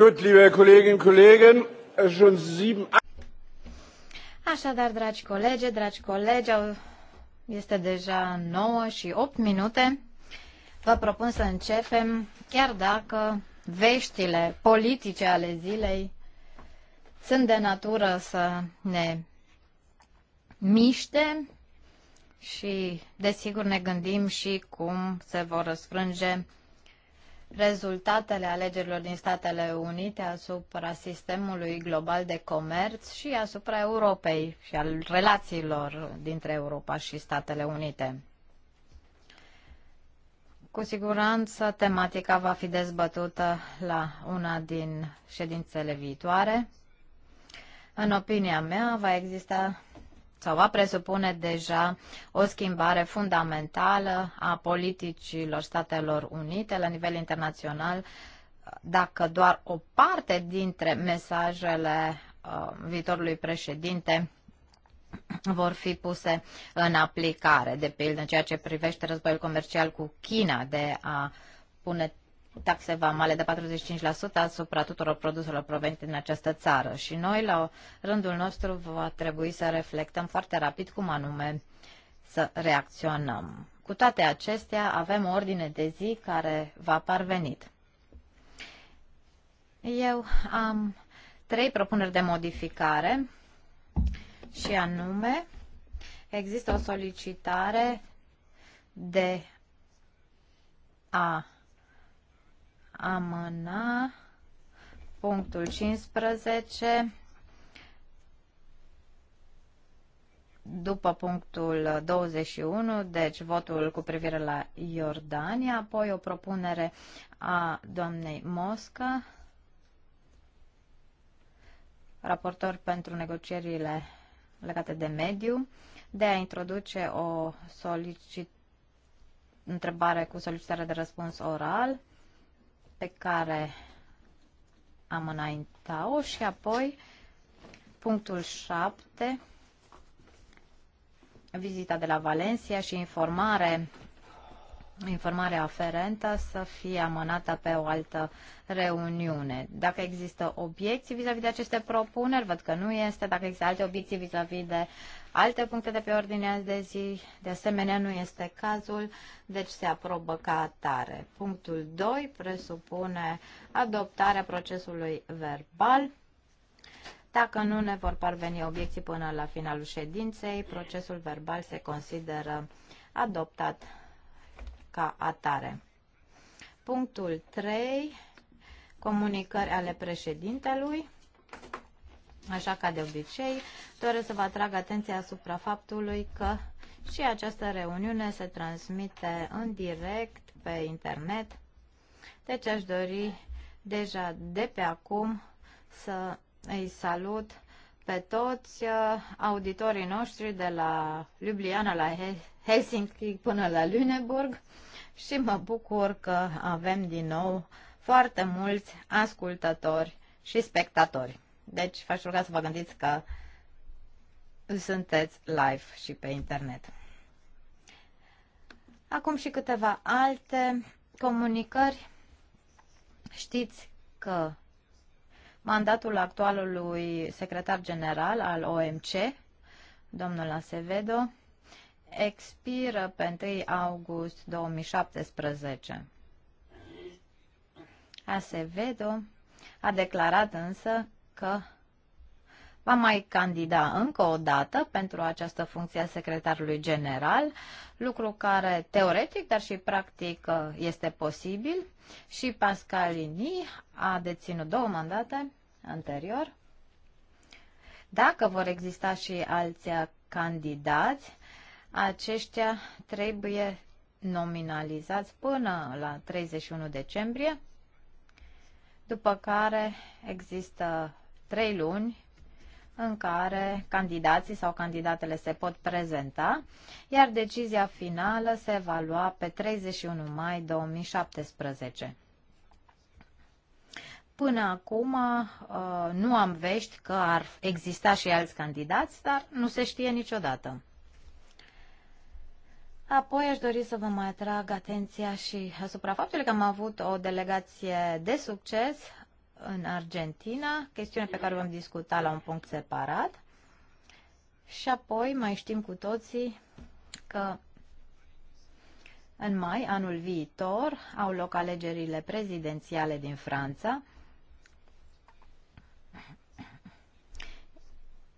Gut, liebe Kolleginnen und Kollegen, schon sieben... Așadar, dragi colegi, dragi colegi, este deja 9 și 8 minute. Vă propun să începem, chiar dacă veștile politice ale zilei sunt de natură să ne miște și, desigur, ne gândim și cum se vor răsfrânge rezultatele alegerilor din Statele Unite asupra sistemului global de comerț și asupra Europei și al relațiilor dintre Europa și Statele Unite. Cu siguranță tematica va fi dezbătută la una din ședințele viitoare. În opinia mea, va exista sau va presupune deja o schimbare fundamentală a politicilor Statelor Unite la nivel internațional, dacă doar o parte dintre mesajele uh, viitorului președinte vor fi puse în aplicare, de pildă în ceea ce privește războiul comercial cu China, de a pune taxe vamale de 45% asupra tuturor produselor provenite din această țară și noi, la rândul nostru, va trebui să reflectăm foarte rapid cum anume să reacționăm. Cu toate acestea, avem o ordine de zi care va parvenit. Eu am trei propuneri de modificare și anume există o solicitare de a amâna punctul 15 după punctul 21, deci votul cu privire la Iordania, apoi o propunere a doamnei Mosca, raportor pentru negocierile legate de mediu, de a introduce o solicit întrebare cu solicitare de răspuns oral pe care am înaintat-o și apoi punctul 7, vizita de la Valencia și informare, informarea aferentă să fie amânată pe o altă reuniune. Dacă există obiecții vis-a-vis de aceste propuneri, văd că nu este, dacă există alte obiecții vis-a-vis de alte puncte de pe ordinea de zi. De asemenea, nu este cazul, deci se aprobă ca atare. Punctul 2 presupune adoptarea procesului verbal. Dacă nu ne vor parveni obiecții până la finalul ședinței, procesul verbal se consideră adoptat ca atare. Punctul 3. Comunicări ale președintelui. Așa ca de obicei, doresc să vă atrag atenția asupra faptului că și această reuniune se transmite în direct pe internet. Deci aș dori deja de pe acum să îi salut pe toți uh, auditorii noștri de la Ljubljana la Helsinki până la Lüneburg și mă bucur că avem din nou foarte mulți ascultători și spectatori. Deci v-aș ruga să vă gândiți că sunteți live și pe internet. Acum și câteva alte comunicări. Știți că mandatul actualului secretar general al OMC, domnul Acevedo, expiră pe 1 august 2017. Acevedo a declarat însă că va mai candida încă o dată pentru această funcție a secretarului general, lucru care teoretic, dar și practic este posibil. Și Pascalini a deținut două mandate anterior. Dacă vor exista și alți candidați, aceștia trebuie nominalizați până la 31 decembrie, după care există trei luni în care candidații sau candidatele se pot prezenta, iar decizia finală se va lua pe 31 mai 2017. Până acum uh, nu am vești că ar exista și alți candidați, dar nu se știe niciodată. Apoi aș dori să vă mai atrag atenția și asupra faptului că am avut o delegație de succes în Argentina, chestiune pe care vom discuta la un punct separat. Și apoi mai știm cu toții că în mai, anul viitor, au loc alegerile prezidențiale din Franța,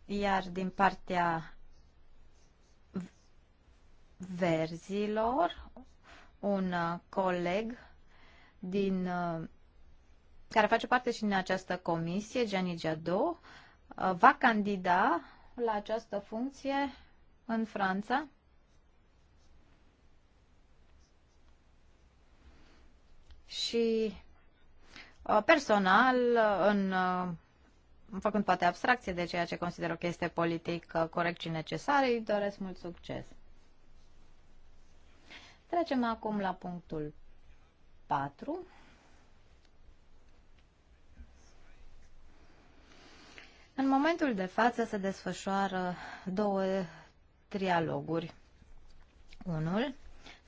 iar din partea verzilor, un coleg din uh, care face parte și din această comisie, Gianni Giado, uh, va candida la această funcție în Franța. Și uh, personal, uh, în, făcând poate abstracție de ceea ce consider că este politic corect și necesar, îi doresc mult succes. Trecem acum la punctul 4. În momentul de față se desfășoară două trialoguri. Unul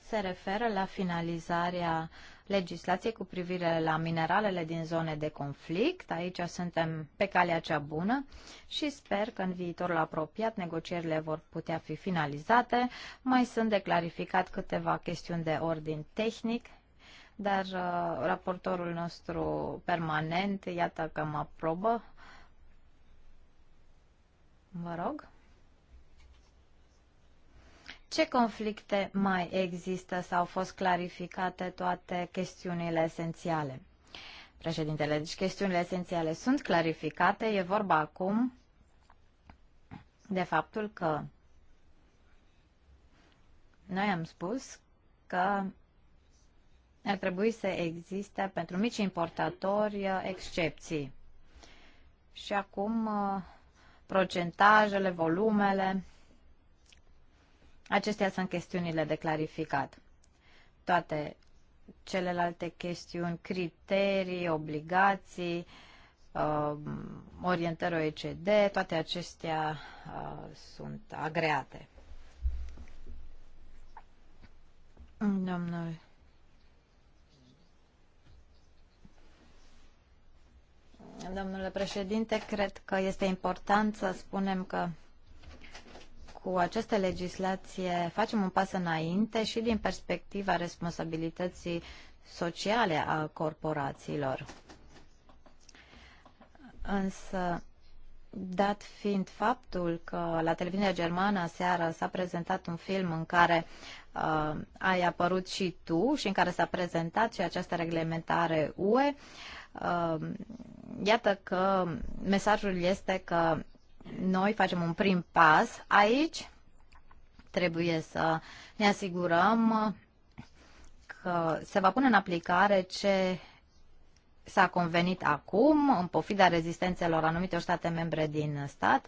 se referă la finalizarea legislației cu privire la mineralele din zone de conflict. Aici suntem pe calea cea bună și sper că în viitorul apropiat negocierile vor putea fi finalizate. Mai sunt de clarificat câteva chestiuni de ordin tehnic, dar uh, raportorul nostru permanent, iată că mă aprobă Vă rog. Ce conflicte mai există sau au fost clarificate toate chestiunile esențiale? Președintele, deci chestiunile esențiale sunt clarificate. E vorba acum de faptul că noi am spus că ar trebui să existe pentru mici importatori uh, excepții. Și acum uh, procentajele, volumele. Acestea sunt chestiunile de clarificat. Toate celelalte chestiuni, criterii, obligații, uh, orientări OECD, toate acestea uh, sunt agreate. Domnul domnule președinte. Cred că este important să spunem că cu această legislație facem un pas înainte și din perspectiva responsabilității sociale a corporațiilor. Însă, dat fiind faptul că la televiziunea germană seara s-a prezentat un film în care uh, ai apărut și tu și în care s-a prezentat și această reglementare UE, Um, iată că mesajul este că noi facem un prim pas aici, trebuie să ne asigurăm că se va pune în aplicare ce s-a convenit acum, în pofida rezistențelor anumitor state membre din stat,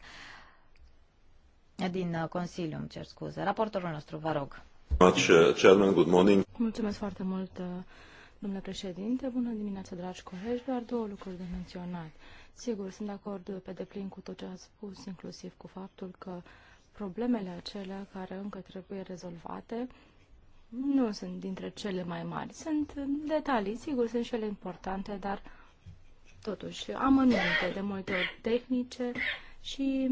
din Consiliu, îmi cer scuze. Raportorul nostru, vă rog. Uh, Mulțumesc foarte mult, uh, Domnule președinte, bună dimineața, dragi colegi, doar două lucruri de menționat. Sigur, sunt de acord pe deplin cu tot ce ați spus, inclusiv cu faptul că problemele acelea care încă trebuie rezolvate nu sunt dintre cele mai mari. Sunt detalii, sigur, sunt și ele importante, dar totuși amănunte, de multe ori tehnice și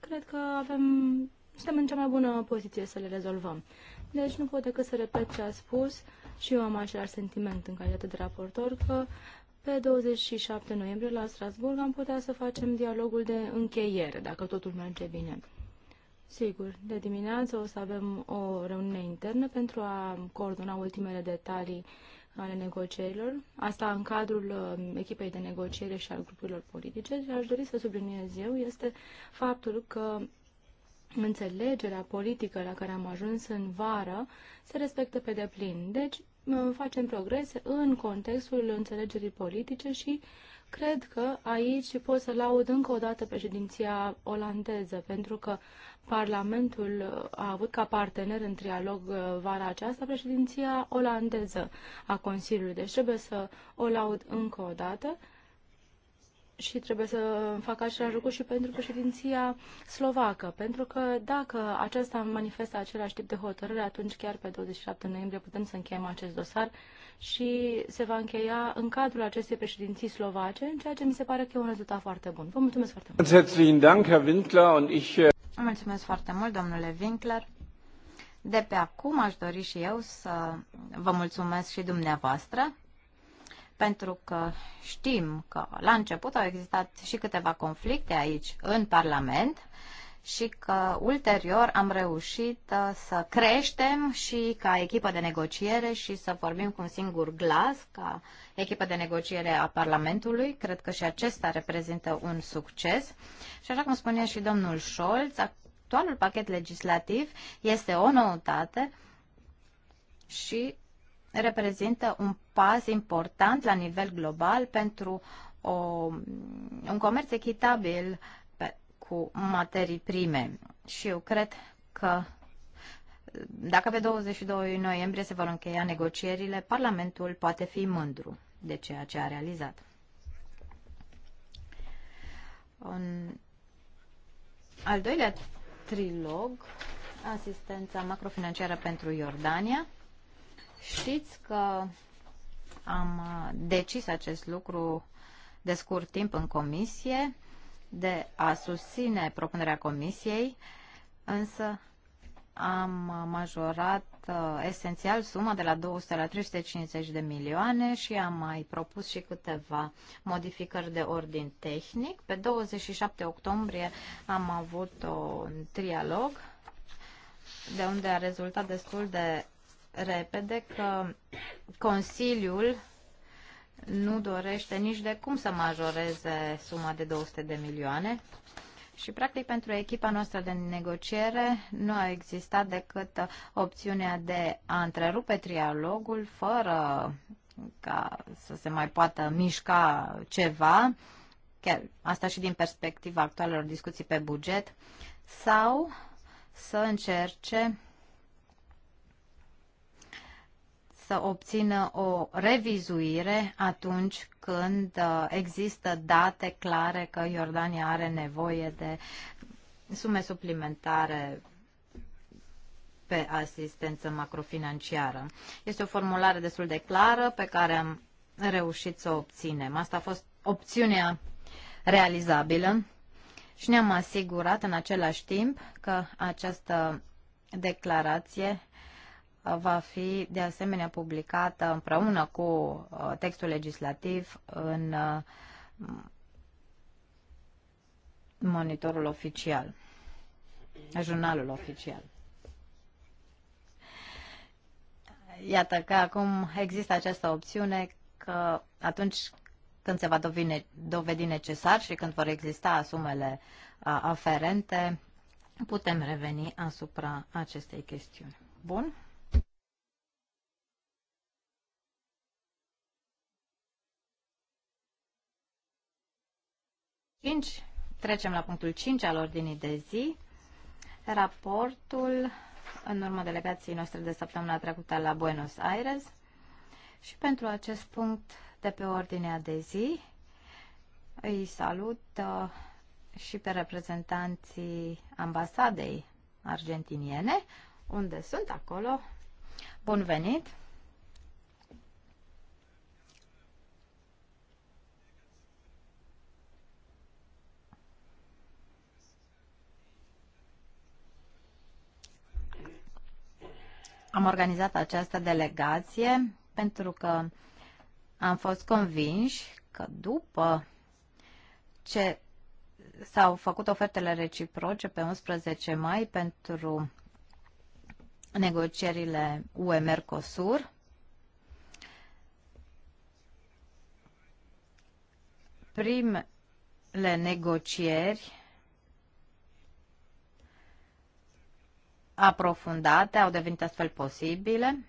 cred că avem, suntem în cea mai bună poziție să le rezolvăm. Deci nu pot decât să repet ce a spus și eu am același sentiment în calitate de raportor că pe 27 noiembrie la Strasburg am putea să facem dialogul de încheiere, dacă totul merge bine. Sigur, de dimineață o să avem o reuniune internă pentru a coordona ultimele detalii ale negocierilor, asta în cadrul uh, echipei de negociere și al grupurilor politice și aș dori să subliniez eu este faptul că înțelegerea politică la care am ajuns în vară se respectă pe deplin. Deci facem progrese în contextul înțelegerii politice și cred că aici pot să laud încă o dată președinția olandeză, pentru că Parlamentul uh, a avut ca partener în trialog uh, vara aceasta președinția olandeză a Consiliului. Deci trebuie să o laud încă o dată și trebuie să facă același lucru și pentru președinția slovacă, pentru că dacă aceasta manifestă același tip de hotărâre, atunci chiar pe 27 noiembrie putem să încheiem acest dosar și se va încheia în cadrul acestei președinții slovace, în ceea ce mi se pare că e un rezultat foarte bun. Vă mulțumesc foarte mult! Äh, vă Mulțumesc foarte mult, domnule Winkler! De pe acum aș dori și eu să vă mulțumesc și dumneavoastră pentru că știm că la început au existat și câteva conflicte aici în Parlament și că ulterior am reușit uh, să creștem și ca echipă de negociere și să vorbim cu un singur glas ca echipă de negociere a Parlamentului. Cred că și acesta reprezintă un succes. Și așa cum spunea și domnul Scholz, actualul pachet legislativ este o noutate și reprezintă un pas important la nivel global pentru o, un comerț echitabil pe, cu materii prime. Și eu cred că dacă pe 22 noiembrie se vor încheia negocierile, Parlamentul poate fi mândru de ceea ce a realizat. Un al doilea trilog, asistența macrofinanciară pentru Iordania. Știți că am uh, decis acest lucru de scurt timp în comisie, de a susține propunerea comisiei, însă am majorat uh, esențial suma de la 200 la 350 de milioane și am mai propus și câteva modificări de ordin tehnic. Pe 27 octombrie am avut un trialog de unde a rezultat destul de repede că Consiliul nu dorește nici de cum să majoreze suma de 200 de milioane și, practic, pentru echipa noastră de negociere nu a existat decât opțiunea de a întrerupe trialogul fără ca să se mai poată mișca ceva, chiar asta și din perspectiva actualelor discuții pe buget, sau să încerce să obțină o revizuire atunci când uh, există date clare că Iordania are nevoie de sume suplimentare pe asistență macrofinanciară. Este o formulare destul de clară pe care am reușit să o obținem. Asta a fost opțiunea realizabilă și ne-am asigurat în același timp că această declarație va fi de asemenea publicată împreună cu uh, textul legislativ în uh, monitorul oficial, jurnalul oficial. Iată că acum există această opțiune că atunci când se va dovedi necesar și când vor exista sumele uh, aferente, putem reveni asupra acestei chestiuni. Bun? 5. Trecem la punctul 5 al ordinii de zi. Raportul în urma delegației noastre de săptămâna trecută la Buenos Aires. Și pentru acest punct de pe ordinea de zi, îi salut uh, și pe reprezentanții ambasadei argentiniene, unde sunt acolo. Bun venit! am organizat această delegație pentru că am fost convinși că după ce s-au făcut ofertele reciproce pe 11 mai pentru negocierile UE-Mercosur, primele negocieri aprofundate au devenit astfel posibile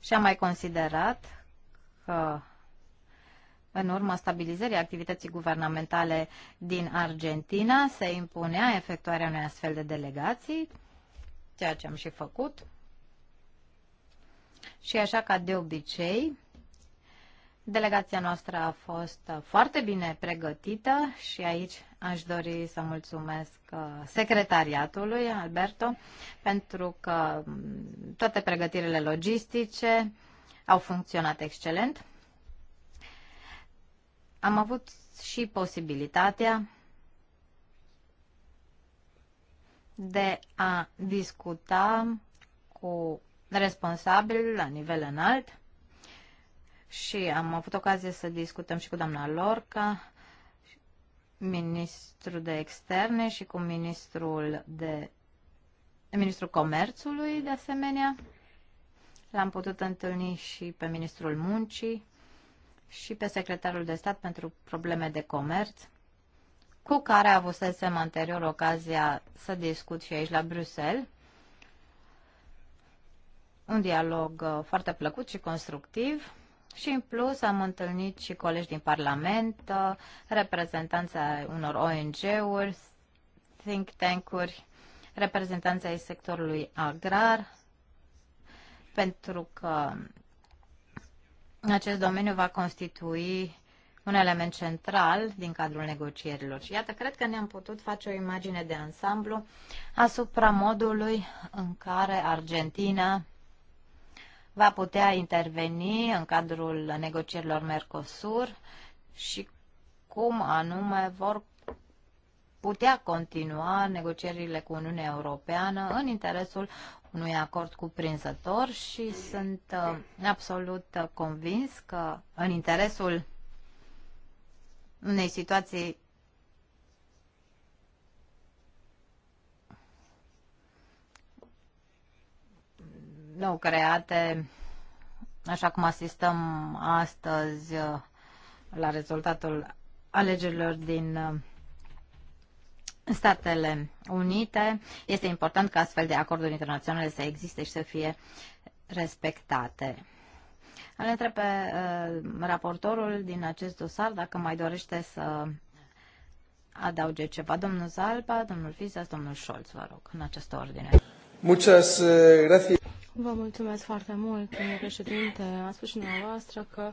și am mai considerat că în urma stabilizării activității guvernamentale din Argentina se impunea efectuarea unei astfel de delegații, ceea ce am și făcut. Și așa ca de obicei, Delegația noastră a fost foarte bine pregătită și aici aș dori să mulțumesc uh, secretariatului Alberto pentru că mm, toate pregătirile logistice au funcționat excelent. Am avut și posibilitatea de a discuta cu responsabil la nivel înalt și am avut ocazie să discutăm și cu doamna Lorca, ministrul de externe și cu ministrul de ministrul comerțului de asemenea. L-am putut întâlni și pe ministrul muncii și pe secretarul de stat pentru probleme de comerț, cu care avusesem anterior ocazia să discut și aici la Bruxelles. Un dialog uh, foarte plăcut și constructiv și în plus am întâlnit și colegi din Parlament, uh, reprezentanța unor ONG-uri, think tank-uri, reprezentanța ai sectorului agrar, pentru că acest domeniu va constitui un element central din cadrul negocierilor. Și iată, cred că ne-am putut face o imagine de ansamblu asupra modului în care Argentina va putea interveni în cadrul negocierilor Mercosur și cum anume vor putea continua negocierile cu Uniunea Europeană în interesul unui acord cuprinzător și sunt uh, absolut convins că în interesul unei situații nou create, așa cum asistăm astăzi uh, la rezultatul alegerilor din uh, Statele Unite, este important ca astfel de acorduri internaționale să existe și să fie respectate. Îl întreb pe uh, raportorul din acest dosar dacă mai dorește să adauge ceva. Domnul Zalba, domnul Fisas, domnul Scholz, vă rog, în această ordine. Muchas gracias. Vă mulțumesc foarte mult, domnule președinte. A spus și dumneavoastră că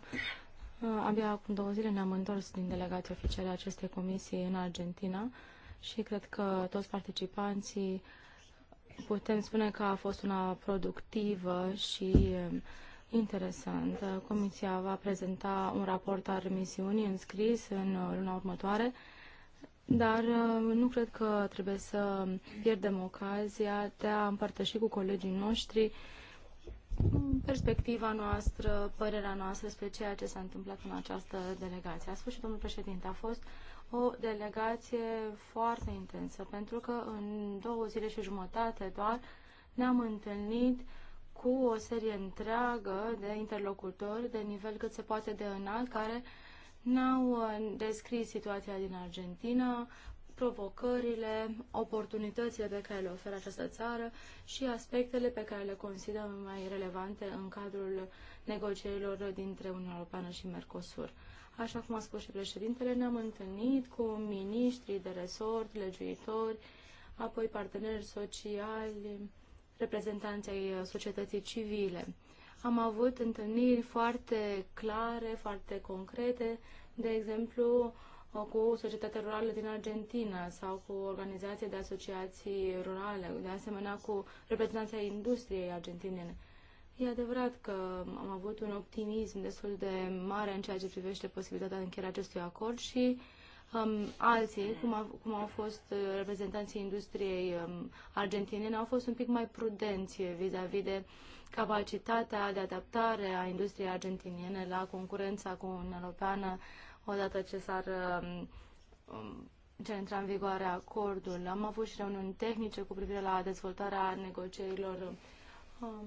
uh, abia acum două zile ne-am întors din delegația oficială a acestei comisii în Argentina și cred că toți participanții putem spune că a fost una productivă și um, interesantă. Comisia va prezenta un raport al misiunii înscris în uh, luna următoare dar uh, nu cred că trebuie să pierdem ocazia de a împărtăși cu colegii noștri mm, perspectiva noastră, părerea noastră despre ceea ce s-a întâmplat în această delegație. A spus și domnul președinte, a fost o delegație foarte intensă, pentru că în două zile și jumătate doar ne-am întâlnit cu o serie întreagă de interlocutori de nivel cât se poate de înalt, care uh, ne-au uh, descris situația din Argentina, provocările, oportunitățile pe care le oferă această țară și aspectele pe care le considerăm mai relevante în cadrul negocierilor dintre Uniunea Europeană și Mercosur. Așa cum a spus și președintele, ne-am întâlnit cu miniștrii de resort, legiuitori, apoi parteneri sociali, reprezentanții societății civile. Am avut întâlniri foarte clare, foarte concrete, de exemplu cu societatea rurală din Argentina sau cu organizații de asociații rurale, de asemenea cu reprezentanța industriei argentinene. E adevărat că am avut un optimism destul de mare în ceea ce privește posibilitatea de încheierea acestui acord și uh, um, alții, cum, a, cum au fost uh, reprezentanții industriei um, argentine, au fost un pic mai prudenți vis-a-vis -vis de capacitatea de adaptare a industriei argentiniene la concurența cu Uniunea Europeană odată ce s-ar um, um ce intra în vigoare acordul. Am avut și reuniuni tehnice cu privire la dezvoltarea negocierilor um,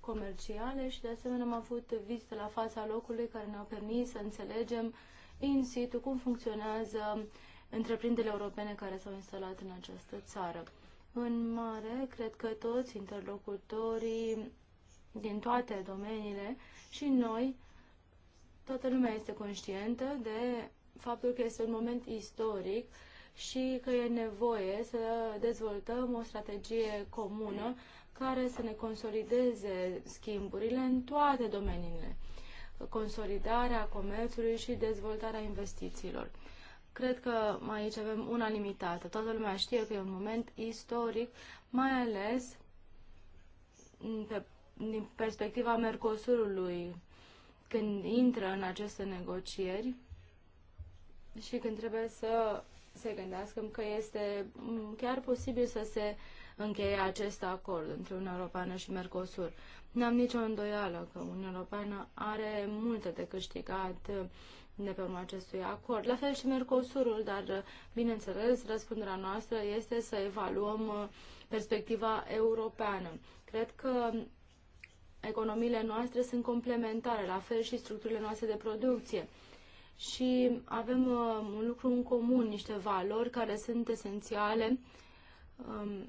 comerciale și de asemenea am avut vizite la fața locului care ne-au permis să înțelegem uh, in situ cum funcționează întreprinderile europene care s-au instalat în această țară. În mare, cred că toți interlocutorii din toate domeniile și noi, toată lumea este conștientă de faptul că este un moment istoric și că e nevoie să dezvoltăm o strategie comună care să ne consolideze schimburile în toate domeniile consolidarea comerțului și dezvoltarea investițiilor. Cred că aici avem unanimitate. Toată lumea știe că e un moment istoric, mai ales pe, din perspectiva Mercosurului, când intră în aceste negocieri și când trebuie să se gândească că este mm, chiar posibil să se uh, încheie acest acord între Uniunea Europeană și Mercosur. N-am nicio îndoială că Uniunea Europeană are multe de câștigat de pe urma acestui acord. La fel și Mercosurul, dar, bineînțeles, răspunderea noastră este să evaluăm uh, perspectiva europeană. Cred că economiile noastre sunt complementare, la fel și structurile noastre de producție. Și avem uh, un lucru în comun, niște valori care sunt esențiale um,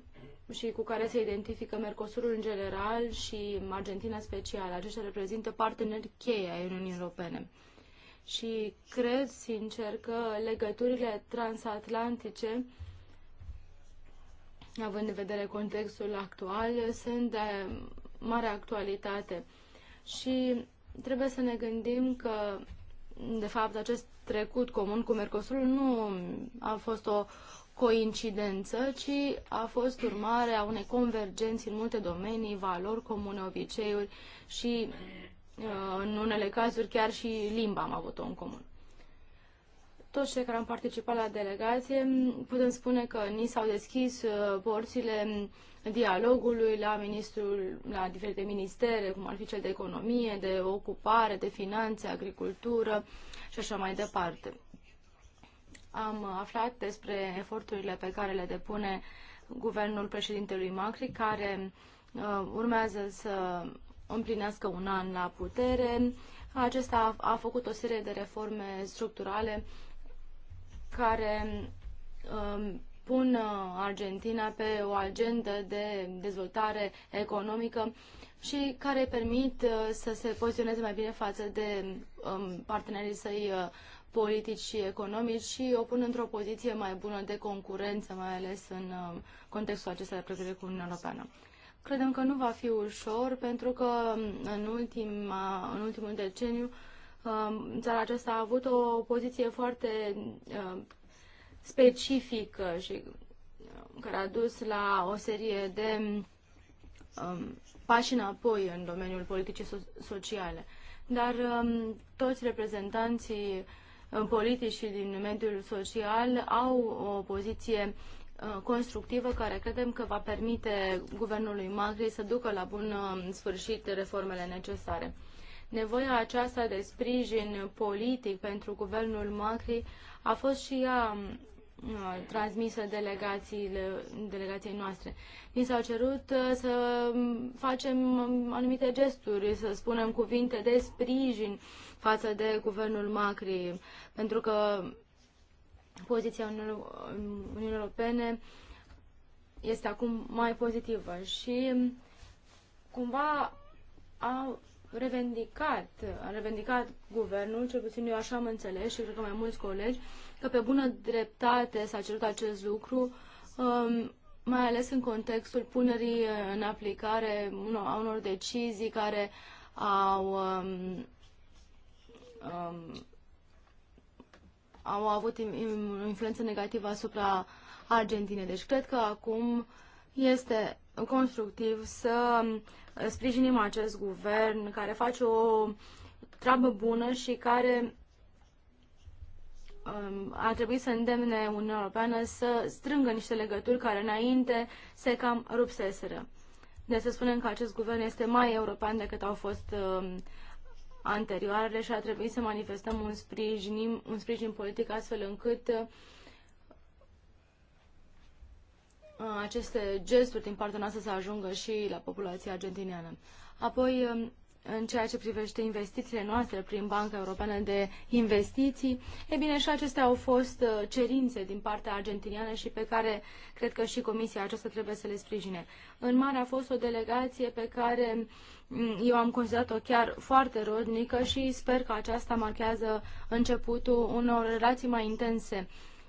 și cu care se identifică Mercosurul în general și Argentina special. Aceștia reprezintă parteneri cheie ai Uniunii Europene. Și cred sincer că legăturile transatlantice, având în vedere contextul actual, sunt de mare actualitate. Și trebuie să ne gândim că, de fapt, acest trecut comun cu Mercosurul nu a fost o coincidență, ci a fost a unei convergenți în multe domenii, valori comune, obiceiuri și, uh, în unele cazuri, chiar și limba am avut-o în comun. Toți cei care am participat la delegație putem spune că ni s-au deschis uh, porțile dialogului la, ministrul, la diferite ministere, cum ar fi cel de economie, de ocupare, de finanțe, agricultură și așa mai departe am aflat despre eforturile pe care le depune guvernul președintelui Macri, care uh, urmează să împlinească un an la putere. Acesta a, a făcut o serie de reforme structurale care um, uh, pun Argentina pe o agendă de dezvoltare economică și care permit uh, să se poziționeze mai bine față de um, partenerii săi uh, politici și economici și o pun într-o poziție mai bună de concurență, mai ales în um, contextul acesta de pregătire cu Uniunea Europeană. Credem că nu va fi ușor pentru că um, în, ultima, în ultimul deceniu um, țara aceasta a avut o poziție foarte specifică și care a dus la o serie de um, pași înapoi în domeniul politicii so- sociale. Dar um, toți reprezentanții politici și din mediul social au o poziție uh, constructivă care credem că va permite guvernului Macri să ducă la bun uh, sfârșit reformele necesare. Nevoia aceasta de sprijin politic pentru guvernul Macri a fost și ea uh, transmisă delegației noastre. Ni s-au cerut să facem um, anumite gesturi, să spunem cuvinte de sprijin, față de guvernul Macri, pentru că poziția Uniunii Europene este acum mai pozitivă și cumva a revendicat, a revendicat guvernul, cel puțin eu așa am înțeles și cred că mai mulți colegi, că pe bună dreptate s-a cerut acest lucru, um, mai ales în contextul punerii în aplicare a unor decizii care au um, um, au avut o influență negativă asupra Argentinei. Deci cred că acum este constructiv să um, sprijinim acest guvern care face o treabă bună și care um, a trebuit să îndemne Uniunea Europeană să strângă niște legături care înainte se cam rupseseră. Deci să spunem că acest guvern este mai european decât au fost uh, anterioarele și ar trebui să manifestăm un sprijin, un sprijin politic astfel încât uh, aceste gesturi din partea noastră să ajungă și la populația argentiniană. Apoi, um, în ceea ce privește investițiile noastre prin Banca Europeană de Investiții. E bine, și acestea au fost uh, cerințe din partea argentiniană și pe care cred că și comisia aceasta trebuie să le sprijine. În mare a fost o delegație pe care mm, eu am considerat-o chiar foarte rodnică și sper că aceasta marchează începutul unor relații mai intense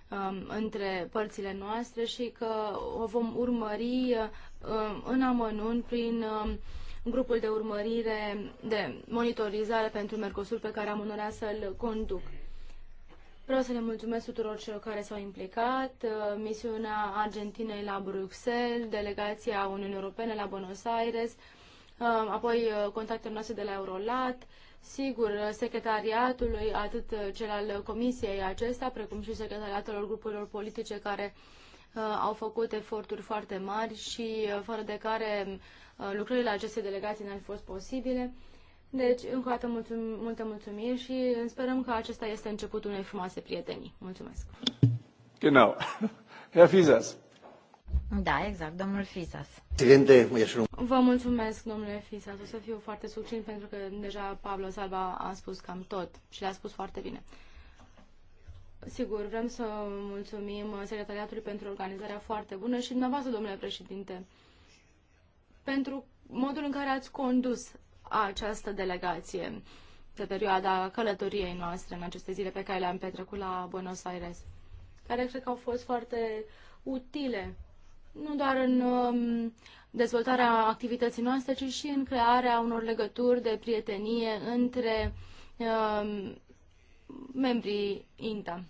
um, între părțile noastre și că o vom urmări uh, în amănunt prin um, grupul de urmărire, de monitorizare pentru Mercosur pe care am onoarea să-l conduc. Vreau să le mulțumesc tuturor celor care s-au implicat, uh, misiunea Argentinei la Bruxelles, delegația Uniunii Europene la Buenos Aires, uh, apoi uh, contactele noastre de la Eurolat, sigur, secretariatului, atât cel al comisiei acesta, precum și secretariatelor grupurilor politice care uh, Uh, au făcut eforturi foarte mari și uh, fără de care uh, lucrurile acestei delegații n-ar fi fost posibile. Deci, încă o dată, mulțum, multe mulțumiri și sperăm că acesta este începutul unei frumoase prietenii. Mulțumesc! Genau. Herr Fisas. Da, exact, domnul Fisas. Vă mulțumesc, domnule Fisas. O să fiu foarte succint pentru că deja Pablo Salva a spus cam tot și le-a spus foarte bine. Sigur, vrem să mulțumim secretariatului pentru organizarea foarte bună și dumneavoastră, domnule președinte, pentru modul în care ați condus această delegație pe perioada călătoriei noastre în aceste zile pe care le-am petrecut la Buenos Aires, care cred că au fost foarte utile, nu doar în um, dezvoltarea activității noastre, ci și în crearea unor legături de prietenie între um, membrii INTA.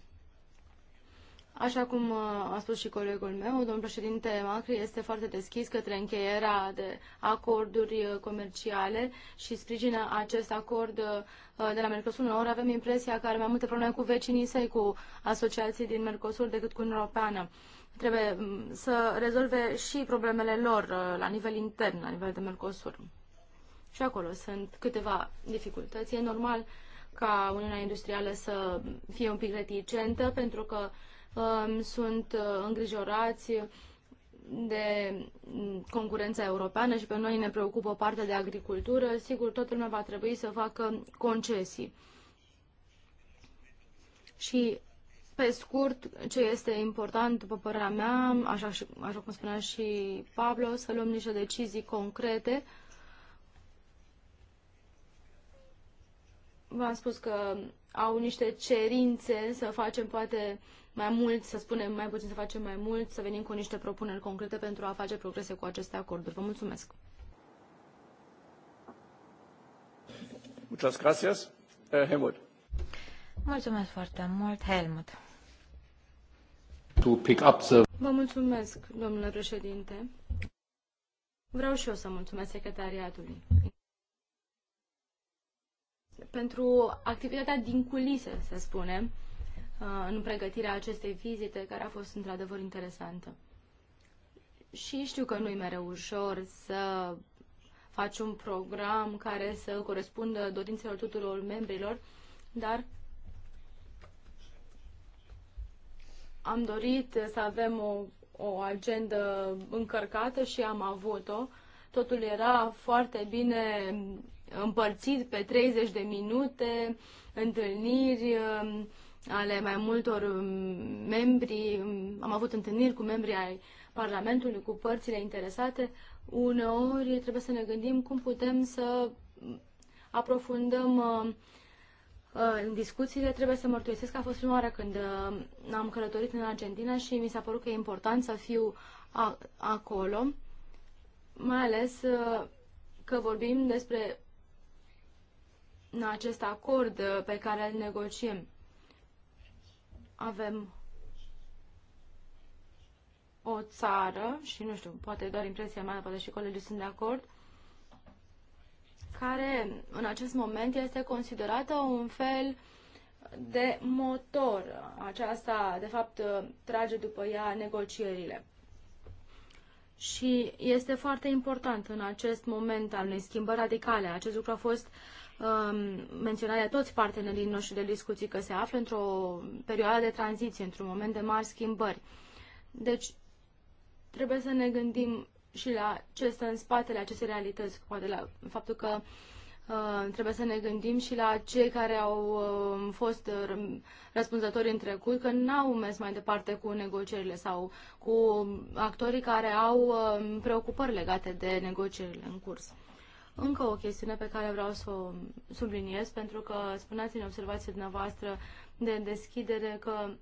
Așa cum uh, a spus și colegul meu, domnul președinte Macri este foarte deschis către încheierea de acorduri uh, comerciale și sprijină acest acord uh, de la Mercosur. Noi avem impresia că are mai multe probleme cu vecinii săi, cu asociații din Mercosur decât cu Europeană. Trebuie mm, să rezolve și problemele lor la nivel intern, la nivel de Mercosur. Și acolo sunt câteva dificultăți. E normal ca Uniunea Industrială să fie un pic reticentă, pentru că um, sunt uh, îngrijorați de mm, concurența europeană și pe noi ne preocupă partea de agricultură. Sigur, toată lumea va trebui să facă concesii. Și pe scurt, ce este important, după părerea mea, așa, așa cum spunea și Pablo, să luăm niște decizii concrete v-am spus că au niște cerințe să facem poate mai mult, să spunem mai puțin, să facem mai mult, să venim cu niște propuneri concrete pentru a face progrese cu aceste acorduri. Vă mulțumesc! Muchas gracias. Eh, Helmut. Mulțumesc foarte mult, Helmut. To pick up the... Vă mulțumesc, domnule președinte. Vreau și eu să mulțumesc secretariatului pentru activitatea din culise, să spunem, uh, în pregătirea acestei vizite, care a fost într-adevăr interesantă. Și știu că nu-i mereu ușor să faci un program care să corespundă dorințelor tuturor membrilor, dar am dorit să avem o, o agendă încărcată și am avut-o. Totul era foarte bine împărțit pe 30 de minute întâlniri um, ale mai multor um, membri. Am avut întâlniri cu membrii ai Parlamentului, cu părțile interesate. Uneori trebuie să ne gândim cum putem să um, aprofundăm uh, în discuțiile, trebuie să mărturisesc că a fost prima oară când am călătorit în Argentina și mi s-a părut că e important să fiu acolo, mai ales uh, că vorbim despre acest acord uh, pe care îl negociem. Avem o țară, și nu știu, poate doar impresia mea, poate și colegii sunt de acord, care în acest moment este considerată un fel de motor. Aceasta, de fapt, uh, trage după ea negocierile. Și este foarte important în acest moment al unei schimbări radicale. Acest lucru a fost uh, Um, menționarea toți partenerii noștri de discuții că se află într-o perioadă de tranziție, într-un moment de mari schimbări. Deci, trebuie să ne gândim și la ce stă în spatele acestei realități, poate la faptul că Uh, trebuie să ne gândim și la cei care au um, uh, fost răspunzători în trecut, că n-au mers mai departe cu negocierile sau cu actorii care au uh, preocupări legate de negocierile în curs. Încă o chestiune pe care vreau să o subliniez, pentru că spuneați în observația dumneavoastră de deschidere că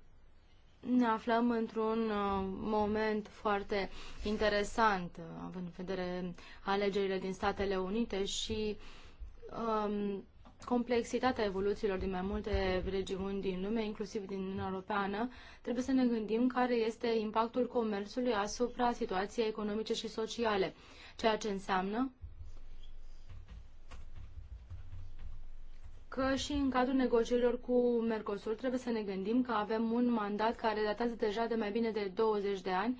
ne aflăm într-un uh, moment foarte interesant, uh, având în vedere alegerile din Statele Unite și um, complexitatea evoluțiilor din mai multe regiuni din lume, inclusiv din Uniunea Europeană, trebuie să ne gândim care este impactul comerțului asupra situației economice și sociale, ceea ce înseamnă că și în cadrul negocierilor cu Mercosur trebuie să ne gândim că avem un mandat care datează deja de mai bine de 20 de ani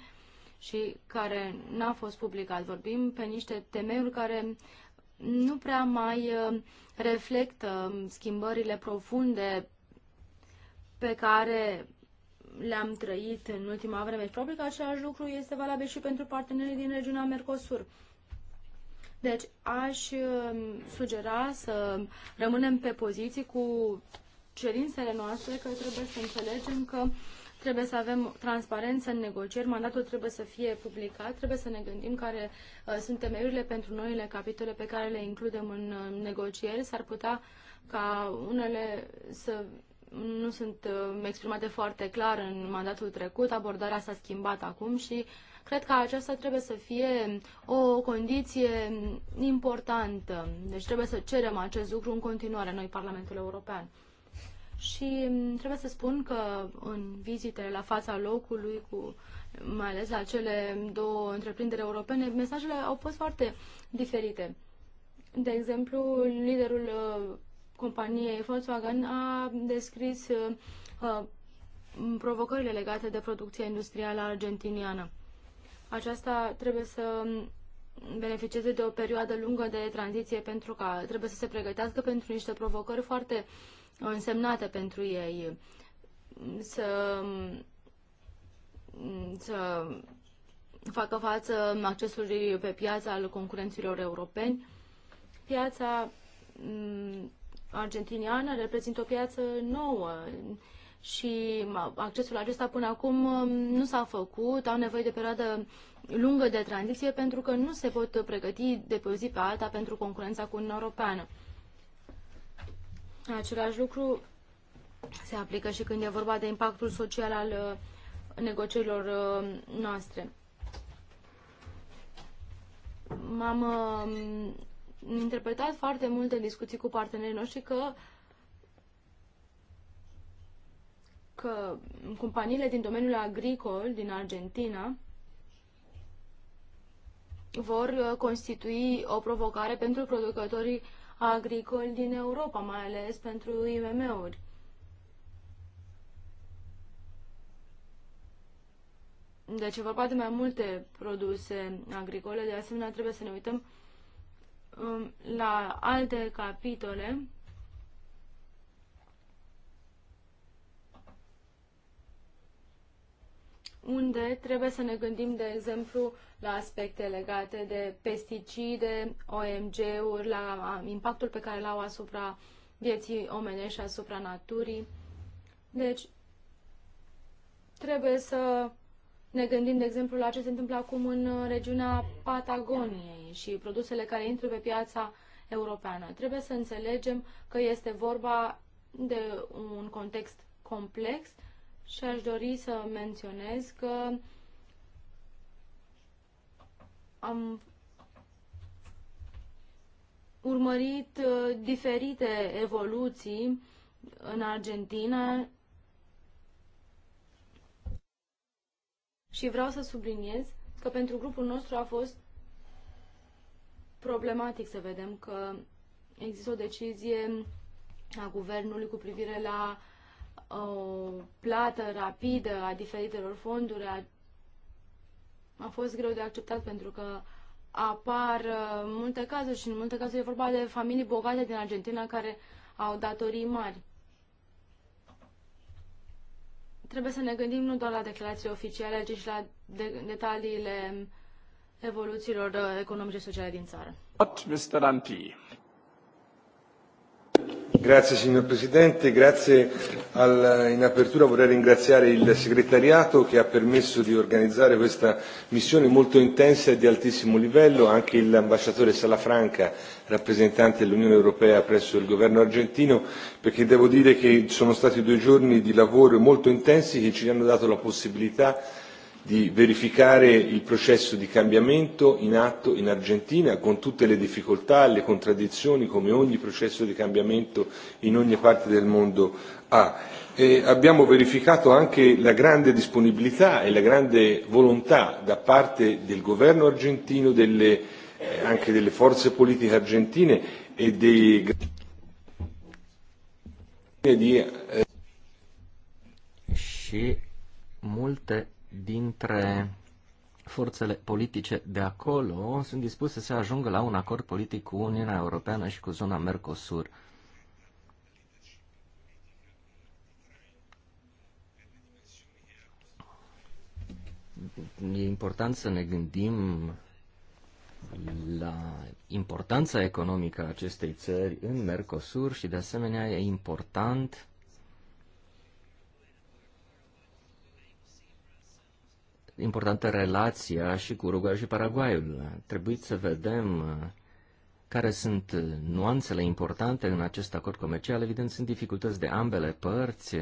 și care n-a fost publicat. Vorbim pe niște temeiuri care nu prea mai uh, reflectă um, schimbările profunde pe care le-am trăit în ultima vreme. Probabil că același lucru este valabil și pentru partenerii din regiunea Mercosur. Deci aș um, sugera să rămânem pe poziții cu cerințele noastre că trebuie să înțelegem că trebuie să avem transparență în negocieri, mandatul trebuie să fie publicat, trebuie să ne gândim care uh, sunt temeiurile pentru noile capitole pe care le includem în uh, negocieri. S-ar putea ca unele să nu sunt uh, exprimate foarte clar în mandatul trecut, abordarea s-a schimbat acum și Cred că aceasta trebuie să fie o condiție importantă. Deci trebuie să cerem acest lucru în continuare noi, Parlamentul European. Și trebuie să spun că în vizitele la fața locului, cu, mai ales la cele două întreprinderi europene, mesajele au fost foarte diferite. De exemplu, liderul uh, companiei Volkswagen a descris uh, uh, provocările legate de producția industrială argentiniană aceasta trebuie să beneficieze de o perioadă lungă de tranziție pentru că trebuie să se pregătească pentru niște provocări foarte uh, însemnate pentru ei. Să, să facă față accesului pe piața al concurenților europeni. Piața mm, argentiniană reprezintă o piață nouă și accesul acesta până acum um, nu s-a făcut, au nevoie de perioadă lungă de tranziție pentru că nu se pot pregăti de pe o zi pe alta pentru concurența cu Uniunea Europeană. Același lucru se aplică și când e vorba de impactul social al uh, negocierilor uh, noastre. M-am um, interpretat foarte multe discuții cu partenerii noștri că uh, că companiile din domeniul agricol din Argentina vor uh, constitui o provocare pentru producătorii agricoli din Europa, mai ales pentru IMM-uri. Deci e vorba de mai multe produse agricole, de asemenea trebuie să ne uităm um, la alte capitole unde trebuie să ne gândim, de exemplu, la aspecte legate de pesticide, OMG-uri, la impactul pe care l-au asupra vieții omenești și asupra naturii. Deci, trebuie să ne gândim, de exemplu, la ce se întâmplă acum în uh, regiunea Patagoniei și produsele care intră pe piața europeană. Trebuie să înțelegem că este vorba de un context complex și aș dori să menționez că am urmărit uh, diferite evoluții în Argentina și vreau să subliniez că pentru grupul nostru a fost problematic să vedem că există o decizie a guvernului cu privire la o plată rapidă a diferitelor fonduri a, a fost greu de acceptat pentru că apar uh, multe cazuri și în multe cazuri e vorba de familii bogate din Argentina care au datorii mari. Trebuie să ne gândim nu doar la declarații oficiale, ci și la de- detaliile evoluțiilor uh, economice și sociale din țară. Mr. Danti. Grazie signor Presidente, grazie al, in apertura vorrei ringraziare il segretariato che ha permesso di organizzare questa missione molto intensa e di altissimo livello, anche l'ambasciatore Salafranca, rappresentante dell'Unione Europea presso il governo argentino, perché devo dire che sono stati due giorni di lavoro molto intensi che ci hanno dato la possibilità di verificare il processo di cambiamento in atto in Argentina, con tutte le difficoltà e le contraddizioni come ogni processo di cambiamento in ogni parte del mondo ha. E abbiamo verificato anche la grande disponibilità e la grande volontà da parte del governo argentino, delle, eh, anche delle forze politiche argentine e dei di, eh... și multe dintre forțele politice de acolo sunt dispuse să ajungă la un acord politic cu Uniunea Europeană și cu zona Mercosur. E important să ne gândim la importanța economică a acestei țări în Mercosur și de asemenea e important importantă relația și cu Uruguay și Paraguayul. Trebuie să vedem uh, care sunt uh, nuanțele importante în acest acord comercial. Evident, sunt dificultăți de ambele părți.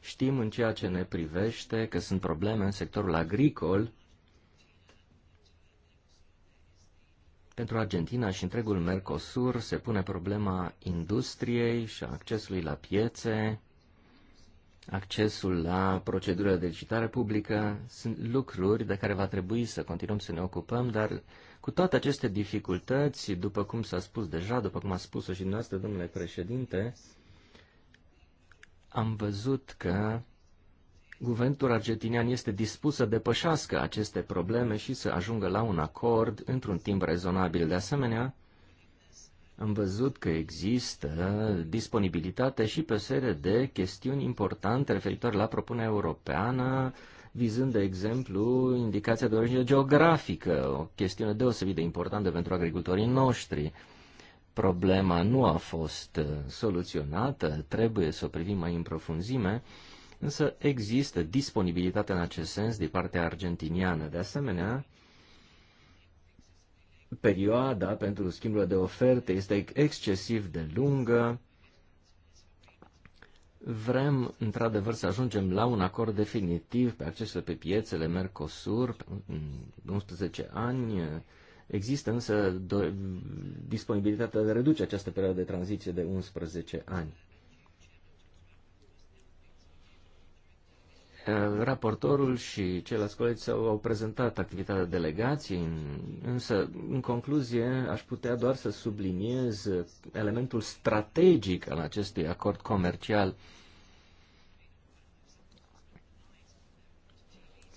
Știm în ceea ce ne privește că sunt probleme în sectorul agricol Pentru Argentina și întregul Mercosur se pune problema industriei și accesului la piețe, accesul la procedura de licitare publică, sunt lucruri de care va trebui să continuăm să ne ocupăm, dar cu toate aceste dificultăți, după cum s-a spus deja, după cum a spus-o și dumneavoastră, domnule președinte, am văzut că guvernul argentinian este dispus să depășească aceste probleme și să ajungă la un acord într-un timp rezonabil. De asemenea, am văzut că există disponibilitate și pe serie de chestiuni importante referitoare la propunerea europeană, vizând, de exemplu, indicația de origine geografică, o chestiune deosebit de importantă pentru agricultorii noștri. Problema nu a fost uh, soluționată, trebuie să o privim mai în profunzime, însă există disponibilitate în acest sens din partea argentiniană. De asemenea, perioada pentru schimbul de oferte este excesiv de lungă. Vrem, într-adevăr, să ajungem la un acord definitiv pe accesul pe piețele Mercosur în 11 ani. Există însă disponibilitatea de a reduce această perioadă de tranziție de 11 ani. Eh, raportorul și ceilalți colegi au prezentat activitatea delegației, însă, în concluzie, aș putea doar să subliniez elementul strategic al acestui acord comercial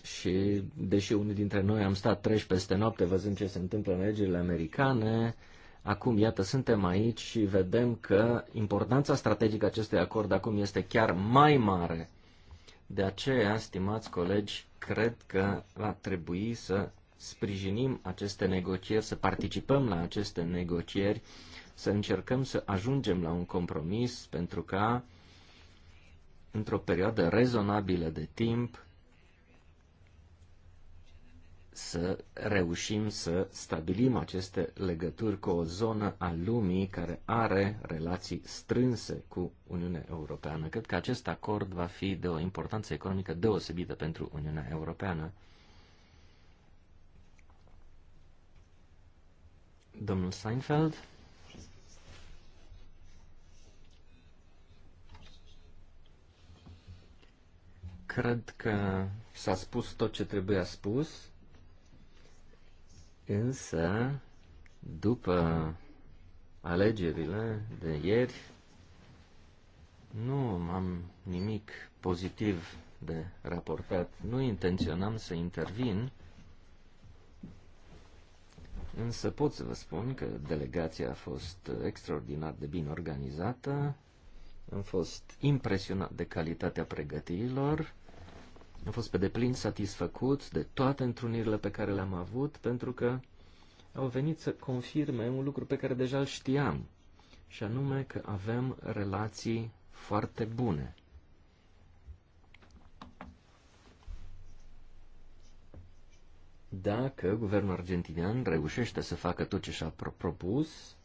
și, deși unii dintre noi am stat treci peste noapte văzând ce se întâmplă în legile americane, acum, iată, suntem aici și vedem că importanța strategică acestui acord acum este chiar mai mare de aceea, stimați colegi, cred că va trebui să sprijinim aceste negocieri, să participăm la aceste negocieri, să încercăm să ajungem la un compromis pentru ca, într-o perioadă rezonabilă de timp, să reușim să stabilim aceste legături cu o zonă a lumii care are relații strânse cu Uniunea Europeană. Cred că acest acord va fi de o importanță economică deosebită pentru Uniunea Europeană. Domnul Seinfeld. Cred că s-a spus tot ce trebuia spus. Însă, după alegerile de ieri, nu am nimic pozitiv de raportat. Nu intenționam să intervin, însă pot să vă spun că delegația a fost extraordinar de bine organizată, am fost impresionat de calitatea pregătirilor, am fost pe deplin satisfăcut de toate întrunirile pe care le-am avut, pentru că au venit să confirme un lucru pe care deja îl știam, și anume că avem relații foarte bune. Dacă guvernul argentinian reușește să facă tot ce și-a propus,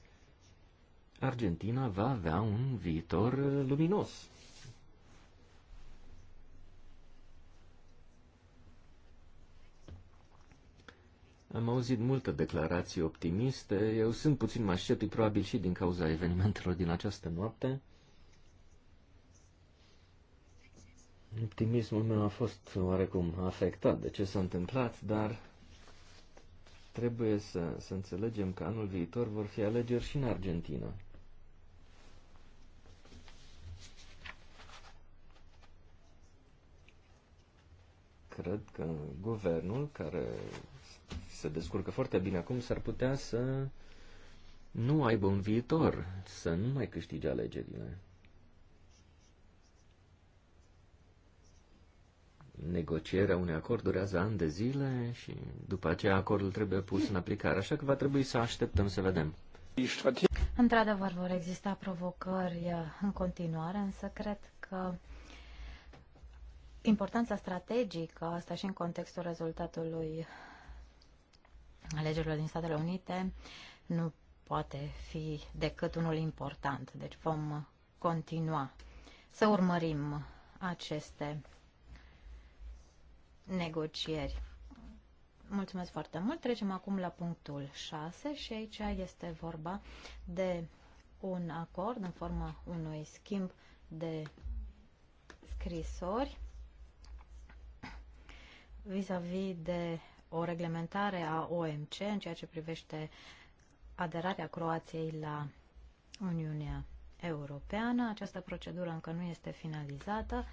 Argentina va avea un viitor luminos. Am auzit multe declarații optimiste, eu sunt puțin mai sceptic, probabil și din cauza evenimentelor din această noapte. Optimismul meu a fost oarecum afectat de ce s-a întâmplat, dar trebuie să, să înțelegem că anul viitor vor fi alegeri și în Argentina. Cred că guvernul care se descurcă foarte bine acum, s-ar putea să nu aibă un viitor, să nu mai câștige alegerile. negocierea unui acord durează ani de zile și după aceea acordul trebuie pus în aplicare, așa că va trebui să așteptăm să vedem. Într-adevăr, vor exista provocări în continuare, însă cred că importanța strategică, asta și în contextul rezultatului alegerilor din Statele Unite nu poate fi decât unul important. Deci vom continua să urmărim aceste negocieri. Mulțumesc foarte mult. Trecem acum la punctul 6 și aici este vorba de un acord în forma unui schimb de scrisori vis-a-vis -vis de o reglementare a OMC în ceea ce privește aderarea Croației la Uniunea Europeană. Această procedură încă nu este finalizată.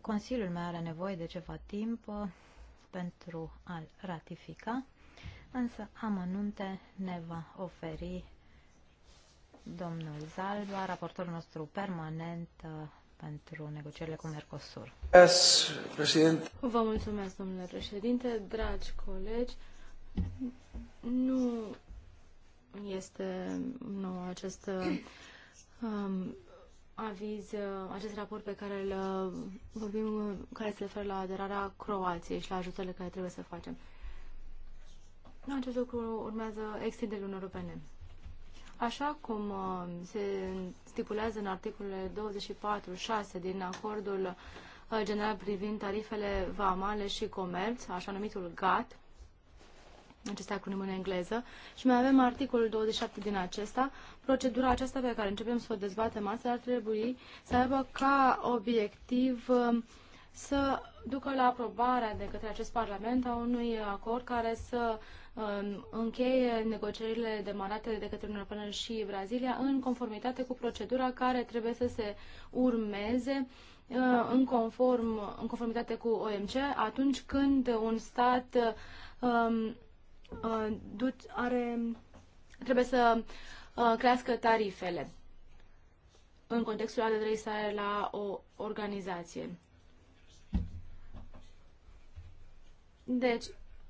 Consiliul mai are nevoie de ceva timp uh, pentru a-l ratifica, însă amănunte ne va oferi domnul Zalba, raportorul nostru permanent uh, pentru negocierile cu Mercosur. Vă mulțumesc, domnule președinte, dragi colegi. Nu este nou acest um, aviz, acest raport pe care îl uh, vorbim, care se referă la aderarea Croației și la ajutoarele care trebuie să facem. Acest lucru urmează extinderea Uniunii Europene. Așa cum uh, se stipulează în articolele 24.6 din acordul uh, general privind tarifele vamale și comerț, așa numitul GATT, acesta acronim în engleză, și mai avem articolul 27 din acesta. Procedura aceasta pe care începem să o dezbatem astăzi ar trebui să aibă ca obiectiv um, să ducă la aprobarea de către acest Parlament a unui acord care să uh, încheie negocierile demarate de către Uniunea Europeană și Brazilia în conformitate cu procedura care trebuie să se urmeze uh, da. în, conform, în conformitate cu OMC atunci când un stat um, uh, are, trebuie să uh, crească tarifele în contextul aderării sale la o organizație. Deci,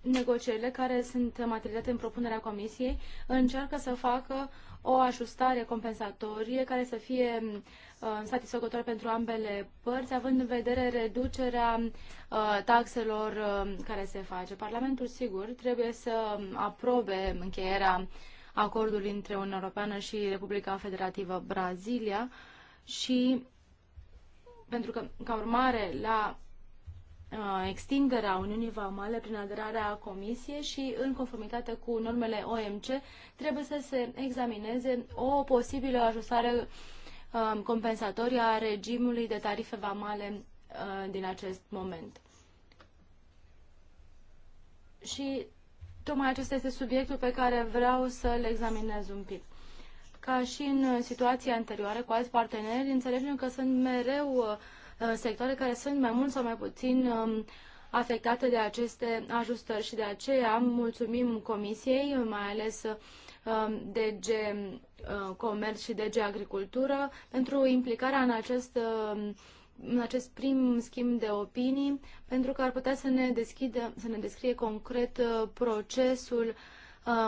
negocierile care sunt materializate în propunerea Comisiei încearcă să facă o ajustare compensatorie care să fie uh, satisfăcătoare pentru ambele părți, având în vedere reducerea uh, taxelor uh, care se face. Parlamentul, sigur, trebuie să aprobe încheierea acordului între Uniunea Europeană și Republica Federativă Brazilia și pentru că, ca urmare, la Uh, extinderea Uniunii Vamale prin aderarea Comisiei și, în conformitate cu normele OMC, trebuie să se examineze o posibilă ajustare um, compensatorie a regimului de tarife vamale uh, din acest moment. Și tocmai acesta este subiectul pe care vreau să-l examinez un pic. Ca și în situația anterioară cu alți parteneri, înțelegem că sunt mereu uh, Uh, sectoare care sunt mai mult sau mai puțin um, afectate de aceste ajustări și de aceea mulțumim Comisiei, mai ales uh, DG uh, Comerț și DG Agricultură, pentru implicarea în acest um, în acest prim schimb de opinii, pentru că ar putea să ne, deschide, să ne descrie concret procesul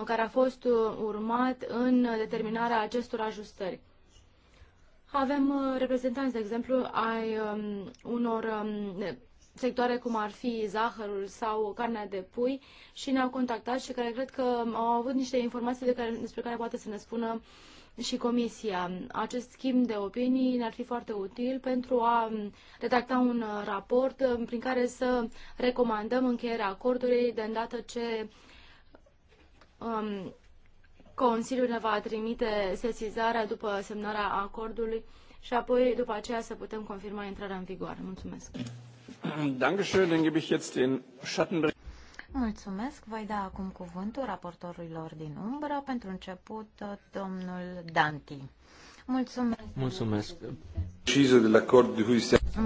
care a fost urmat în determinarea acestor ajustări. Avem uh, reprezentanți, de exemplu, ai um, unor um, sectoare cum ar fi zahărul sau carnea de pui și ne-au contactat și care cred că au avut niște informații de care, despre care poate să ne spună și Comisia. Acest schimb de opinii ne-ar fi foarte util pentru a um, redacta un uh, raport prin care să recomandăm încheierea acordului de îndată ce um, Consiliul ne va trimite sesizarea după semnarea acordului și apoi după aceea să putem confirma intrarea în vigoare. Mulțumesc. Mulțumesc. Voi da acum cuvântul raportorilor din umbră. Pentru început, domnul Danti. Mulțumesc. Mulțumesc.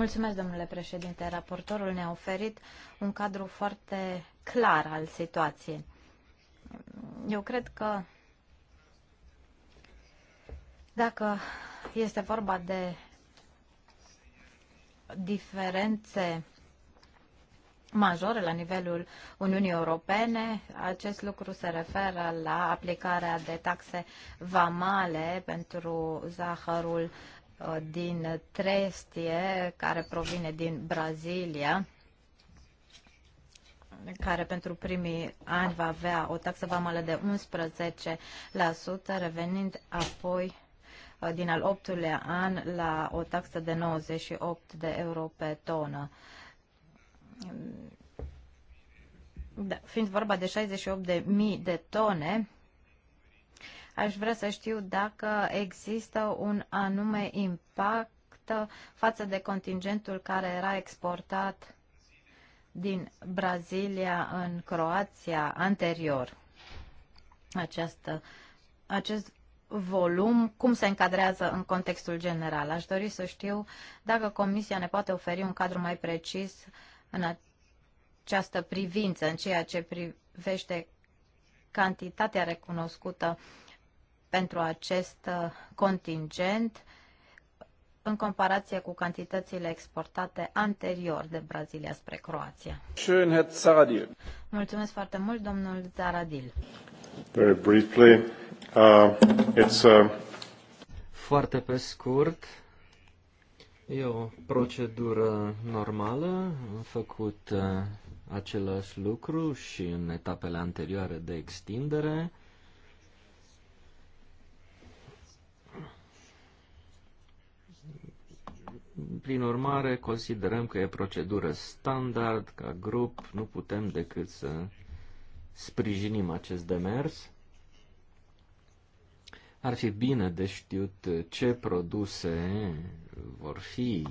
Mulțumesc, domnule președinte. Raportorul ne-a oferit un cadru foarte clar al situației. Eu cred că dacă este vorba de diferențe majore la nivelul Uniunii Europene. Acest lucru se referă la aplicarea de taxe vamale pentru zahărul uh, din trestie, care provine din Brazilia, care pentru primii ani va avea o taxă vamală de 11%, revenind apoi Uh, din al optulea an la o taxă de 98 de euro pe tonă. Mm, da, fiind vorba de 68.000 de tone, aș vrea să știu dacă există un anume impact față de contingentul care era exportat din Brazilia în Croația anterior. Această, acest volum, cum se încadrează în contextul general. Aș dori să știu dacă Comisia ne poate oferi un cadru mai precis în această privință, în ceea ce privește cantitatea recunoscută pentru acest uh, contingent în comparație cu cantitățile exportate anterior de Brazilia spre Croația. Mulțumesc foarte mult, domnul Zaradil. Very briefly, Uh, it's, uh... Foarte pe scurt, e o procedură normală. Am făcut uh, același lucru și în etapele anterioare de extindere. Prin urmare, considerăm că e procedură standard, ca grup, nu putem decât să sprijinim acest demers. Ar fi bine de știut ce produse vor fi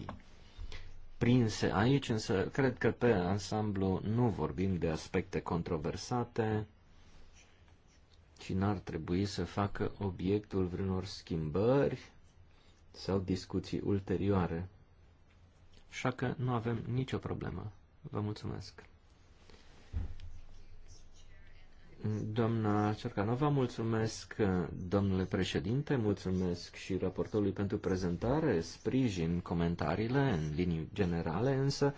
prinse aici, însă cred că pe ansamblu nu vorbim de aspecte controversate și n-ar trebui să facă obiectul vreunor schimbări sau discuții ulterioare. Așa că nu avem nicio problemă. Vă mulțumesc! Doamna Cercanova, mulțumesc domnule președinte, mulțumesc și raportorului pentru prezentare, sprijin comentariile în linii generale, însă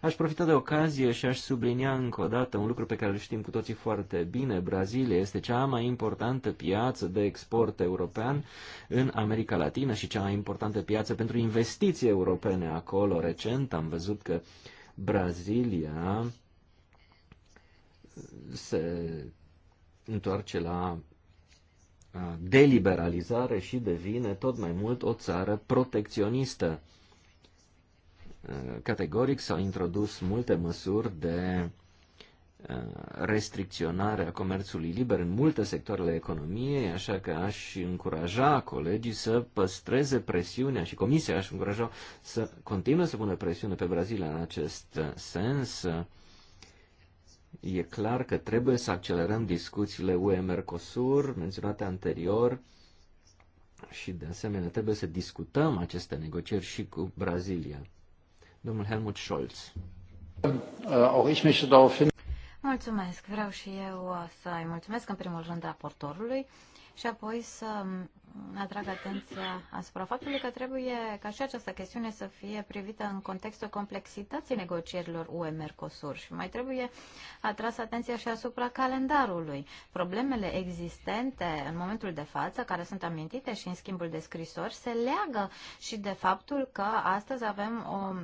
aș profita de ocazie și aș sublinia încă o dată un lucru pe care îl știm cu toții foarte bine. Brazilia este cea mai importantă piață de export european în America Latină și cea mai importantă piață pentru investiții europene acolo. Recent am văzut că Brazilia se întoarce la deliberalizare și devine tot mai mult o țară protecționistă. Categoric s-au introdus multe măsuri de restricționare a comerțului liber în multe sectoarele economiei, așa că aș încuraja colegii să păstreze presiunea și comisia aș încuraja să continue să pună presiune pe Brazilia în acest sens. E clar că trebuie să accelerăm discuțiile UE-Mercosur menționate anterior și, de asemenea, trebuie să discutăm aceste negocieri și cu Brazilia. Domnul Helmut Scholz. Uh, mulțumesc. Vreau și eu să-i mulțumesc în primul rând raportorului și apoi să atrag atenția asupra faptului că trebuie ca și această chestiune să fie privită în contextul complexității negocierilor UE-Mercosur și mai trebuie atras atenția și asupra calendarului. Problemele existente în momentul de față, care sunt amintite și în schimbul de scrisori, se leagă și de faptul că astăzi avem o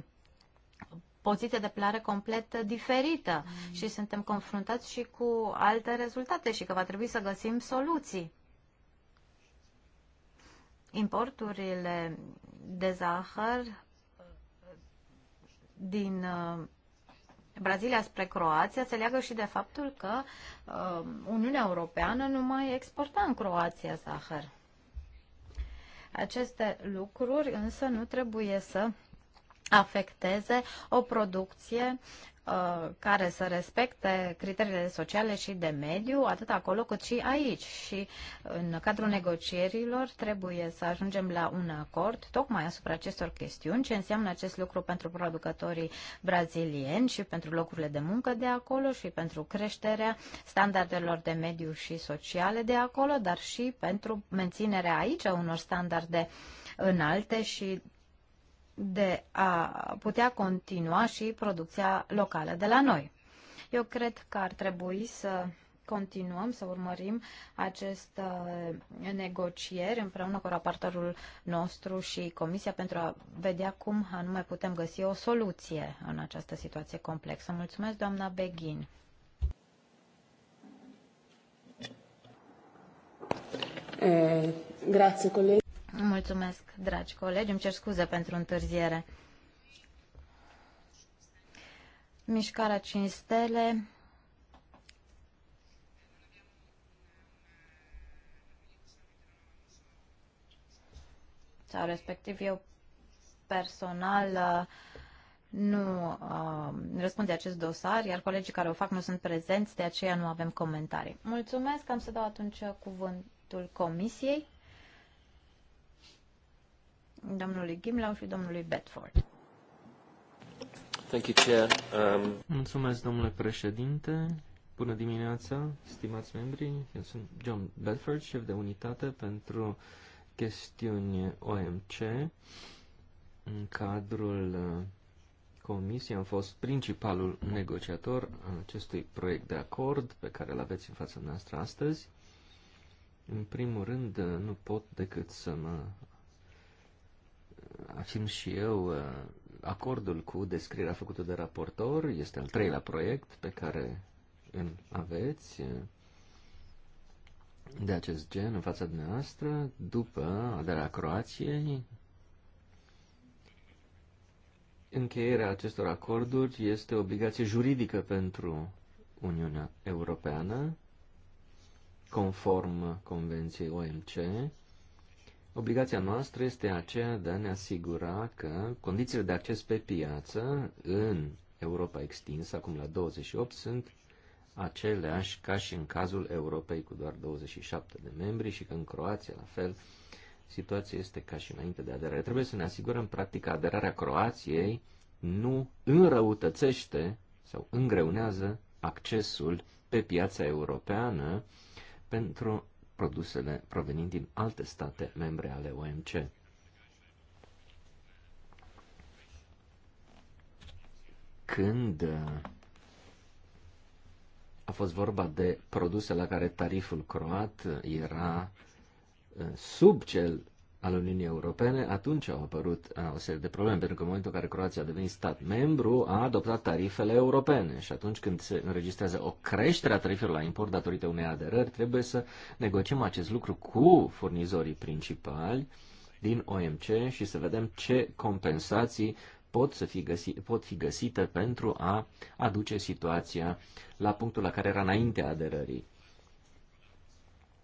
poziție de plare complet diferită mm. și suntem confruntați și cu alte rezultate și că va trebui să găsim soluții importurile de zahăr din uh, Brazilia spre Croația se leagă și de faptul că uh, Uniunea Europeană nu mai exporta în Croația zahăr. Aceste lucruri însă nu trebuie să afecteze o producție Uh, care să respecte criteriile sociale și de mediu, atât acolo cât și aici. Și în cadrul negocierilor trebuie să ajungem la un acord tocmai asupra acestor chestiuni, ce înseamnă acest lucru pentru producătorii brazilieni și pentru locurile de muncă de acolo și pentru creșterea standardelor de mediu și sociale de acolo, dar și pentru menținerea aici a unor standarde înalte și de a putea continua și producția locală de la noi. Eu cred că ar trebui să continuăm să urmărim aceste negocieri împreună cu raportorul nostru și Comisia pentru a vedea cum anume putem găsi o soluție în această situație complexă. Mulțumesc, doamna Beghin. Eh, grazie, colegi. Mulțumesc, dragi colegi. Îmi cer scuze pentru întârziere. Mișcarea 5 stele. Sau respectiv eu personal uh, nu uh, răspunde acest dosar, iar colegii care o fac nu sunt prezenți, de aceea nu avem comentarii. Mulțumesc, am să dau atunci cuvântul comisiei domnului Gimlau și domnului Bedford. Thank you, Chair. Um... Mulțumesc, domnule președinte. Bună dimineața, stimați membri. Eu sunt John Bedford, șef de unitate pentru chestiuni OMC. În cadrul uh, comisiei am fost principalul negociator al acestui proiect de acord pe care îl aveți în fața noastră astăzi. În primul rând, uh, nu pot decât să mă Acim și eu uh, acordul cu descrierea făcută de raportor este al treilea proiect pe care îl aveți uh, de acest gen în fața dumneavoastră după aderarea Croației. Încheierea acestor acorduri este obligație juridică pentru Uniunea Europeană, conform Convenției OMC, Obligația noastră este aceea de a ne asigura că condițiile de acces pe piață în Europa extinsă, acum la 28, sunt aceleași ca și în cazul Europei cu doar 27 de membri și că în Croația, la fel, situația este ca și înainte de aderare. Trebuie să ne asigurăm, practic, că aderarea Croației nu înrăutățește sau îngreunează accesul pe piața europeană pentru produsele provenind din alte state membre ale OMC. Când uh, a fost vorba de produse la care tariful croat era uh, sub cel al Uniunii Europene, atunci au apărut a, uh, o serie de probleme, pentru că în momentul în care Croația a devenit stat membru, a adoptat tarifele europene și atunci când se înregistrează o creștere a tarifelor la import datorită unei aderări, trebuie să negociem acest lucru cu furnizorii principali din OMC și să vedem ce compensații pot, să fi găsi, pot fi găsite pentru a aduce situația la punctul la care era înaintea aderării.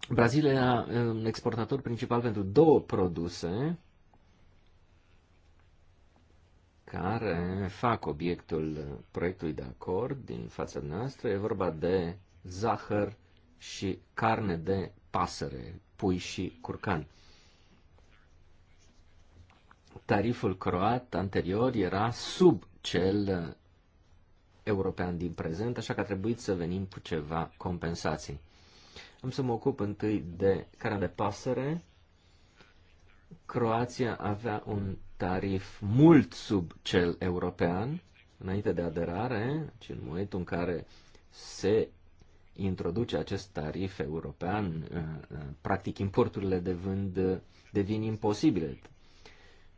Brazilia un um, exportator principal pentru două produse care fac obiectul uh, proiectului de acord din fața noastră. E vorba de zahăr și carne de pasăre, pui și curcan. Tariful croat anterior era sub cel uh, european din prezent, așa că a trebuit să venim cu ceva compensații. Am să mă ocup întâi de cara de pasăre. Croația avea un tarif mult sub cel european înainte de aderare, ci deci în momentul în care se introduce acest tarif european, uh, uh, practic importurile de vând uh, devin imposibile.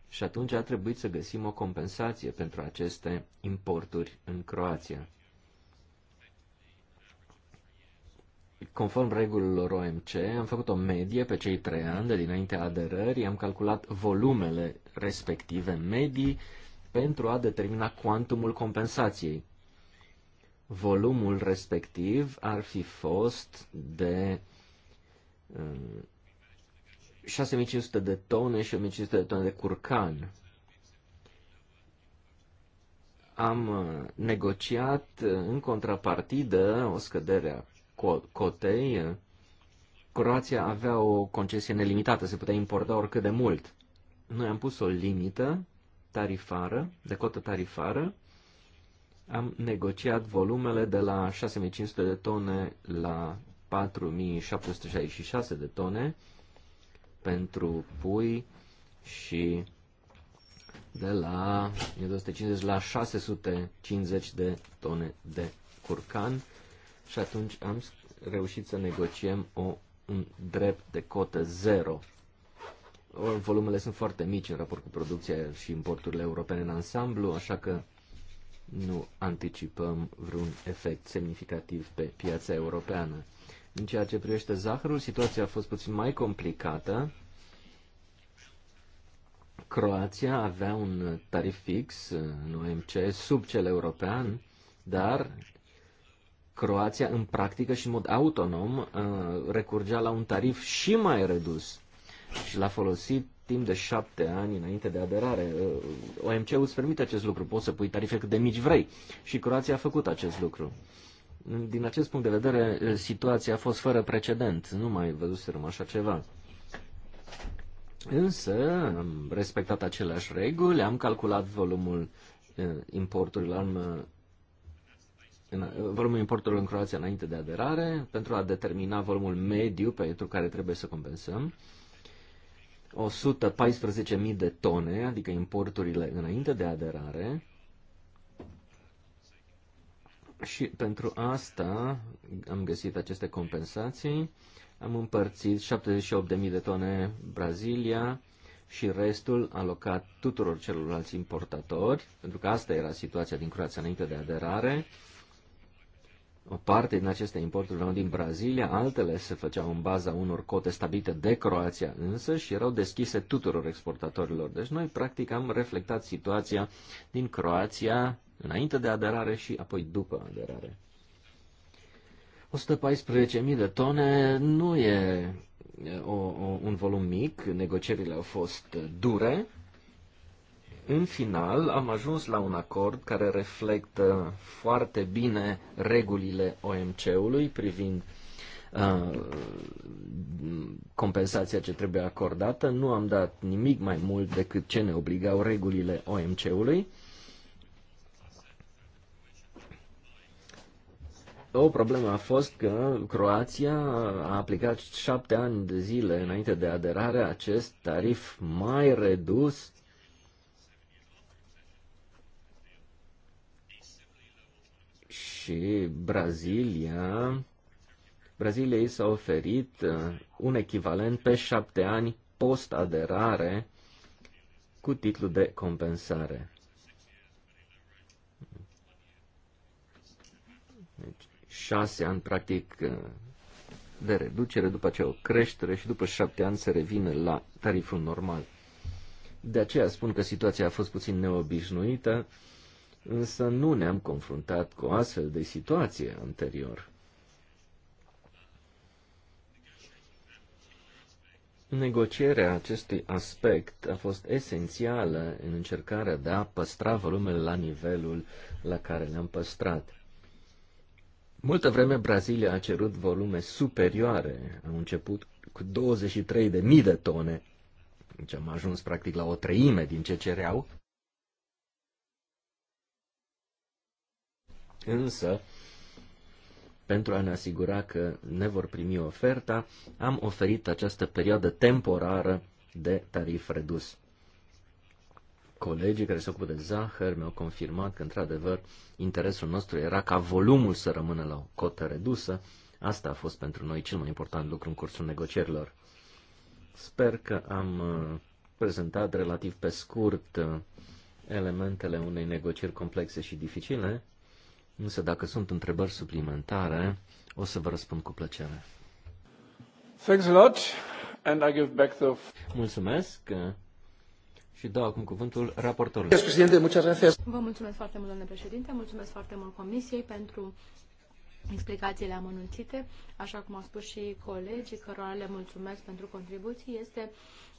Și atunci a trebuit să găsim o compensație pentru aceste importuri în Croația. conform regulilor OMC, am făcut o medie pe cei trei ani de dinaintea aderării, am calculat volumele respective medii pentru a determina cuantumul compensației. Volumul respectiv ar fi fost de 6500 um, de tone și 1500 de tone de curcan. Am uh, negociat uh, în contrapartidă o scădere a cotei, Croația avea o concesie nelimitată, se putea importa oricât de mult. Noi am pus o limită tarifară, de cotă tarifară, am negociat volumele de la 6500 de tone la 4766 de tone pentru pui și de la 250 la 650 de tone de curcan și atunci am reușit să negociem o, un drept de cotă zero. O volumele sunt foarte mici în raport cu producția și importurile europene în ansamblu, așa că nu anticipăm vreun efect semnificativ pe piața europeană. În ceea ce privește zahărul, situația a fost puțin mai complicată. Croația avea un tarif fix în OMC sub cel european, dar Croația, în practică și în mod autonom, uh, recurgea la un tarif și mai redus și l-a folosit timp de șapte ani înainte de aderare. Uh, OMC-ul îți permite acest lucru, poți să pui tarife cât de mici vrei și Croația a făcut acest lucru. Din acest punct de vedere, uh, situația a fost fără precedent, nu mai văzusem așa ceva. Însă am respectat aceleași reguli, am calculat volumul importurilor, am volumul importurilor în Croația înainte de aderare, pentru a determina volumul mediu pentru care trebuie să compensăm. 114.000 de tone, adică importurile înainte de aderare. Și pentru asta am găsit aceste compensații. Am împărțit 78.000 de tone Brazilia și restul alocat tuturor celorlalți importatori, pentru că asta era situația din Croația înainte de aderare. O parte din aceste importuri veneau din Brazilia, altele se făceau în baza unor cote stabilite de Croația însă și erau deschise tuturor exportatorilor. Deci noi, practic, am reflectat situația din Croația înainte de aderare și apoi după aderare. 114.000 de tone nu e o, o, un volum mic, negocierile au fost dure, în final, am ajuns la un acord care reflectă foarte bine regulile OMC-ului privind uh, compensația ce trebuie acordată. Nu am dat nimic mai mult decât ce ne obligau regulile OMC-ului. O problemă a fost că Croația a aplicat șapte ani de zile înainte de aderare acest tarif mai redus și Brazilia, Braziliei s-a oferit uh, un echivalent pe șapte ani post-aderare cu titlu de compensare. Deci, șase ani, practic, uh, de reducere, după aceea o creștere și după șapte ani se revine la tariful normal. De aceea spun că situația a fost puțin neobișnuită însă nu ne-am confruntat cu o astfel de situație anterior. Negocierea acestui aspect a fost esențială în încercarea de a păstra volumele la nivelul la care le-am păstrat. Multă vreme Brazilia a cerut volume superioare. Am început cu 23.000 de tone, deci am ajuns practic la o treime din ce cereau. Însă, pentru a ne asigura că ne vor primi oferta, am oferit această perioadă temporară de tarif redus. Colegii care se ocupă de zahăr mi-au confirmat că, într-adevăr, interesul nostru era ca volumul să rămână la o cotă redusă. Asta a fost pentru noi cel mai important lucru în cursul negocierilor. Sper că am uh, prezentat relativ pe scurt uh, elementele unei negocieri complexe și dificile Însă dacă sunt întrebări suplimentare, o să vă răspund cu plăcere. Thanks a lot and I give back the... Mulțumesc și dau acum cuvântul raportorului. Vă mulțumesc foarte mult, domnule președinte, mulțumesc foarte mult Comisiei pentru explicațiile amănunțite, așa cum au spus și colegii, cărora le mulțumesc pentru contribuții. Este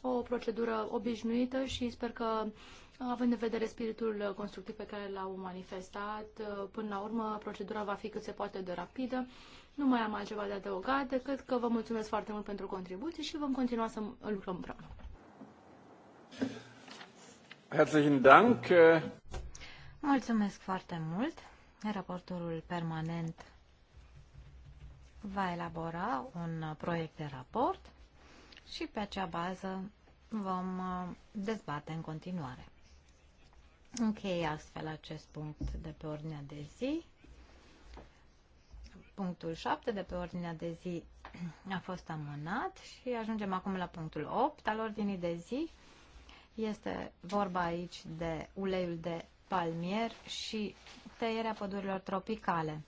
o procedură obișnuită și sper că, având în vedere spiritul constructiv pe care l-au manifestat, până la urmă procedura va fi cât se poate de rapidă. Nu mai am altceva de adăugat decât că vă mulțumesc foarte mult pentru contribuții și vom continua să lucrăm împreună. Herzlichen Dank. Mulțumesc foarte mult. Raportorul permanent va elabora un uh, proiect de raport și pe acea bază vom uh, dezbate în continuare. Închei astfel acest punct de pe ordinea de zi. Punctul 7 de pe ordinea de zi a fost amânat și ajungem acum la punctul 8 al ordinii de zi. Este vorba aici de uleiul de palmier și tăierea pădurilor tropicale.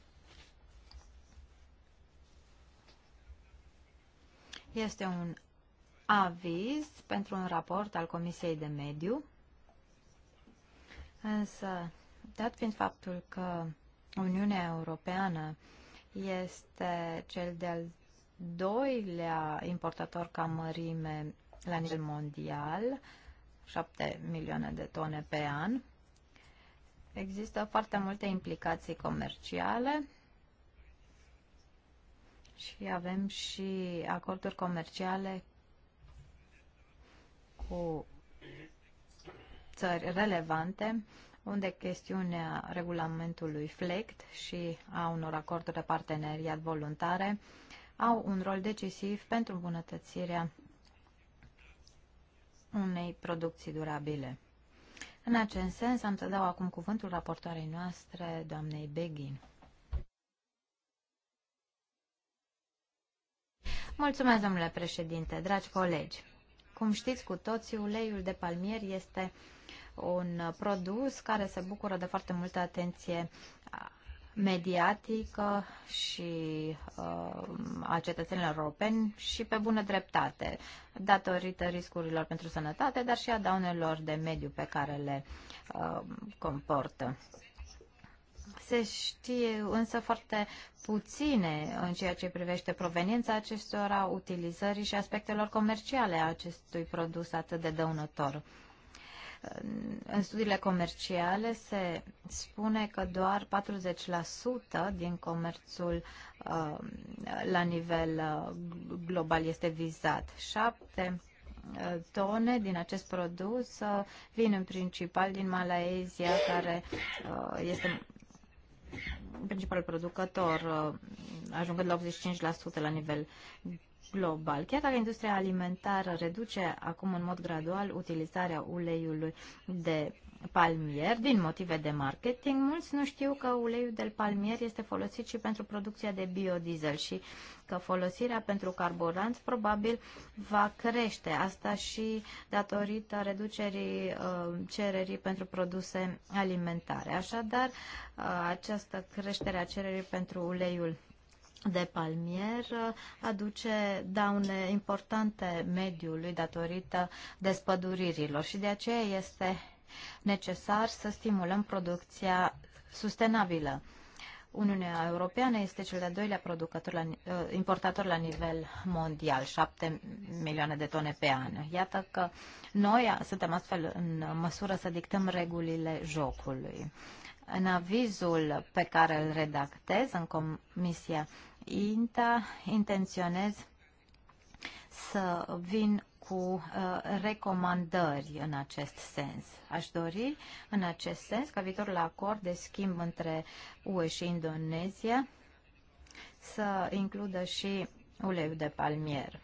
Este un aviz pentru un raport al Comisiei de Mediu, însă, dat fiind faptul că Uniunea Europeană este cel de-al doilea importator ca mărime la nivel mondial, 7 milioane de tone pe an. Există foarte multe implicații comerciale și avem și acorduri comerciale cu țări relevante, unde chestiunea regulamentului FLECT și a unor acorduri de parteneriat voluntare au un rol decisiv pentru îmbunătățirea unei producții durabile. În acest sens, am să dau acum cuvântul raportoarei noastre, doamnei Begin. Mulțumesc, domnule președinte, dragi colegi. Cum știți cu toții, uleiul de palmier este un produs care se bucură de foarte multă atenție mediatică și uh, a cetățenilor europeni și pe bună dreptate, datorită riscurilor pentru sănătate, dar și a daunelor de mediu pe care le uh, comportă. Se știe însă foarte puține în ceea ce privește proveniența acestora, utilizării și aspectelor comerciale a acestui produs atât de dăunător. În studiile comerciale se spune că doar 40% din comerțul uh, la nivel uh, global este vizat. 7 uh, tone din acest produs uh, vin în principal din Malaezia, care uh, este principalul producător, uh, ajungând la 85% la nivel global. Chiar dacă industria alimentară reduce acum în mod gradual utilizarea uleiului de palmier, din motive de marketing, mulți nu știu că uleiul de palmier este folosit și pentru producția de biodiesel și că folosirea pentru carburant probabil va crește. Asta și datorită reducerii uh, cererii pentru produse alimentare. Așadar, uh, această creștere a cererii pentru uleiul de palmier uh, aduce daune importante mediului datorită despăduririlor și de aceea este necesar să stimulăm producția sustenabilă. Uniunea Europeană este cel de-al doilea producător la, ă, importator la nivel mondial, 7 milioane de tone pe an. Iată că noi suntem astfel în măsură să dictăm regulile jocului. În avizul pe care îl redactez în Comisia INTA, intenționez să vin cu uh, recomandări în acest sens. Aș dori în acest sens ca viitorul acord de schimb între UE și Indonezia să includă și uleiul de palmier.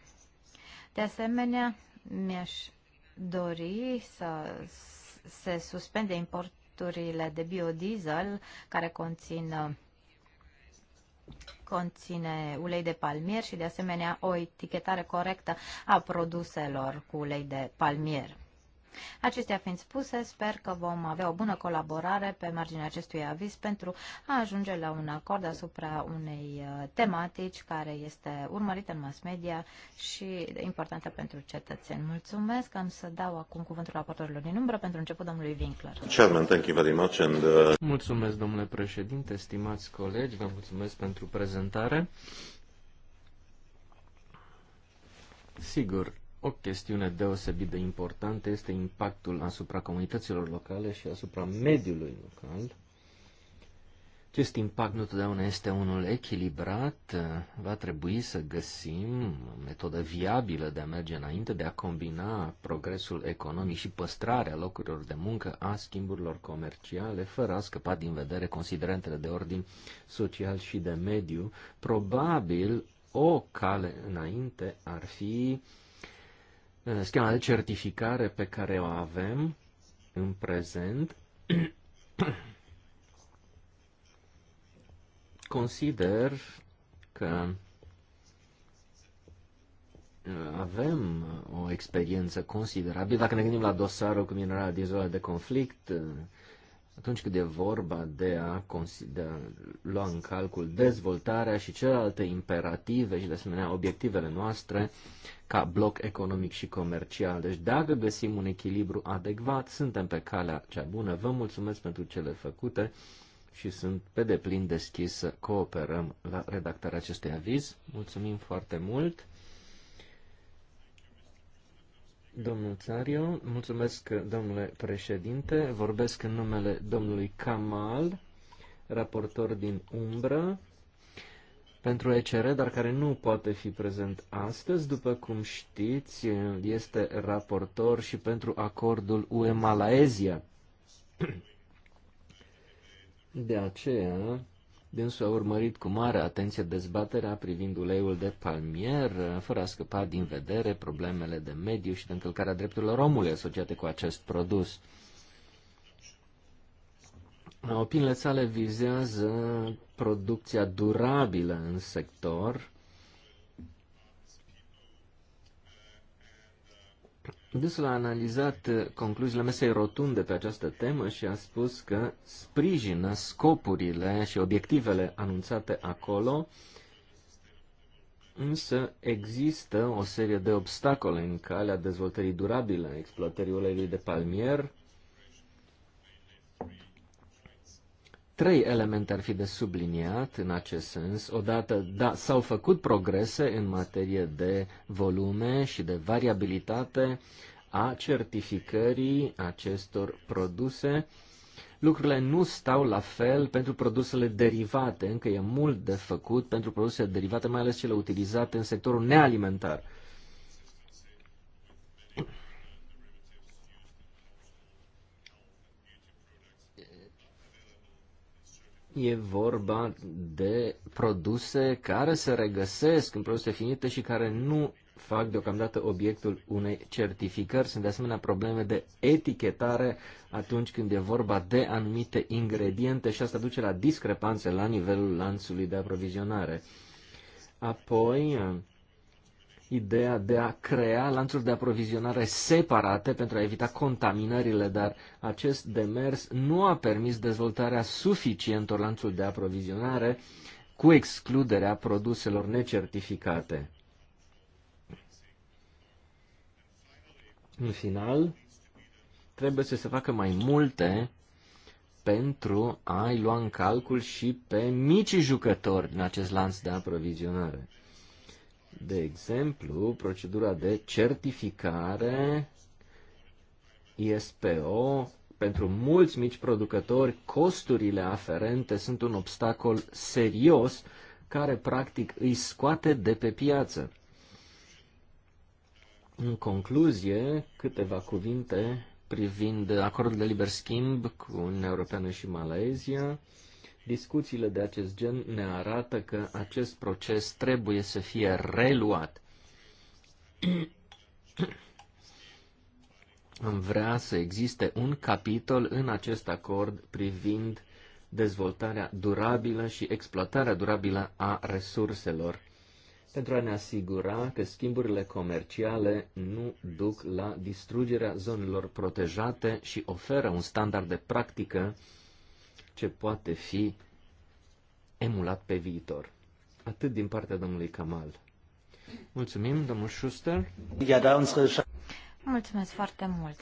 De asemenea, mi-aș dori să se suspende importurile de biodiesel care conțin uh, conține ulei de palmier și de asemenea o etichetare corectă a produselor cu ulei de palmier. Acestea fiind spuse, sper că vom avea o bună colaborare pe marginea acestui aviz pentru a ajunge la un acord asupra unei uh, tematici care este urmărită în mass media și importantă pentru cetățeni. Mulțumesc. Am să dau acum cuvântul raportorilor din umbră pentru început domnului Winkler. Chairman, thank you very much and, uh... Mulțumesc, domnule președinte, stimați colegi, vă mulțumesc pentru prezentare. Sigur, o chestiune deosebit de importantă este impactul asupra comunităților locale și asupra mediului local. Acest impact nu totdeauna este unul echilibrat. Va trebui să găsim o metodă viabilă de a merge înainte, de a combina progresul economic și păstrarea locurilor de muncă a schimburilor comerciale, fără a scăpa din vedere considerentele de ordin social și de mediu. Probabil o cale înainte ar fi uh, Eh, schema de certificare pe care o avem în prezent, consider că eh, avem o experiență considerabilă. Dacă ne gândim la dosarul cu minerale din zona de conflict, eh, atunci când e vorba de a, de a lua în calcul dezvoltarea și celelalte imperative și, de asemenea, obiectivele noastre ca bloc economic și comercial. Deci, dacă găsim un echilibru adecvat, suntem pe calea cea bună. Vă mulțumesc pentru cele făcute și sunt pe deplin deschis să cooperăm la redactarea acestui aviz. Mulțumim foarte mult! Domnul Țariu, mulțumesc, domnule președinte. Vorbesc în numele domnului Kamal, raportor din umbră pentru ECR, dar care nu poate fi prezent astăzi. După cum știți, este raportor și pentru acordul UE Malaezia. De aceea, Dânsul a urmărit cu mare atenție dezbaterea privind uleiul de palmier, fără a scăpa din vedere problemele de mediu și de încălcarea drepturilor omului asociate cu acest produs. Opiniile sale vizează producția durabilă în sector, Dânsul a analizat uh, concluziile mesei rotunde pe această temă și a spus că sprijină scopurile și obiectivele anunțate acolo, însă există o serie de obstacole în calea dezvoltării durabile a exploatării uleiului de palmier, Trei elemente ar fi de subliniat în acest sens. Odată, da, s-au făcut progrese în materie de volume și de variabilitate a certificării acestor produse. Lucrurile nu stau la fel pentru produsele derivate, încă e mult de făcut pentru produsele derivate, mai ales cele utilizate în sectorul nealimentar. E vorba de produse care se regăsesc în produse finite și care nu fac deocamdată obiectul unei certificări. Sunt de asemenea probleme de etichetare atunci când e vorba de anumite ingrediente și asta duce la discrepanțe la nivelul lanțului de aprovizionare. Apoi, ideea de a crea lanțuri de aprovizionare separate pentru a evita contaminările, dar acest demers nu a permis dezvoltarea suficientor lanțuri de aprovizionare cu excluderea produselor necertificate. În final, trebuie să se facă mai multe pentru a-i lua în calcul și pe micii jucători din acest lanț de aprovizionare. De exemplu, procedura de certificare ISPO pentru mulți mici producători, costurile aferente sunt un obstacol serios care practic îi scoate de pe piață. În concluzie, câteva cuvinte privind acordul de liber schimb cu Uniunea Europeană și Malezia. Discuțiile de acest gen ne arată că acest proces trebuie să fie reluat. Am vrea să existe un capitol în acest acord privind dezvoltarea durabilă și exploatarea durabilă a resurselor pentru a ne asigura că schimburile comerciale nu duc la distrugerea zonelor protejate și oferă un standard de practică ce poate fi emulat pe viitor. Atât din partea domnului Kamal. Mulțumim, domnul Schuster. Mulțumesc foarte mult.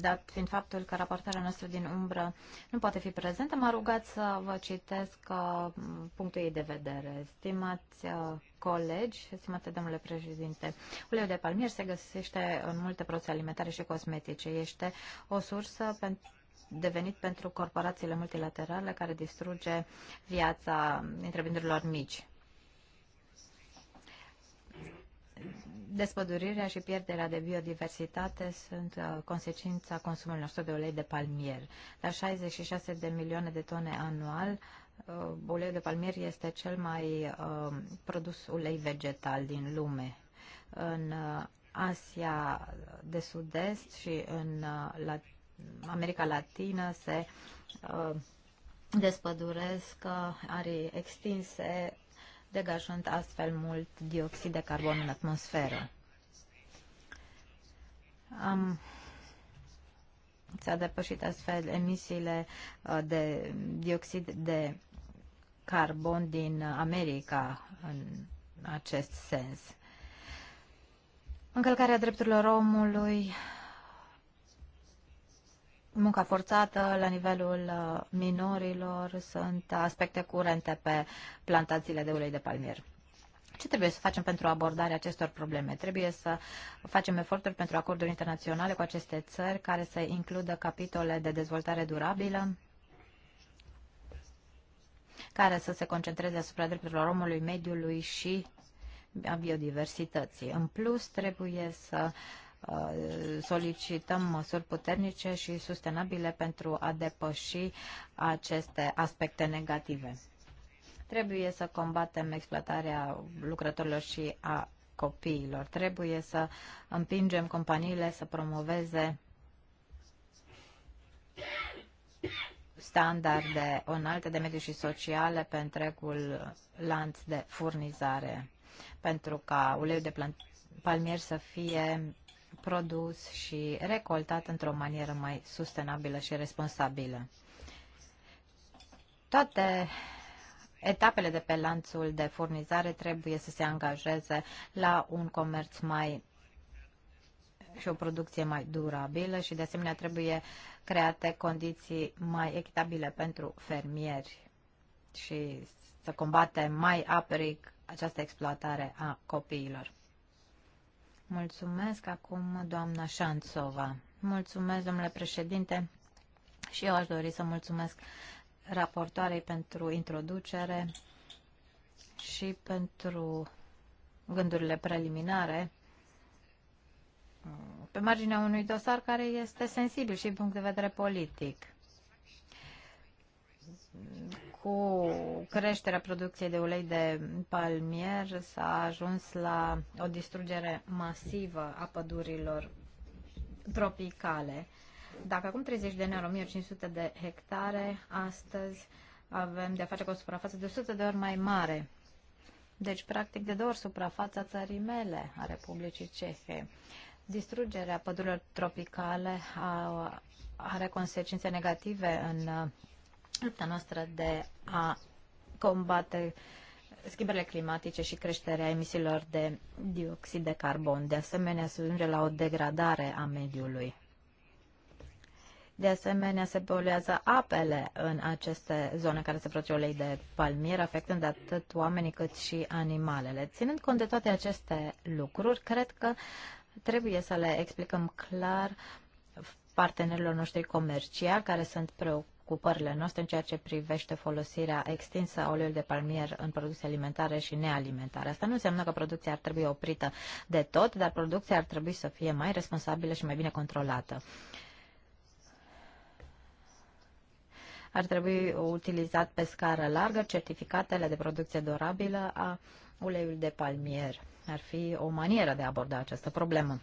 Dat fiind faptul că raportarea noastră din umbră nu poate fi prezentă, m-a rugat să vă citesc uh, punctul ei de vedere. Stimați uh, colegi, stimate domnule președinte, uleiul de palmier se găsește în multe produse alimentare și cosmetice. Este o sursă pentru devenit pentru corporațiile multilaterale care distruge viața întreprinderilor mici. Despădurirea și pierderea de biodiversitate sunt uh, consecința consumului nostru de ulei de palmier. La 66 de milioane de tone anual, uh, uleiul de palmier este cel mai uh, produs ulei vegetal din lume. În Asia de Sud-Est și în America Latină se uh, despăduresc uh, arii extinse, degajând astfel mult dioxid de carbon în atmosferă. Am s-a depășit astfel emisiile uh, de dioxid de carbon din America în acest sens. Încălcarea drepturilor omului munca forțată la nivelul uh, minorilor sunt aspecte curente pe plantațiile de ulei de palmier. Ce trebuie să facem pentru abordarea acestor probleme? Trebuie să facem eforturi pentru acorduri internaționale cu aceste țări care să includă capitole de dezvoltare durabilă, care să se concentreze asupra drepturilor omului, mediului și a biodiversității. În plus, trebuie să uh, Uh, solicităm măsuri puternice și sustenabile pentru a depăși aceste aspecte negative. Trebuie să combatem exploatarea lucrătorilor și a copiilor. Trebuie să împingem companiile să promoveze standarde înalte de mediu și sociale pe întregul lanț de furnizare, pentru ca uleiul de plant- palmier să fie produs și recoltat într-o manieră mai sustenabilă și responsabilă. Toate etapele de pe lanțul de furnizare trebuie să se angajeze la un comerț mai și o producție mai durabilă și de asemenea trebuie create condiții mai echitabile pentru fermieri și să combate mai aprig această exploatare a copiilor. Mulțumesc acum doamna Șanțova. Mulțumesc, domnule președinte, și eu aș dori să mulțumesc raportoarei pentru introducere și pentru gândurile preliminare pe marginea unui dosar care este sensibil și din punct de vedere politic cu creșterea producției de ulei de palmier s-a ajuns la o distrugere masivă a pădurilor tropicale. Dacă acum 30 de ani erau 1500 de hectare, astăzi avem de-a face cu o suprafață de 100 de ori mai mare. Deci, practic, de două ori suprafața țării mele, a Republicii Cehe. Distrugerea pădurilor tropicale a, are consecințe negative în lupta noastră de a combate schimbările climatice și creșterea emisiilor de dioxid de carbon. De asemenea, se ajunge la o degradare a mediului. De asemenea, se poluează apele în aceste zone care se produce ulei de palmier, afectând atât oamenii cât și animalele. Ținând cont de toate aceste lucruri, cred că trebuie să le explicăm clar partenerilor noștri comerciali care sunt preocupați preocupările noastre în ceea ce privește folosirea extinsă a uleiului de palmier în produse alimentare și nealimentare. Asta nu înseamnă că producția ar trebui oprită de tot, dar producția ar trebui să fie mai responsabilă și mai bine controlată. Ar trebui utilizat pe scară largă certificatele de producție durabilă a uleiului de palmier. Ar fi o manieră de a aborda această problemă.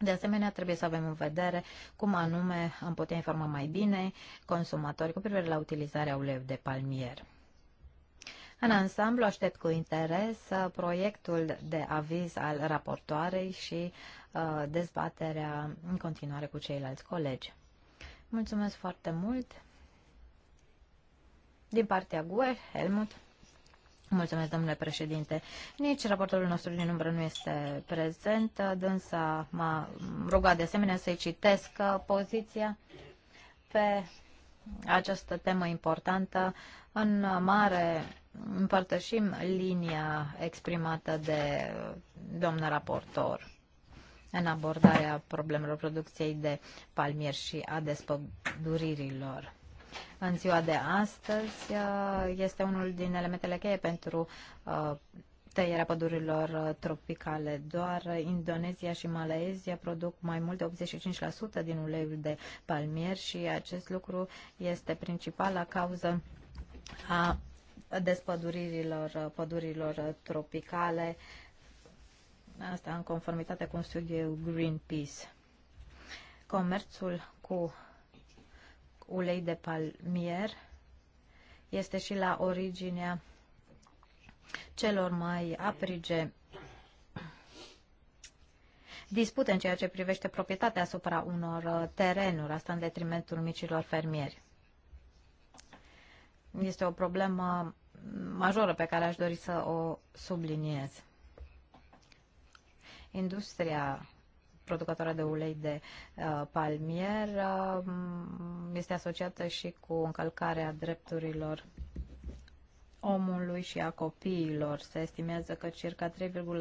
De asemenea, trebuie să avem în vedere cum anume am putea informa mai bine consumatorii cu privire la utilizarea uleiului de palmier. În ansamblu, aștept cu interes uh, proiectul de aviz al raportoarei și uh, dezbaterea în continuare cu ceilalți colegi. Mulțumesc foarte mult! Din partea GUE, Helmut. Mulțumesc, domnule președinte. Nici raportorul nostru din umbră nu este prezent, dânsa m-a rugat de asemenea să-i citesc poziția pe această temă importantă. În mare împărtășim linia exprimată de domnul raportor în abordarea problemelor producției de palmieri și a despăduririlor în ziua de astăzi uh, este unul din elementele cheie pentru uh, tăierea pădurilor uh, tropicale. Doar Indonezia și Malaezia produc mai mult de 85% din uleiul de palmier și acest lucru este principala cauză a despăduririlor pădurilor tropicale, asta în conformitate cu un studiu Greenpeace. Comerțul cu ulei de palmier este și la originea celor mai aprige dispute în ceea ce privește proprietatea asupra unor uh, terenuri, asta în detrimentul micilor fermieri. Este o problemă majoră pe care aș dori să o subliniez. Industria producătoare de ulei de uh, palmier uh, este asociată și cu încălcarea drepturilor omului și a copiilor. Se estimează că circa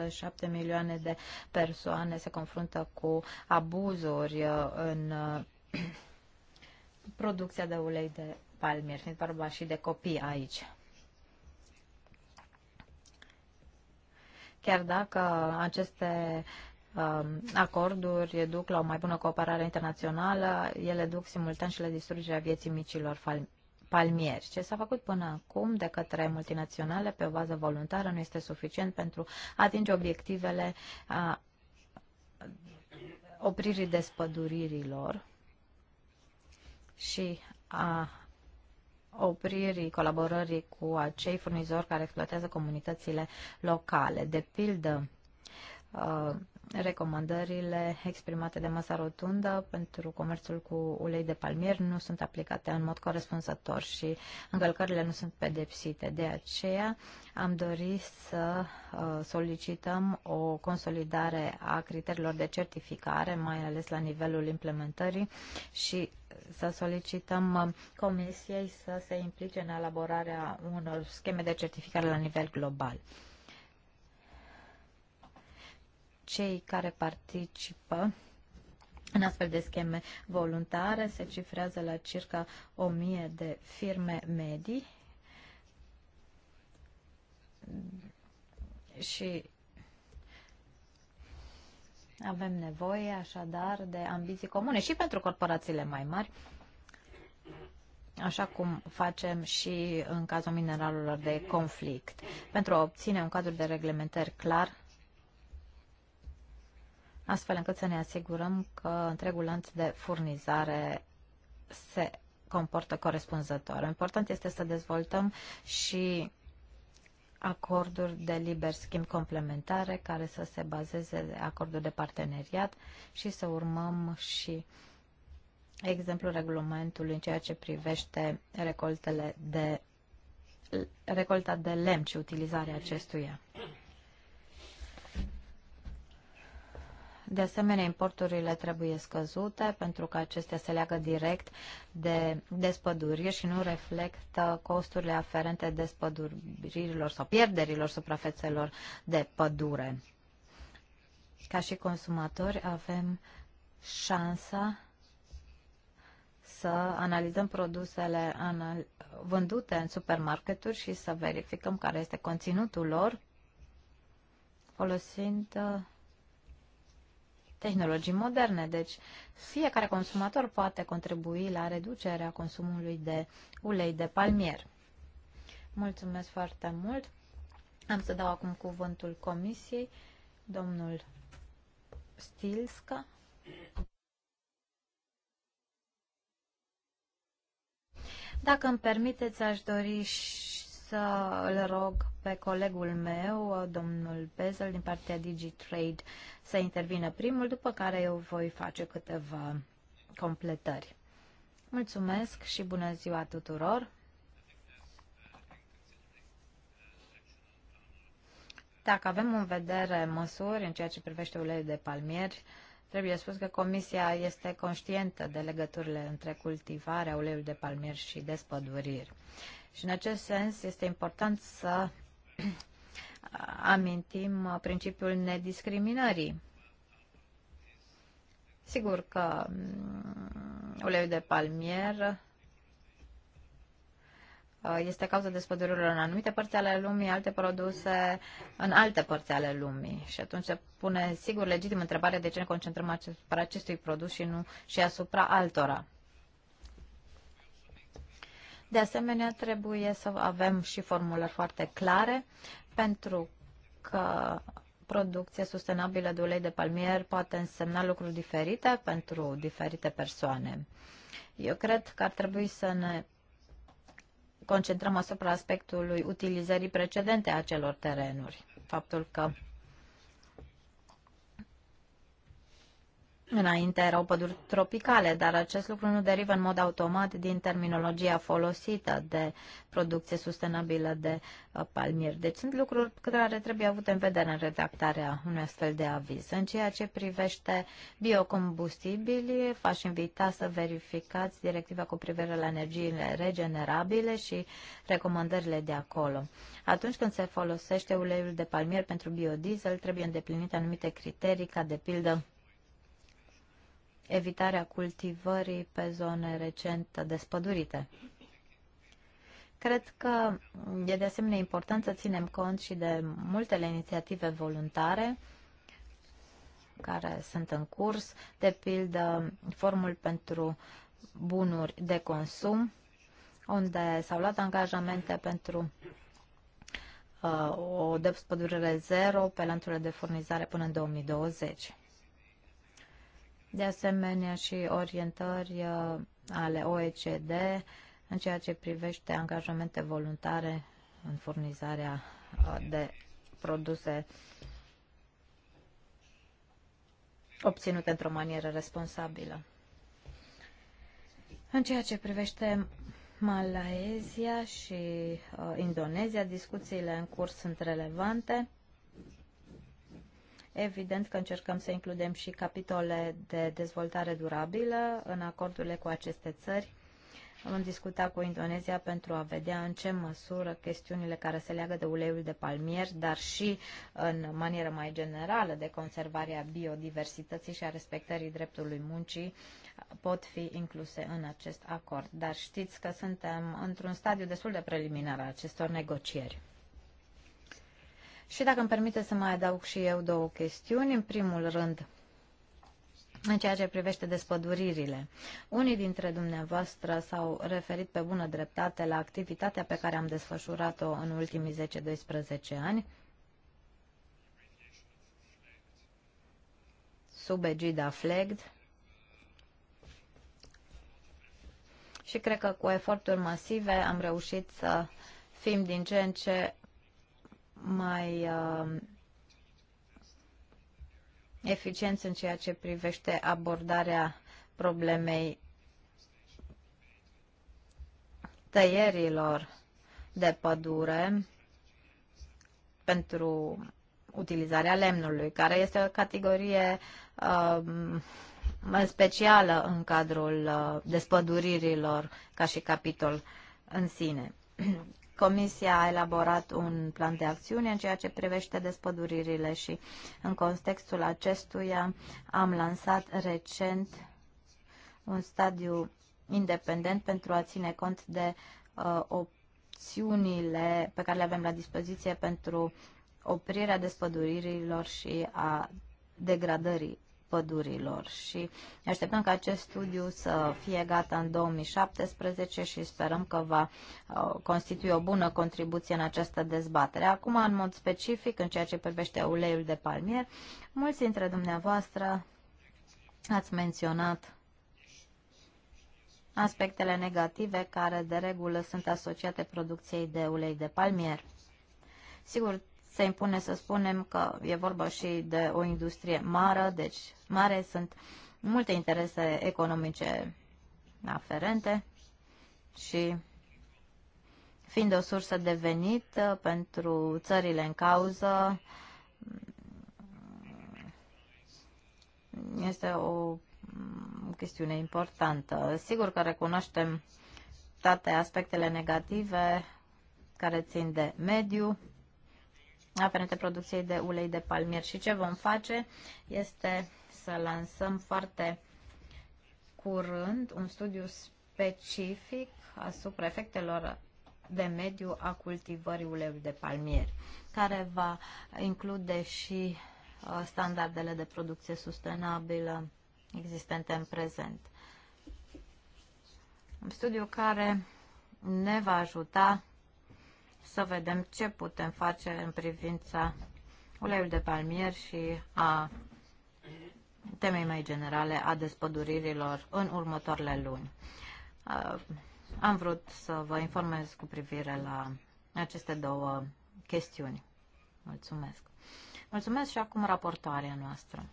3,7 milioane de persoane se confruntă cu abuzuri uh, în uh, producția de ulei de palmier, fiind vorba și de copii aici. Chiar dacă aceste Um, acorduri duc la o mai bună cooperare internațională, ele duc simultan și la distrugerea vieții micilor palmieri. Ce s-a făcut până acum de către multinaționale pe o bază voluntară nu este suficient pentru a atinge obiectivele a opririi despăduririlor și a opririi colaborării cu acei furnizori care exploatează comunitățile locale. De pildă, uh, recomandările exprimate de masa rotundă pentru comerțul cu ulei de palmier nu sunt aplicate în mod corespunzător și încălcările nu sunt pedepsite. De aceea am dorit să uh, solicităm o consolidare a criteriilor de certificare, mai ales la nivelul implementării și să solicităm uh, Comisiei să se implice în elaborarea unor scheme de certificare la nivel global cei care participă în astfel de scheme voluntare se cifrează la circa 1000 de firme medii și avem nevoie așadar de ambiții comune și pentru corporațiile mai mari, așa cum facem și în cazul mineralelor de conflict, pentru a obține un cadru de reglementări clar astfel încât să ne asigurăm că întregul lanț de furnizare se comportă corespunzător. Important este să dezvoltăm și acorduri de liber schimb complementare care să se bazeze de acorduri de parteneriat și să urmăm și exemplul regulamentului în ceea ce privește recoltele de recolta de lemn și utilizarea acestuia. De asemenea, importurile trebuie scăzute pentru că acestea se leagă direct de despădurire și nu reflectă costurile aferente despăduririlor sau pierderilor suprafețelor de pădure. Ca și consumatori avem șansa să analizăm produsele anal vândute în supermarketuri și să verificăm care este conținutul lor folosind uh, tehnologii moderne. Deci fiecare consumator poate contribui la reducerea consumului de ulei de palmier. Mulțumesc foarte mult. Am să dau acum cuvântul comisiei, domnul Stilska. Dacă îmi permiteți, aș dori și să îl rog pe colegul meu, domnul Bezel, din partea DigiTrade, să intervină primul, după care eu voi face câteva completări. Mulțumesc și bună ziua tuturor! Dacă avem în vedere măsuri în ceea ce privește uleiul de palmier, trebuie spus că Comisia este conștientă de legăturile între cultivarea uleiului de palmier și despăduriri. Și în acest sens este important să amintim principiul nediscriminării. Sigur că mm, uleiul de palmier uh, este cauza despădurilor în anumite părți ale lumii, alte produse în alte părți ale lumii. Și atunci se pune, sigur, legitim întrebarea de ce ne concentrăm asupra acestui produs și nu și asupra altora. De asemenea, trebuie să avem și formulări foarte clare pentru că producția sustenabilă de ulei de palmier poate însemna lucruri diferite pentru diferite persoane. Eu cred că ar trebui să ne concentrăm asupra aspectului utilizării precedente a acelor terenuri. Faptul că Înainte erau păduri tropicale, dar acest lucru nu derivă în mod automat din terminologia folosită de producție sustenabilă de uh, palmieri. Deci sunt lucruri care trebuie avute în vedere în redactarea unui astfel de aviz. În ceea ce privește biocombustibili, v-aș invita să verificați directiva cu privire la energiile regenerabile și recomandările de acolo. Atunci când se folosește uleiul de palmier pentru biodiesel, trebuie îndeplinite anumite criterii, ca de pildă evitarea cultivării pe zone recent despădurite. Cred că e de asemenea important să ținem cont și de multele inițiative voluntare care sunt în curs, de pildă formul pentru bunuri de consum, unde s-au luat angajamente pentru uh, o despădurere zero pe lanțurile de furnizare până în 2020 de asemenea și orientări uh, ale OECD în ceea ce privește angajamente voluntare în furnizarea uh, de produse obținute într-o manieră responsabilă. În ceea ce privește Malaezia și uh, Indonezia, discuțiile în curs sunt relevante Evident că încercăm să includem și capitole de dezvoltare durabilă în acordurile cu aceste țări. Am discutat cu Indonezia pentru a vedea în ce măsură chestiunile care se leagă de uleiul de palmier, dar și în manieră mai generală de conservarea biodiversității și a respectării dreptului muncii pot fi incluse în acest acord. Dar știți că suntem într-un stadiu destul de preliminar al acestor negocieri. Și dacă îmi permite să mai adaug și eu două chestiuni, în primul rând, în ceea ce privește despăduririle. Unii dintre dumneavoastră s-au referit pe bună dreptate la activitatea pe care am desfășurat-o în ultimii 10-12 ani, sub egida FLEGD, și cred că cu eforturi masive am reușit să fim din ce în ce mai uh, eficienți în ceea ce privește abordarea problemei tăierilor de pădure pentru utilizarea lemnului, care este o categorie uh, specială în cadrul uh, despăduririlor ca și capitol în sine. Comisia a elaborat un plan de acțiune în ceea ce privește despăduririle și în contextul acestuia am lansat recent un stadiu independent pentru a ține cont de uh, opțiunile pe care le avem la dispoziție pentru oprirea despăduririlor și a degradării pădurilor și așteptăm ca acest studiu să fie gata în 2017 și sperăm că va uh, constitui o bună contribuție în această dezbatere. Acum, în mod specific, în ceea ce privește uleiul de palmier, mulți dintre dumneavoastră ați menționat aspectele negative care de regulă sunt asociate producției de ulei de palmier. Sigur, se impune să spunem că e vorba și de o industrie mare, deci mare sunt multe interese economice aferente și fiind o sursă de venit uh, pentru țările în cauză, mm, este o mm, chestiune importantă. Sigur că recunoaștem toate aspectele negative care țin de mediu, aferente producției de ulei de palmier. Și ce vom face este să lansăm foarte curând un studiu specific asupra efectelor de mediu a cultivării uleiului de palmier, care va include și uh, standardele de producție sustenabilă existente în prezent. Un studiu care ne va ajuta să vedem ce putem face în privința uleiului de palmier și a temei mai generale a despăduririlor în următoarele luni. Uh, am vrut să vă informez cu privire la aceste două chestiuni. Mulțumesc. Mulțumesc și acum raportoarea noastră.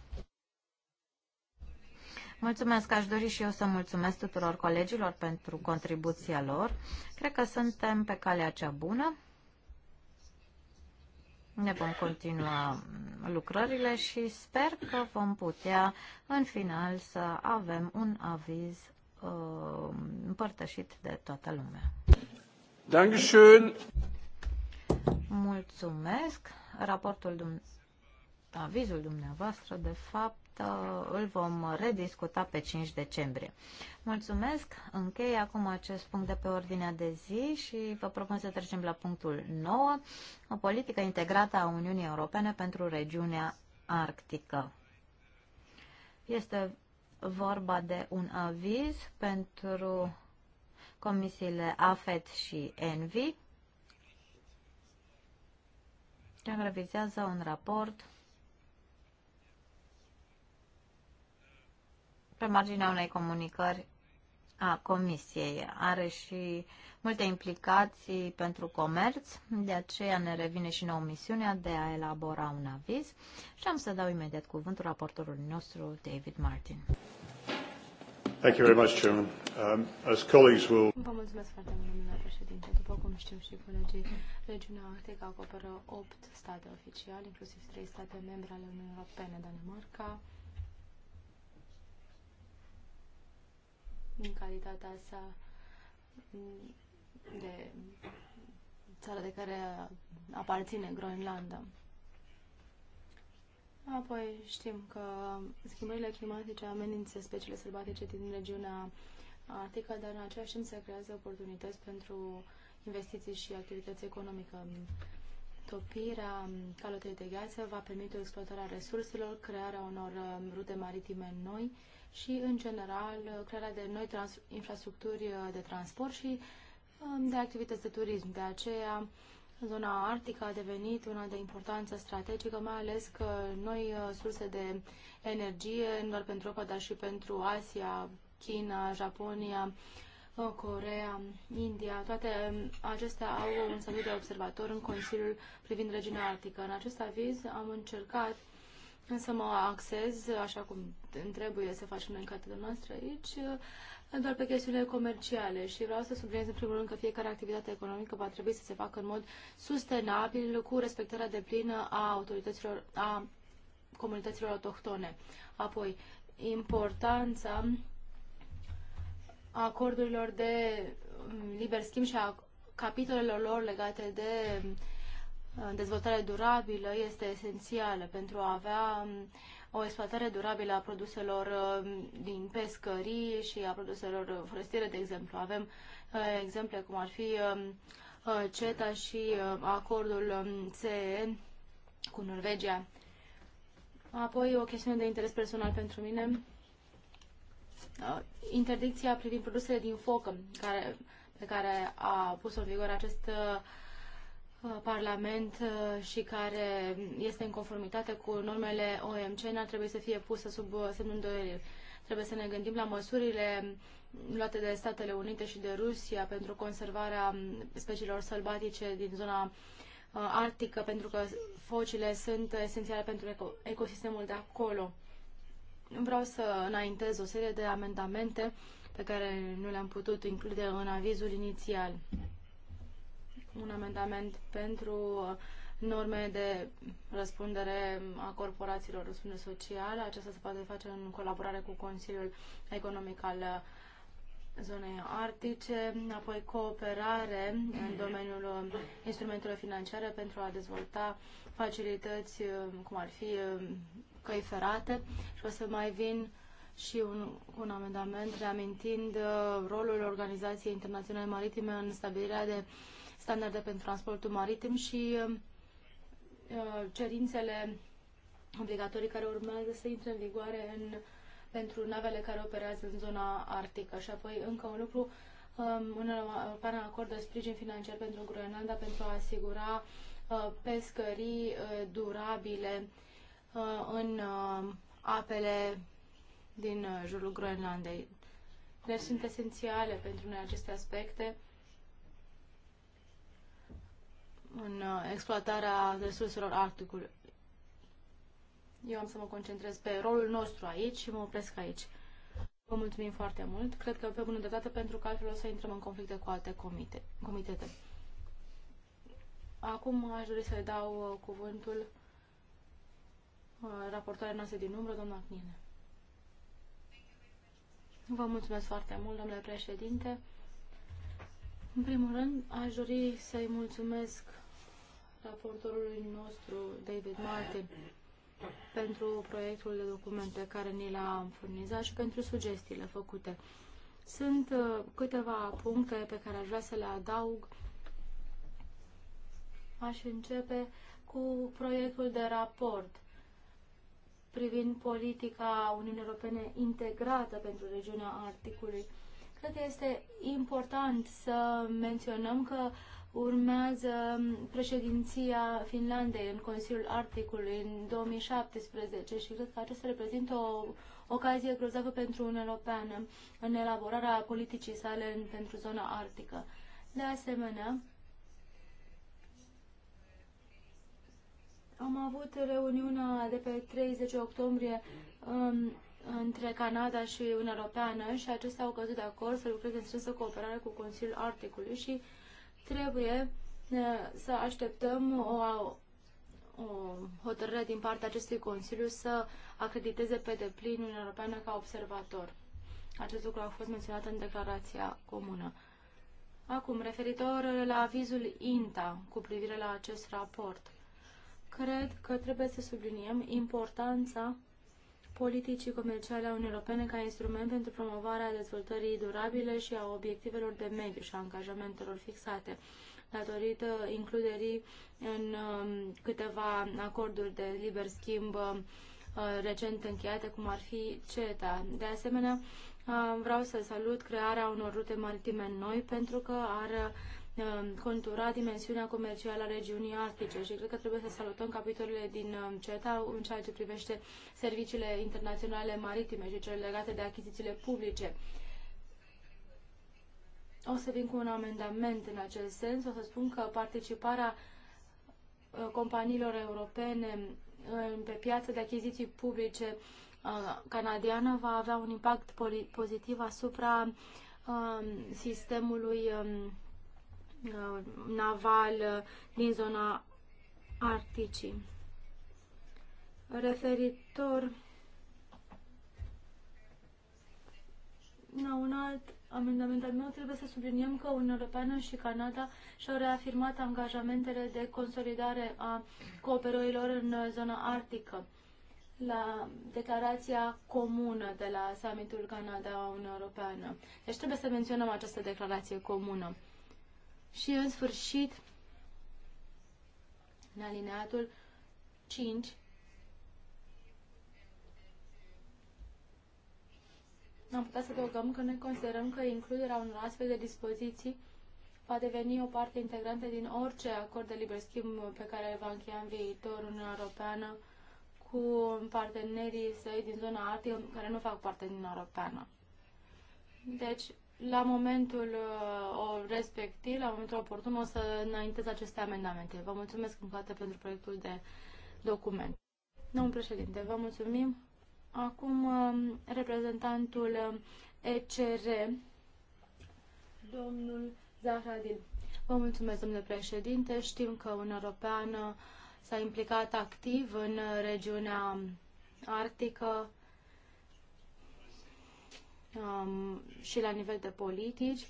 Mulțumesc, aș dori și eu să mulțumesc tuturor colegilor pentru contribuția lor. Cred că suntem pe calea cea bună. Ne vom continua lucrările și sper că vom putea în final să avem un aviz uh, împărtășit de toată lumea. Dankeschön. Mulțumesc. Raportul, avizul dumneavoastră, de fapt, îl vom rediscuta pe 5 decembrie. Mulțumesc, închei acum acest punct de pe ordinea de zi și vă propun să trecem la punctul 9, o politică integrată a Uniunii Europene pentru regiunea arctică. Este vorba de un aviz pentru comisiile AFET și ENVI, care revizează un raport pe marginea unei comunicări a Comisiei. Are și multe implicații pentru comerț, de aceea ne revine și nouă misiunea de a elabora un aviz și am să dau imediat cuvântul raportorului nostru, David Martin. Thank you very much, Chairman. Um, as colleagues will... Vă mulțumesc foarte mult, domnule președinte. După cum știu și colegii, regiunea Arctică acoperă opt state oficiale, inclusiv trei state membre ale Uniunii Europene, Danemarca, în calitatea sa mm, de țara de care aparține Groenlanda. Apoi știm că schimbările climatice amenință speciile sălbatice din regiunea arctică, dar în același timp se creează oportunități pentru investiții și activități economică. Topirea calotei de gheață va permite exploatarea resurselor, crearea unor um, rute maritime noi, și, în general, crearea de noi infrastructuri uh, de transport și um, de activități de turism. De aceea, zona arctică a devenit una de importanță strategică, mai ales că noi uh, surse de energie, nu doar pentru Europa, dar și pentru Asia, China, Japonia, uh, Corea, India, toate um, acestea au un salut de observator în Consiliul privind regiunea arctică. În acest aviz am încercat Însă mă axez, așa cum trebuie să facem noi în cadrul noastră aici, doar pe chestiunile comerciale și vreau să subliniez în primul rând că fiecare activitate economică va trebui să se facă în mod sustenabil cu respectarea deplină a autorităților, a comunităților autohtone. Apoi, importanța acordurilor de mm, liber schimb și a capitolelor lor legate de dezvoltare durabilă este esențială pentru a avea um, o exploatare durabilă a produselor um, din pescării și a produselor forestiere, de exemplu. Avem uh, exemple cum ar fi um, uh, CETA și uh, acordul CE cu Norvegia. Apoi o chestiune de interes personal pentru mine, interdicția privind produsele din focă care, pe care a pus-o în vigoare acest uh, Uh, Parlament uh, și care este în conformitate cu normele OMC n-ar trebui să fie pusă sub uh, semnul îndoielii. Trebuie să ne gândim la măsurile luate de Statele Unite și de Rusia pentru conservarea um, speciilor sălbatice din zona arctică, pentru că focile sunt esențiale pentru ecosistemul de acolo. Vreau să înaintez o serie de amendamente pe care nu le-am putut include în avizul inițial un amendament pentru uh, norme de răspundere a corporațiilor, răspundere socială. Aceasta se poate face în colaborare cu Consiliul Economic al uh, zonei arctice, apoi cooperare în domeniul uh, instrumentelor financiare pentru a dezvolta facilități, cum ar fi căi ferate și o să mai vin și un, un amendament reamintind rolul Organizației Internaționale Maritime în stabilirea de uh, standarde pentru transportul maritim și um, uh, cerințele obligatorii care urmează să intre în vigoare în, pentru navele care operează în zona arctică. Și apoi încă un lucru, um, Uniunea acord de sprijin financiar pentru Groenlanda pentru a asigura uh, pescării uh, durabile în apele din jurul Groenlandei. Deci sunt esențiale pentru noi aceste aspecte în uh, exploatarea resurselor Arcticului. Eu am să mă concentrez pe rolul nostru aici și mă opresc aici. Vă mulțumim foarte mult. Cred că pe bună dreptate pentru că altfel o să intrăm în conflicte cu alte comite, comitete. Acum aș dori să-i dau uh, cuvântul uh, raportoarea noastră din umbră, doamna Cnine. Vă mulțumesc foarte mult, domnule președinte. În primul rând, aș dori să-i mulțumesc raportorului nostru, David Martin, pentru proiectul de documente care ni l-a furnizat și pentru sugestiile făcute. Sunt uh, câteva puncte pe care aș vrea să le adaug. Aș începe cu proiectul de raport privind politica Uniunii Europene integrată pentru regiunea Arcticului. Cred că este important să menționăm că Urmează um, președinția Finlandei în Consiliul Arcticului în 2017 și cred că acesta reprezintă o ocazie grozavă pentru Uniunea Europeană în elaborarea politicii sale pentru zona arctică. De asemenea, am avut reuniunea de pe 30 octombrie um, între Canada și Uniunea Europeană și acestea au căzut de acord să lucreze în strânsă cooperare cu Consiliul Arcticului și uh, trebuie uh, să așteptăm o, o hotărâre din partea acestui Consiliu să acrediteze pe deplin Uniunea Europeană ca observator. Acest lucru a fost menționat în declarația comună. Acum, referitor la avizul INTA cu privire la acest raport, cred că trebuie să subliniem importanța politicii comerciale a Uniunii Europene ca instrument pentru promovarea dezvoltării durabile și a obiectivelor de mediu și a angajamentelor fixate, datorită includerii în um, câteva acorduri de liber schimb um, recent încheiate, cum ar fi CETA. De asemenea, uh, vreau să salut crearea unor rute maritime noi pentru că ar Um, contura dimensiunea comercială a regiunii arctice și cred că trebuie să salutăm capitolele din um, CETA în ceea ce privește serviciile internaționale maritime și cele legate de achizițiile publice. O să vin cu un amendament în acest sens. O să spun că participarea uh, companiilor europene pe piața de achiziții publice uh, canadiană va avea un impact pozitiv asupra um, sistemului Uh, naval uh, din zona Arcticii. Referitor la un alt amendament al meu, trebuie să subliniem că Uniunea Europeană și Canada și-au reafirmat angajamentele de consolidare a cooperărilor în zona arctică la declarația comună de la summitul Canada-Uniunea Europeană. Deci trebuie să menționăm această declarație comună. Și în sfârșit, în alineatul 5, am putea să adăugăm că noi considerăm că includerea unor astfel de dispoziții va deveni o parte integrantă din orice acord de liber schimb pe care va încheia în viitor Uniunea Europeană cu partenerii săi din zona Arctică care nu fac parte din Europeană. Deci, la momentul uh, respectiv, la momentul oportun, o să înaintez aceste amendamente. Vă mulțumesc încă o dată pentru proiectul de document. Domnul președinte, vă mulțumim. Acum, um, reprezentantul um, ECR, domnul Zahradil. Vă mulțumesc, domnule președinte. Știm că Uniunea Europeană s-a implicat activ în regiunea arctică um, și la nivel de politici.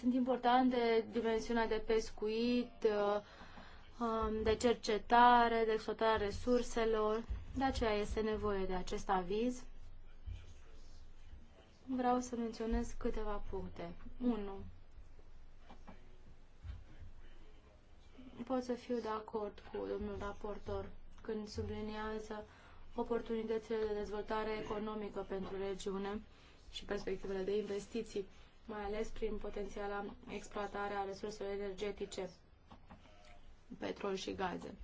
Sunt importante dimensiunea de pescuit, uh, um, de cercetare, de exploatarea resurselor. De aceea este nevoie de acest aviz. Vreau să menționez câteva puncte. 1. pot să fiu de acord cu domnul raportor când subliniază oportunitățile de dezvoltare economică pentru regiune și perspectivele de investiții, mai ales prin potențiala exploatare a resurselor energetice, petrol și gaze.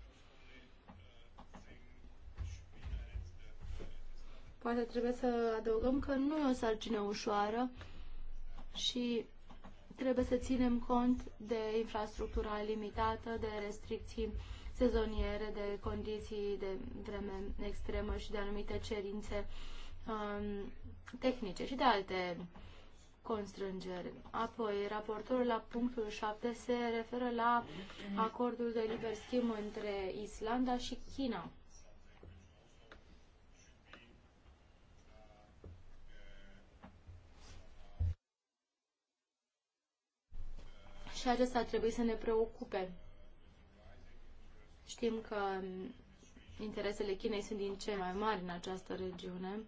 Poate trebuie să adăugăm că nu e o sarcină ușoară și trebuie să ținem cont de infrastructura limitată, de restricții sezoniere, de condiții de vreme extremă și de anumite cerințe um, tehnice și de alte constrângeri. Apoi, raportorul la punctul 7 se referă la acordul de liber schimb între Islanda și China. Și acesta ar trebui să ne preocupe. Știm că interesele Chinei sunt din ce mai mari în această regiune.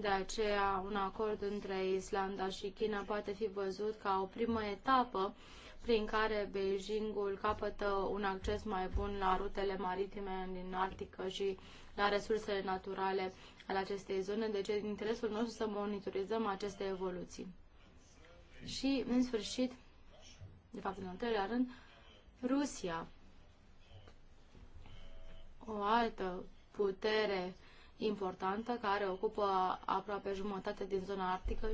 De aceea, un acord între Islanda și China poate fi văzut ca o primă etapă prin care Beijingul capătă un acces mai bun la rutele maritime din Arctică și la resursele naturale ale acestei zone, deci din interesul nostru să monitorizăm aceste evoluții. Și, în sfârșit, de fapt, în al treilea rând, Rusia o altă putere importantă care ocupă aproape jumătate din zona arctică.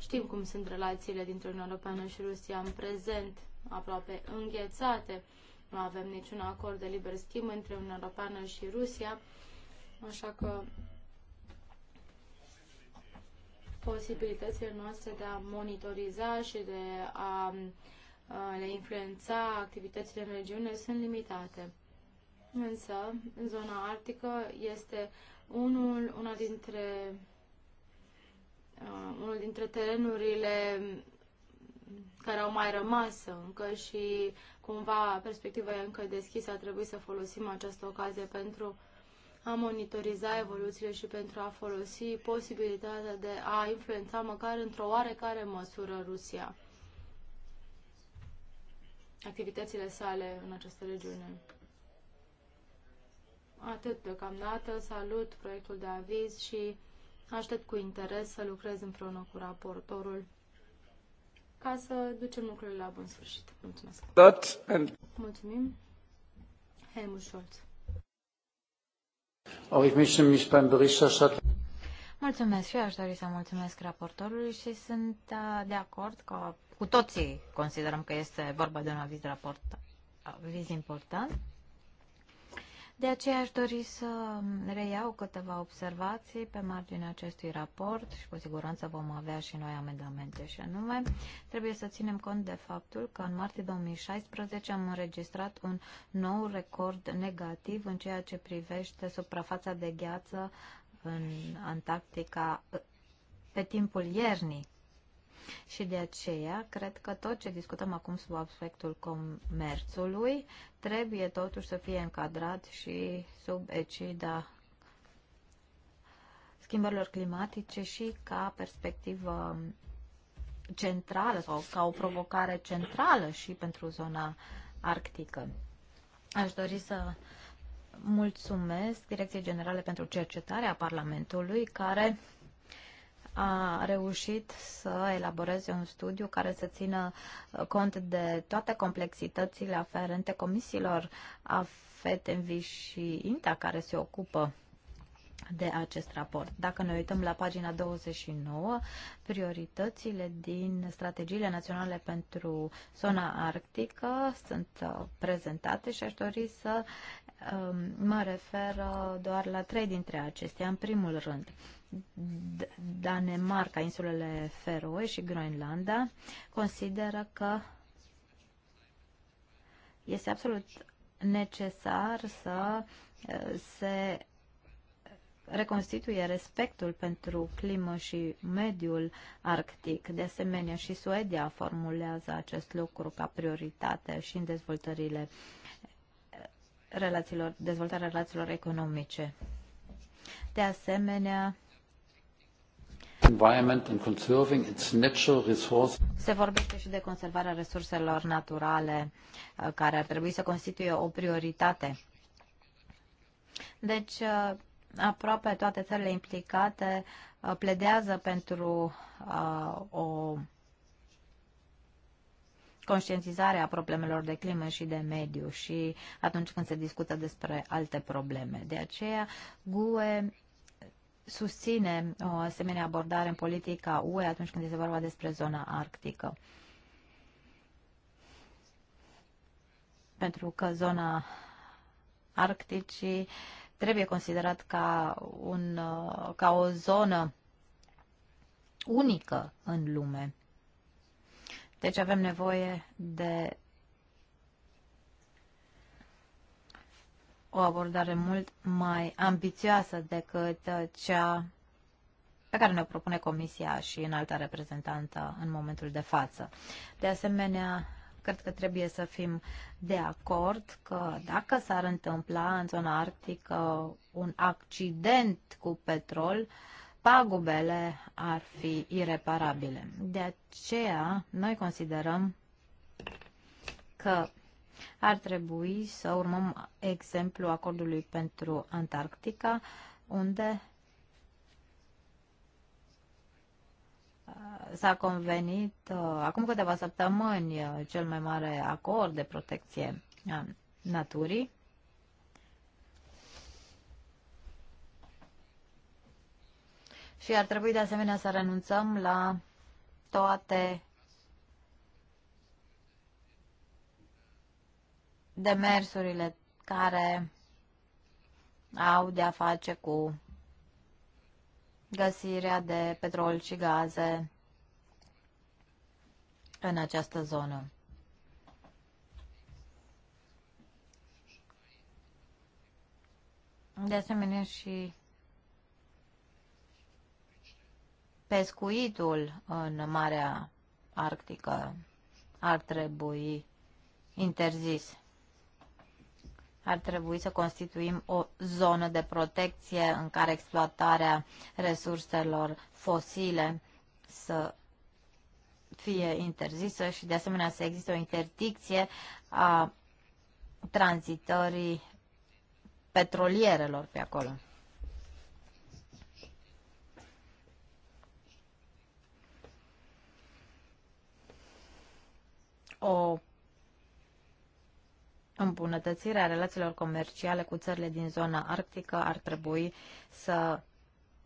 Știm cum sunt relațiile dintre Uniunea Europeană și Rusia în prezent, aproape înghețate. Nu avem niciun acord de liber schimb între Uniunea Europeană și Rusia, așa că posibilitățile noastre de a monitoriza și de a le influența activitățile în regiune sunt limitate. Însă, zona arctică este unul, una dintre, uh, unul dintre terenurile care au mai rămas încă și cumva perspectiva e încă deschisă, a trebuit să folosim această ocazie pentru a monitoriza evoluțiile și pentru a folosi posibilitatea de a influența măcar într-o oarecare măsură Rusia activitățile sale în această regiune. Atât deocamdată, salut proiectul de aviz și aștept cu interes să lucrez împreună cu raportorul ca să ducem lucrurile la bun sfârșit. Mulțumesc! That and... Mulțumim! Helmut Scholz. Mulțumesc și eu aș dori să mulțumesc raportorului și sunt de acord că cu toții considerăm că este vorba de un aviz, raport, aviz important. De aceea aș dori să reiau câteva observații pe marginea acestui raport și cu siguranță vom avea și noi amendamente și anume trebuie să ținem cont de faptul că în martie 2016 am înregistrat un nou record negativ în ceea ce privește suprafața de gheață în Antarctica pe timpul iernii. Și de aceea, cred că tot ce discutăm acum sub aspectul comerțului trebuie totuși să fie încadrat și sub ecida schimbărilor climatice și ca perspectivă centrală sau ca o provocare centrală și pentru zona arctică. Aș dori să mulțumesc Direcției Generale pentru Cercetare a Parlamentului, care a reușit să elaboreze un studiu care să țină cont de toate complexitățile aferente comisiilor FETENVI și INTA care se ocupă de acest raport. Dacă ne uităm la pagina 29, prioritățile din strategiile naționale pentru zona arctică sunt uh, prezentate și aș dori să um, mă refer uh, doar la trei dintre acestea. În primul rând, Danemarca, insulele Feroe și Groenlanda consideră că este absolut necesar să uh, se reconstituie respectul pentru climă și mediul arctic. De asemenea, și Suedia formulează acest lucru ca prioritate și în dezvoltările relațiilor, dezvoltarea relațiilor economice. De asemenea, environment and conserving its natural resources. Se vorbește și de conservarea resurselor naturale, uh, care ar trebui să constituie o prioritate. Deci, uh, aproape toate țările implicate uh, pledează pentru uh, o conștientizare a problemelor de climă și de mediu și atunci când se discută despre alte probleme. De aceea, GUE susține o asemenea abordare în politica UE atunci când este vorba despre zona arctică. Pentru că zona Arcticii trebuie considerat ca, un, uh, ca o zonă unică în lume. Deci avem nevoie de o abordare mult mai ambițioasă decât uh, cea pe care ne propune Comisia și în alta reprezentantă în momentul de față. De asemenea, cred că trebuie să fim de acord că dacă s-ar întâmpla în zona arctică un accident cu petrol, pagubele ar fi ireparabile. De aceea, noi considerăm că ar trebui să urmăm exemplul acordului pentru Antarctica, unde s-a convenit uh, acum câteva săptămâni uh, cel mai mare acord de protecție a naturii. Și ar trebui de asemenea să renunțăm la toate demersurile care au de a face cu găsirea de petrol și gaze în această zonă. De asemenea și pescuitul în Marea Arctică ar trebui interzis ar trebui să constituim o zonă de protecție în care exploatarea resurselor fosile să fie interzisă și de asemenea să existe o interdicție a tranzitării petrolierelor pe acolo. O îmbunătățirea relațiilor comerciale cu țările din zona arctică ar trebui să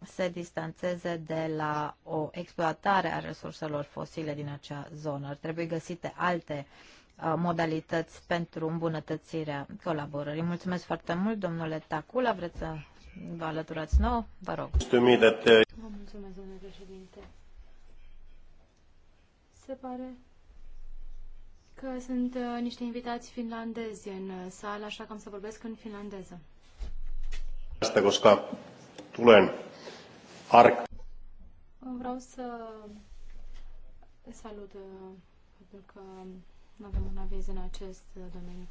se distanțeze de la o exploatare a resurselor fosile din acea zonă. Ar trebui găsite alte uh, modalități pentru îmbunătățirea colaborării. Mulțumesc foarte mult, domnule Tacula. Vreți să vă alăturați nou? Vă rog. Vă mulțumesc, domnule președinte. Se pare că sunt uh, niște invitați finlandezi în uh, sală, așa că am să vorbesc în finlandeză. Asta, koska tulen arc. Vreau să salut uh, faptul că nu avem un aviz în acest domeniu.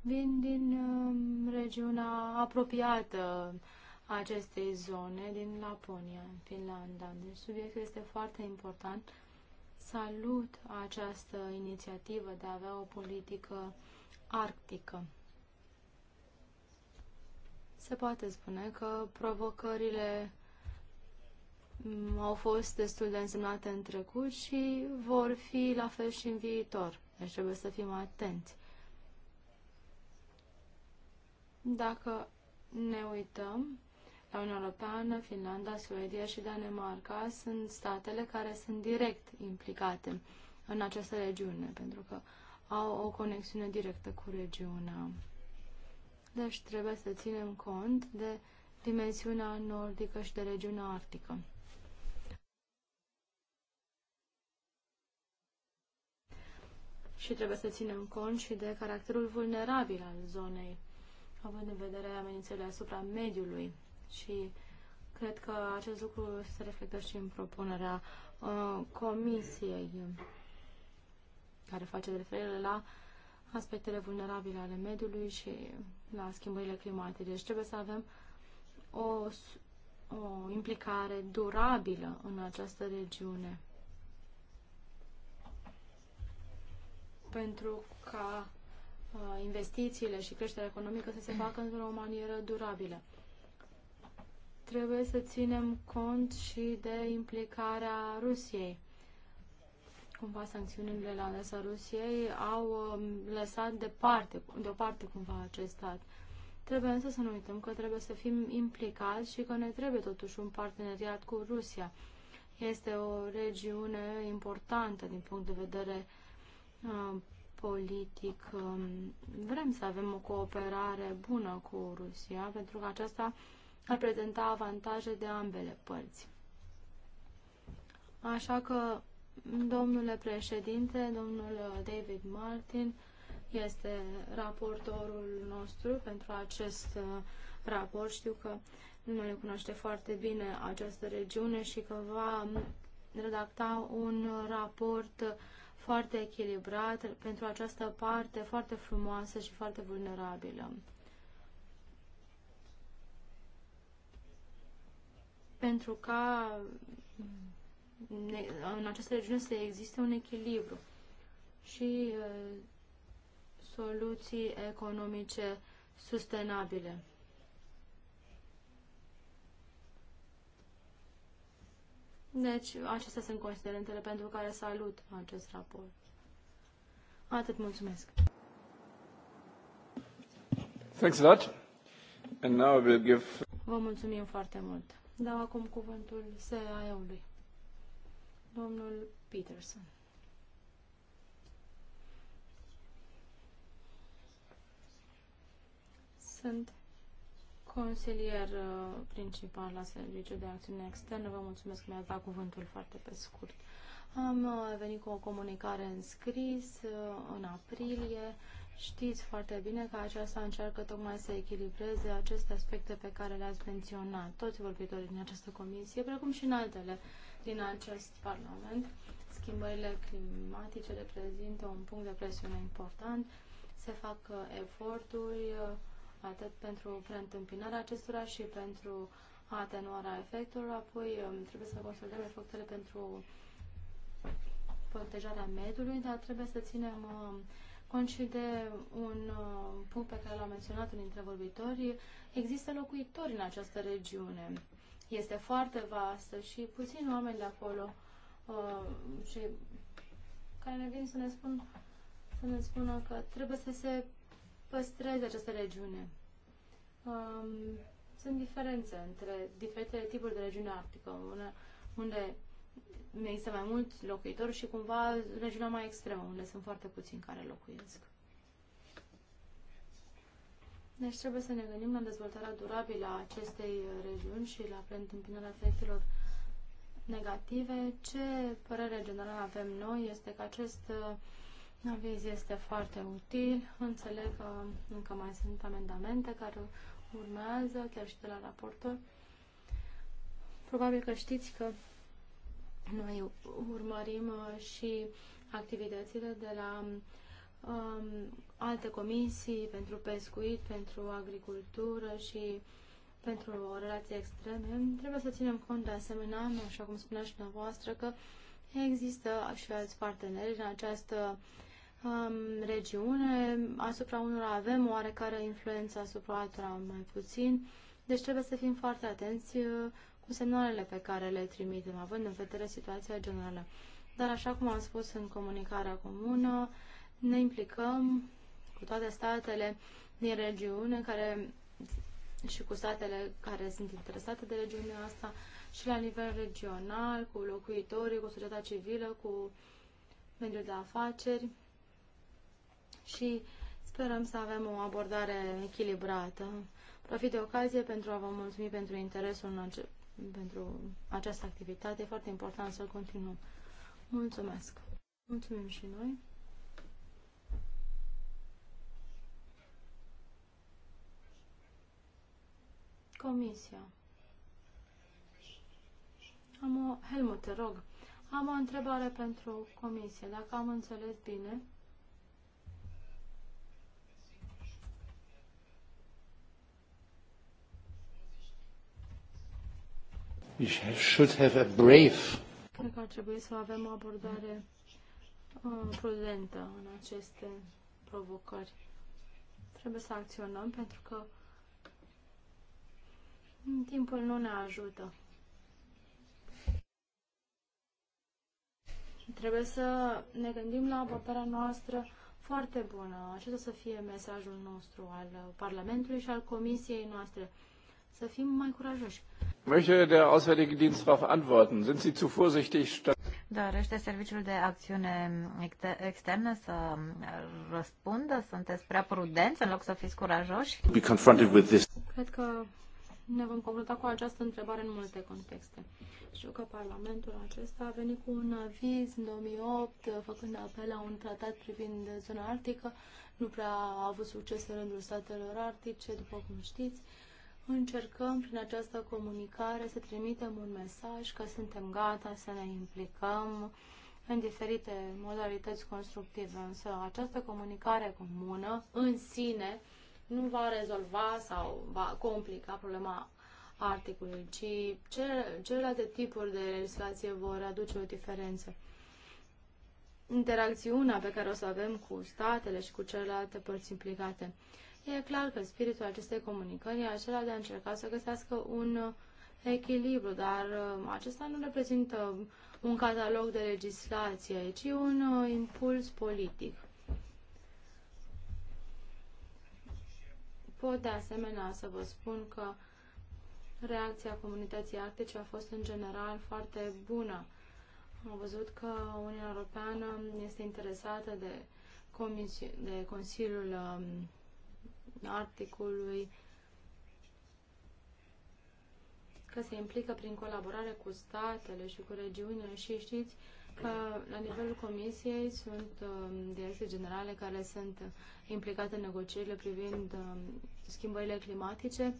Vin din um, regiunea apropiată acestei zone, din Laponia, Finlanda. Deci subiectul este foarte important salut această inițiativă de a avea o politică arctică. Se poate spune că provocările mm, au fost destul de însemnate în trecut și vor fi la fel și în viitor. Deci trebuie să fim atenți. Dacă ne uităm la Uniunea Europeană, Finlanda, Suedia și Danemarca sunt statele care sunt direct implicate în această regiune, pentru că au o conexiune directă cu regiunea. Deci trebuie să ținem cont de dimensiunea nordică și de regiunea arctică. Și trebuie să ținem cont și de caracterul vulnerabil al zonei, având în vedere amenințele asupra mediului și cred că acest lucru se reflectă și în propunerea uh, comisiei uh, care face referire la aspectele vulnerabile ale mediului și la schimbările climatice. Deci trebuie să avem o, o implicare durabilă în această regiune. Pentru ca uh, investițiile și creșterea economică să se facă într-o manieră durabilă trebuie să ținem cont și de implicarea Rusiei. Cumva sancțiunile la adresa Rusiei au um, lăsat departe, deoparte cumva acest stat. Trebuie însă să nu uităm că trebuie să fim implicați și că ne trebuie totuși un parteneriat cu Rusia. Este o regiune importantă din punct de vedere uh, politic. Um, vrem să avem o cooperare bună cu Rusia, pentru că aceasta ar prezenta avantaje de ambele părți. Așa că, domnule președinte, domnul David Martin este raportorul nostru pentru acest uh, raport. Știu că nu le cunoaște foarte bine această regiune și că va redacta un raport foarte echilibrat pentru această parte foarte frumoasă și foarte vulnerabilă. pentru ca în această regiune să existe un echilibru și uh, soluții economice sustenabile. Deci, acestea sunt considerentele pentru care salut acest raport. Atât, mulțumesc. Thanks a lot. And now we'll give... Vă mulțumim foarte mult. Dau acum cuvântul SAE-ului. Domnul Peterson. Sunt consilier uh, principal la Serviciul de Acțiune Externă. Vă mulțumesc că mi-ați dat cuvântul foarte pe scurt. Am uh, venit cu o comunicare în scris uh, în aprilie Știți foarte bine că aceasta încearcă tocmai să echilibreze aceste aspecte pe care le-ați menționat, toți vorbitorii din această comisie, precum și în altele din acest Parlament. Schimbările climatice reprezintă un punct de presiune important, se fac uh, eforturi uh, atât pentru preîntâmpinarea acestora și pentru atenuarea efectelor, apoi um, trebuie să consolidăm efectele pentru protejarea mediului, dar trebuie să ținem uh, concede un uh, punct pe care l-a menționat în dintre Există locuitori în această regiune. Este foarte vastă și puțini oameni de acolo uh, și care ne vin să ne, spun, să ne spună că trebuie să se păstreze această regiune. Um, sunt diferențe între diferite tipuri de regiune arctică, unde există mai mulți locuitori și cumva regiunea mai extremă, unde sunt foarte puțini care locuiesc. Deci trebuie să ne gândim la dezvoltarea durabilă a acestei regiuni și la preîntâmpinarea efectelor negative. Ce părere generală avem noi este că acest uh, aviz este foarte util. Înțeleg că încă mai sunt amendamente care urmează, chiar și de la raportor. Probabil că știți că noi urmărim uh, și activitățile de la um, alte comisii pentru pescuit, pentru agricultură și pentru o relație extreme. Trebuie să ținem cont de asemenea, așa cum spunea și dumneavoastră, că există și alți parteneri în această um, regiune. Asupra unora avem oarecare influență, asupra altora mai puțin. Deci trebuie să fim foarte atenți uh, cu semnalele pe care le trimitem, având în vedere situația generală. Dar, așa cum am spus în comunicarea comună, ne implicăm cu toate statele din regiune care și cu statele care sunt interesate de regiunea asta și la nivel regional, cu locuitorii, cu societatea civilă, cu mediul de afaceri și sperăm să avem o abordare echilibrată. Profit de ocazie pentru a vă mulțumi pentru interesul pentru această activitate. E foarte important să continuăm. Mulțumesc! Mulțumim și noi! Comisia. Am o... Helmut, te rog. Am o întrebare pentru comisie. Dacă am înțeles bine, Cred că ar trebui să avem o abordare uh, prudentă în aceste provocări. Trebuie să acționăm pentru că timpul nu ne ajută. Trebuie să ne gândim la abordarea noastră foarte bună. Acesta să fie mesajul nostru al Parlamentului și al Comisiei noastre. Să fim mai curajoși. Möchte der Auswärtige Dienst darauf antworten? Sind Sie zu vorsichtig? Dorește Serviciul de Acțiune Externă să um, răspundă? Sunteți prea prudenți în loc să fiți curajoși? Be confronted with this. Cred că ne vom confrunta cu această întrebare în multe contexte. Știu că Parlamentul acesta a venit cu un aviz în 2008, făcând apel la un tratat privind zona arctică. Nu prea a avut succes în rândul statelor arctice, după cum știți. Încercăm prin această comunicare să trimitem un mesaj că suntem gata să ne implicăm în diferite modalități constructive, însă această comunicare comună în sine nu va rezolva sau va complica problema articolului, ci celelalte tipuri de legislație vor aduce o diferență. Interacțiunea pe care o să avem cu statele și cu celelalte părți implicate. E clar că spiritul acestei comunicări e acela de a încerca să găsească un uh, echilibru, dar uh, acesta nu reprezintă un catalog de legislație, ci un uh, impuls politic. Pot de asemenea să vă spun că reacția comunității arctice a fost în general foarte bună. Am văzut că Uniunea Europeană este interesată de, de Consiliul um, articolului că se implică prin colaborare cu statele și cu regiunile și știți că la nivelul comisiei sunt um, direcții generale care sunt implicate în negocierile privind um, schimbările climatice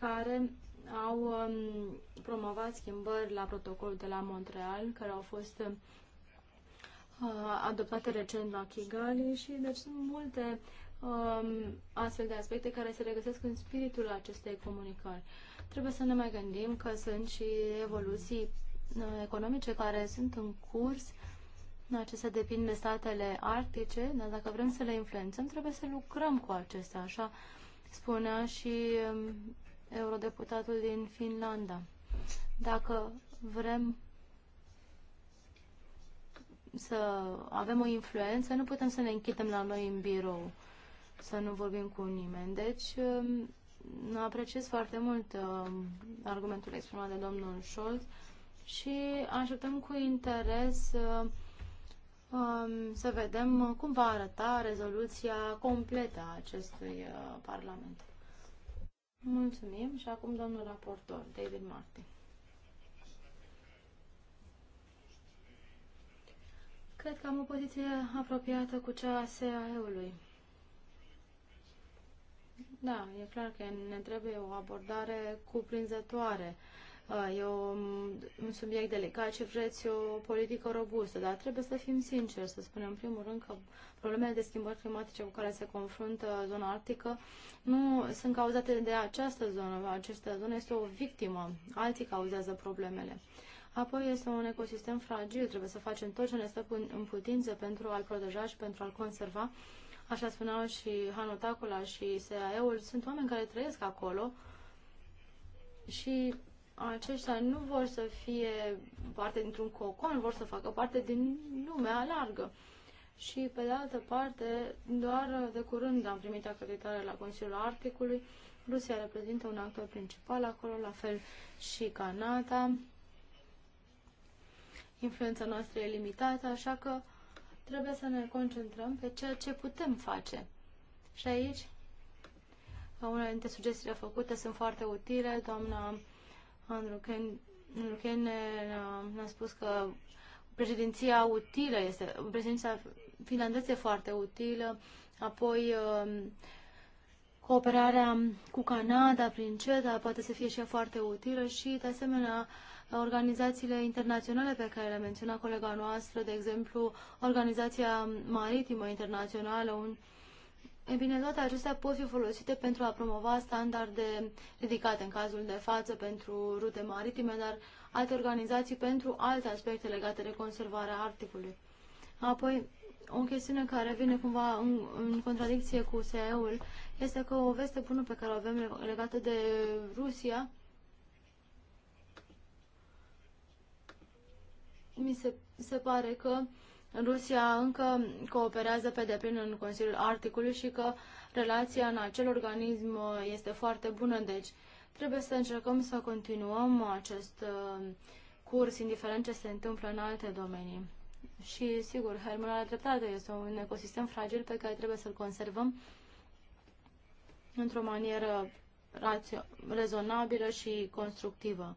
care au um, promovat schimbări la protocolul de la Montreal care au fost uh, adoptate recent la Kigali și deci sunt multe um, astfel de aspecte care se regăsesc în spiritul acestei comunicări. Trebuie să ne mai gândim că sunt și evoluții uh, economice care sunt în curs. Acestea depind de statele arctice, dar dacă vrem să le influențăm, trebuie să lucrăm cu acestea, așa spunea și um, eurodeputatul din Finlanda. Dacă vrem să avem o influență, nu putem să ne închidem la noi în birou să nu vorbim cu nimeni. Deci, um, apreciez foarte mult um, argumentul exprimat de domnul Scholz și așteptăm cu interes um, să vedem cum va arăta rezoluția completă a acestui uh, Parlament. Mulțumim și acum domnul raportor, David Martin. Cred că am o poziție apropiată cu cea a SAE-ului. Da, e clar că ne trebuie o abordare cuprinzătoare. Uh, e un subiect delicat și vreți o politică robustă, dar trebuie să fim sinceri, să spunem în primul rând că problemele de schimbări climatice cu care se confruntă zona arctică nu sunt cauzate de această zonă. Această zonă este o victimă, alții cauzează problemele. Apoi este un ecosistem fragil, trebuie să facem tot ce ne stă în putință pentru a-l proteja și pentru a-l conserva așa spuneau și Hanotacula și SAE-ul, sunt oameni care trăiesc acolo și aceștia nu vor să fie parte dintr-un cocon, vor să facă parte din lumea largă. Și, pe de altă parte, doar de curând am primit acreditare la Consiliul Arcticului. Rusia reprezintă un actor principal acolo, la fel și Canada. Influența noastră e limitată, așa că trebuie să ne concentrăm pe ceea ce putem face. Și aici, unele dintre sugestiile făcute sunt foarte utile. Doamna Andruchen ne-a spus că președinția utilă este, președinția finlandeză e foarte utilă, apoi um, cooperarea cu Canada prin CETA poate să fie și foarte utilă și, de asemenea, organizațiile internaționale pe care le menționa colega noastră, de exemplu, Organizația Maritimă Internațională, un, E bine, toate acestea pot fi folosite pentru a promova standarde ridicate în cazul de față pentru rute maritime, dar alte organizații pentru alte aspecte legate de conservarea articului. Apoi, o chestiune care vine cumva în, în contradicție cu sea ul este că o veste bună pe care o avem legată de Rusia mi se, se pare că Rusia încă cooperează pe deplin în Consiliul Articului și că relația în acel organism uh, este foarte bună, deci trebuie să încercăm să continuăm acest uh, curs, indiferent ce se întâmplă în alte domenii. Și, sigur, Hermel are dreptate, este un ecosistem fragil pe care trebuie să-l conservăm într-o manieră rezonabilă și constructivă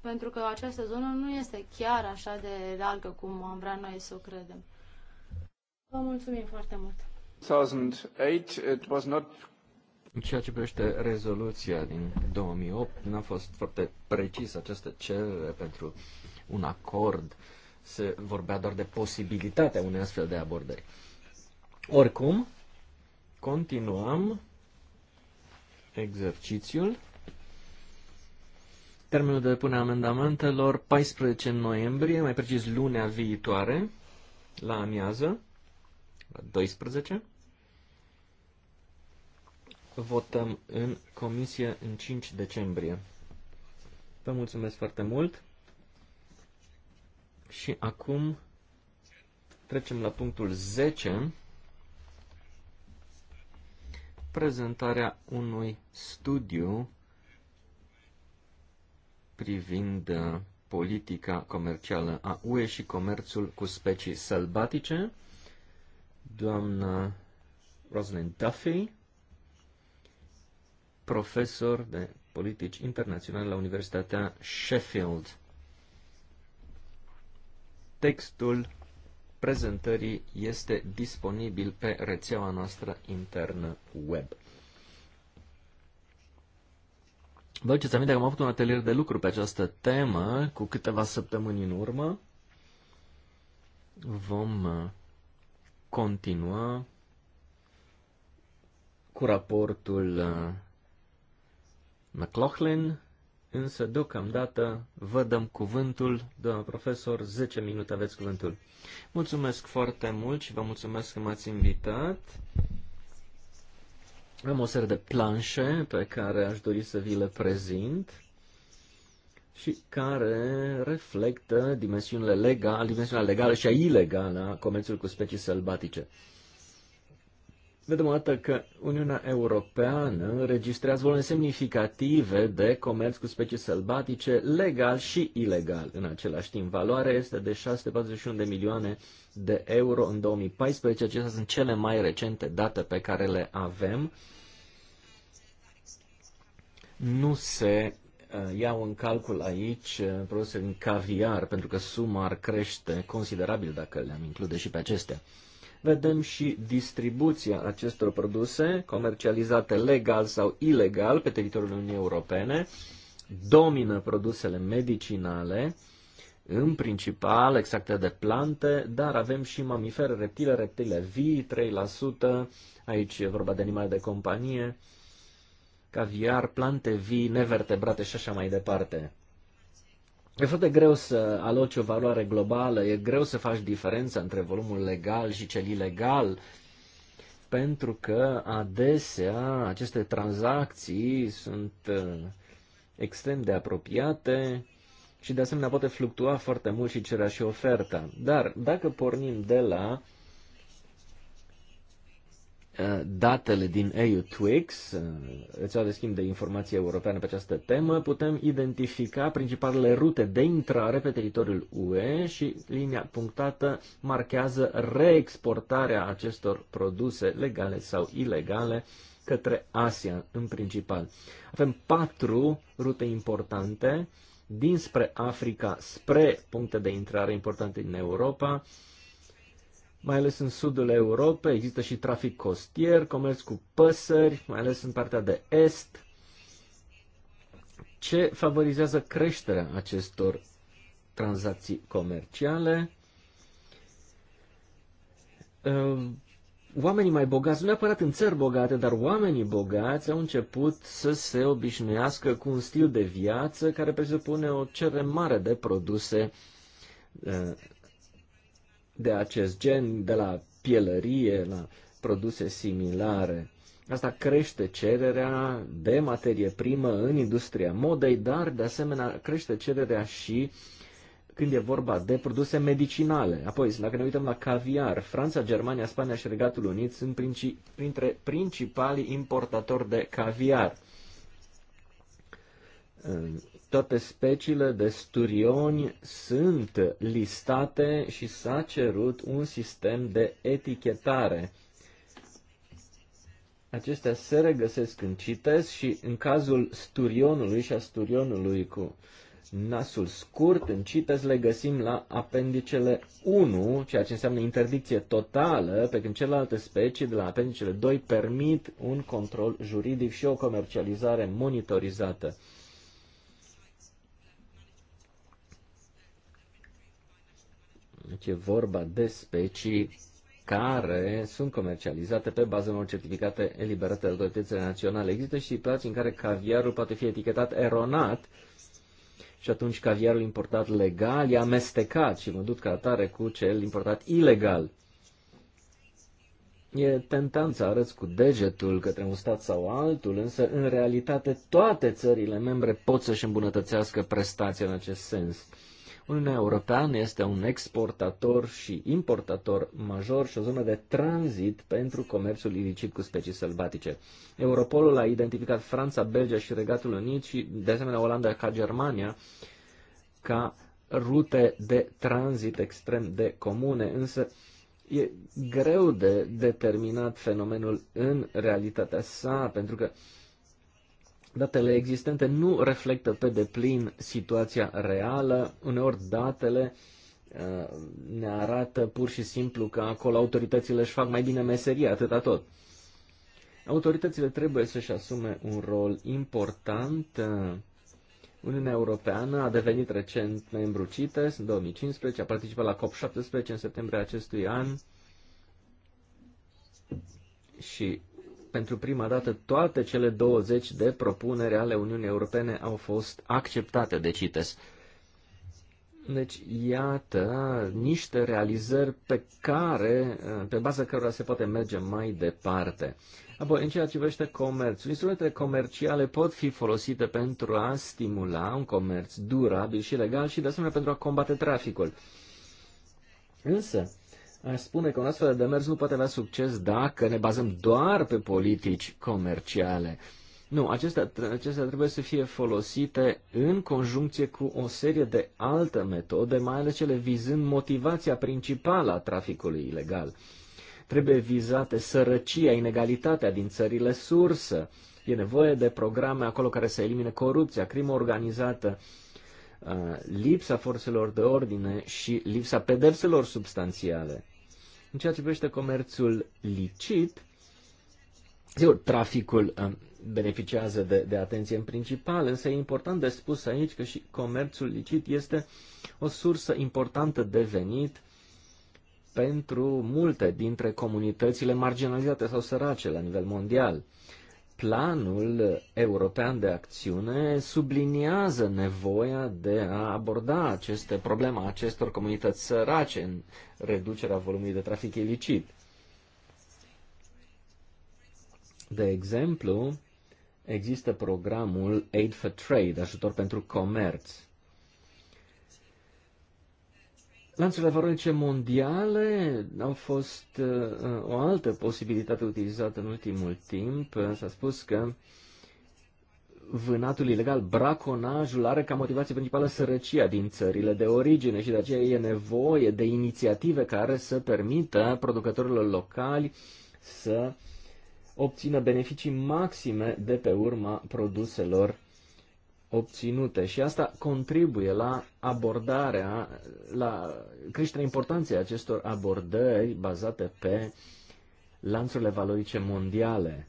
pentru că această zonă nu este chiar așa de largă cum am vrea noi să o credem. Vă mulțumim foarte mult. 2008, it was not... În ceea ce privește rezoluția din 2008, n-a fost foarte precis această cerere pentru un acord. Se vorbea doar de posibilitatea unei astfel de abordări. Oricum, continuăm exercițiul Termenul de depunere a amendamentelor 14 noiembrie, mai precis lunea viitoare, la amiază, la 12. Votăm în comisie în 5 decembrie. Vă mulțumesc foarte mult. Și acum trecem la punctul 10. Prezentarea unui studiu privind uh, politica comercială a UE și comerțul cu specii sălbatice, doamna Rosalind Duffy, profesor de politici internaționale la Universitatea Sheffield. Textul prezentării este disponibil pe rețeaua noastră internă web. Vă aduceți aminte că am avut un atelier de lucru pe această temă cu câteva săptămâni în urmă. Vom uh, continua cu raportul uh, McLaughlin, însă deocamdată vă dăm cuvântul, doamna profesor, 10 minute aveți cuvântul. Mulțumesc foarte mult și vă mulțumesc că m-ați invitat. Am o serie de planșe pe care aș dori să vi le prezint și care reflectă dimensiunile legale, dimensiunea legală și a ilegală a comerțului cu specii sălbatice vedem o dată că Uniunea Europeană înregistrează volume semnificative de comerț cu specii sălbatice, legal și ilegal în același timp. Valoarea este de 641 de milioane de euro în 2014. Acestea sunt cele mai recente date pe care le avem. Nu se uh, iau în calcul aici uh, produse în caviar, pentru că suma ar crește considerabil dacă le-am include și pe acestea vedem și distribuția acestor produse comercializate legal sau ilegal pe teritoriul Uniunii Europene. Domină produsele medicinale, în principal extracte de plante, dar avem și mamifere, reptile, reptile vii, 3%, aici e vorba de animale de companie, caviar, plante vii, nevertebrate și așa mai departe. E foarte greu să aloci o valoare globală, e greu să faci diferența între volumul legal și cel ilegal, pentru că adesea aceste tranzacții sunt uh, extrem de apropiate și de asemenea poate fluctua foarte mult și cererea și oferta. Dar dacă pornim de la Eh, datele din EU Twix, eh, rețeaua de schimb de informații europeană pe această temă, putem identifica principalele rute de intrare pe teritoriul UE și linia punctată marchează reexportarea acestor produse legale sau ilegale către Asia în principal. Avem patru rute importante dinspre Africa spre puncte de intrare importante din Europa, mai ales în sudul Europei. Există și trafic costier, comerț cu păsări, mai ales în partea de est, ce favorizează creșterea acestor tranzacții comerciale. Ehm, oamenii mai bogați, nu neapărat în țări bogate, dar oamenii bogați au început să se obișnuiască cu un stil de viață care presupune o cerere mare de produse ehm, de acest gen, de la pielărie, la produse similare. Asta crește cererea de materie primă în industria modei, dar de asemenea crește cererea și când e vorba de produse medicinale. Apoi, dacă ne uităm la caviar, Franța, Germania, Spania și Regatul Unit sunt princi- printre principalii importatori de caviar toate speciile de sturioni sunt listate și s-a cerut un sistem de etichetare. Acestea se regăsesc în CITES și în cazul sturionului și a sturionului cu nasul scurt, în CITES le găsim la apendicele 1, ceea ce înseamnă interdicție totală, pe când celelalte specii de la apendicele 2 permit un control juridic și o comercializare monitorizată. Deci e vorba de specii care sunt comercializate pe baza unor certificate eliberate de autoritățile naționale. Există și situații în care caviarul poate fi etichetat eronat și atunci caviarul importat legal e amestecat și vândut ca atare cu cel importat ilegal. E tentant să arăți cu degetul către un stat sau altul, însă în realitate toate țările membre pot să-și îmbunătățească prestația în acest sens. Uniunea Europeană este un exportator și importator major și o zonă de tranzit pentru comerțul ilicit cu specii sălbatice. Europolul a identificat Franța, Belgia și Regatul Unit și, de asemenea, Olanda ca Germania ca rute de tranzit extrem de comune, însă e greu de determinat fenomenul în realitatea sa, pentru că uh, Datele existente nu reflectă pe deplin situația reală. Uneori datele uh, ne arată pur și simplu că acolo autoritățile își fac mai bine meseria, atâta tot. Autoritățile trebuie să-și asume un rol important. Uniunea Europeană a devenit recent membru CITES în 2015, a participat la COP17 în septembrie acestui an și pentru prima dată toate cele 20 de propuneri ale Uniunii Europene au fost acceptate de CITES. Deci, iată niște realizări pe care, pe baza cărora se poate merge mai departe. Apoi, în ceea ce privește comerțul, instrumentele comerciale pot fi folosite pentru a stimula un comerț durabil și legal și, de asemenea, pentru a combate traficul. Însă, aș spune că un astfel de demers nu poate avea succes dacă ne bazăm doar pe politici comerciale. Nu, acestea, acestea trebuie să fie folosite în conjuncție cu o serie de alte metode, mai ales cele vizând motivația principală a traficului ilegal. Trebuie vizate sărăcia, inegalitatea din țările sursă. E nevoie de programe acolo care să elimine corupția, crimă organizată, uh, lipsa forțelor de ordine și lipsa pedepselor substanțiale. În ceea ce privește comerțul licit, sigur, traficul um, beneficiază de, de atenție în principal, însă e important de spus aici că și comerțul licit este o sursă importantă de venit pentru multe dintre comunitățile marginalizate sau sărace la nivel mondial. Planul european de acțiune subliniază nevoia de a aborda aceste probleme acestor comunități sărace în reducerea volumului de trafic ilicit. De exemplu, există programul Aid for Trade, ajutor pentru comerț, Lanțurile valorice mondiale au fost uh, uh, o altă posibilitate utilizată în ultimul timp. S-a spus că vânatul ilegal, braconajul, are ca motivație principală sărăcia din țările de origine și de aceea e nevoie de inițiative care să permită producătorilor locali să obțină beneficii maxime de pe urma produselor obținute și asta contribuie la abordarea, la creșterea importanței acestor abordări bazate pe lanțurile valorice mondiale.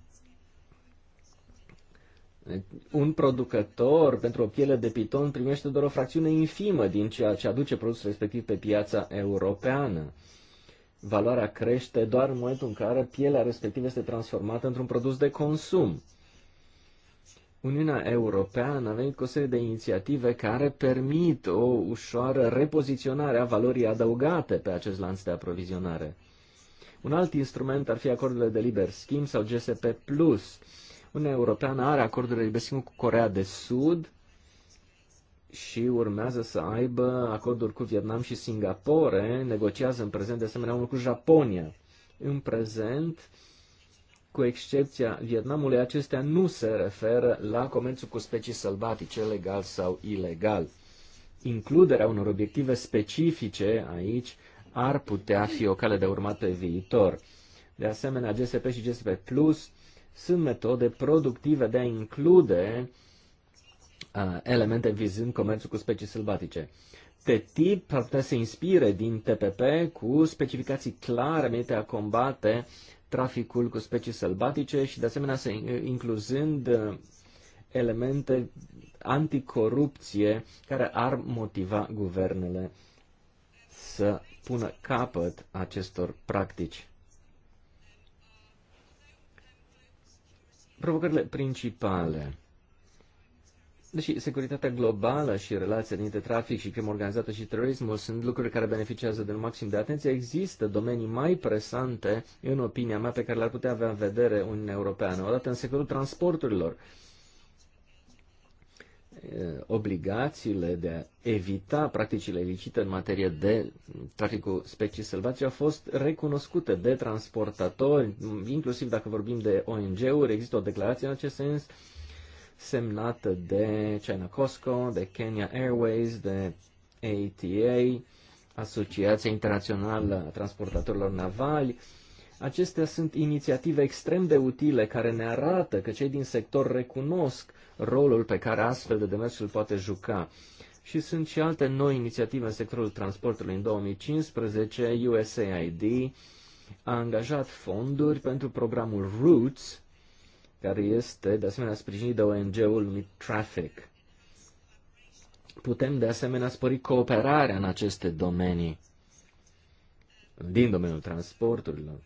Un producător pentru o piele de piton primește doar o fracțiune infimă din ceea ce aduce produsul respectiv pe piața europeană. Valoarea crește doar în momentul în care pielea respectivă este transformată într-un produs de consum. Uniunea Europeană a venit cu o serie de inițiative care permit o ușoară repoziționare a valorii adăugate pe acest lanț de aprovizionare. Un alt instrument ar fi acordurile de liber schimb sau GSP+. Uniunea Europeană are acordurile de liber schimb cu Corea de Sud și urmează să aibă acorduri cu Vietnam și Singapore, negociază în prezent de asemenea unul cu Japonia. În prezent, cu excepția Vietnamului, acestea nu se referă la comerțul cu specii sălbatice, legal sau ilegal. Includerea unor obiective specifice aici ar putea fi o cale de urmat pe viitor. De asemenea, GSP și GSP Plus sunt metode productive de a include uh, elemente vizând comerțul cu specii sălbatice. TTIP ar putea să inspire din TPP cu specificații clare menite a combate traficul cu specii sălbatice și de asemenea să incluzând uh, elemente anticorupție care ar motiva guvernele să pună capăt acestor practici. Provocările principale Deși securitatea globală și relația dintre trafic și crimă organizată și terorismul sunt lucruri care beneficiază de un maxim de atenție, există domenii mai presante, în opinia mea, pe care le-ar putea avea în vedere Uniunea Europeană. Odată în sectorul transporturilor, eh, obligațiile de a evita practicile ilicite în materie de traficul specii sălbatice au fost recunoscute de transportatori, inclusiv dacă vorbim de ONG-uri, există o declarație în acest sens, semnată de China Costco, de Kenya Airways, de ATA, Asociația Internațională a Transportatorilor Navali. Acestea sunt inițiative extrem de utile care ne arată că cei din sector recunosc rolul pe care astfel de demersul poate juca. Și sunt și alte noi inițiative în sectorul transportului. În 2015, USAID a angajat fonduri pentru programul Roots, care este de asemenea sprijinit de ONG-ul numit Traffic. Putem de asemenea spori cooperarea în aceste domenii, din domeniul transporturilor.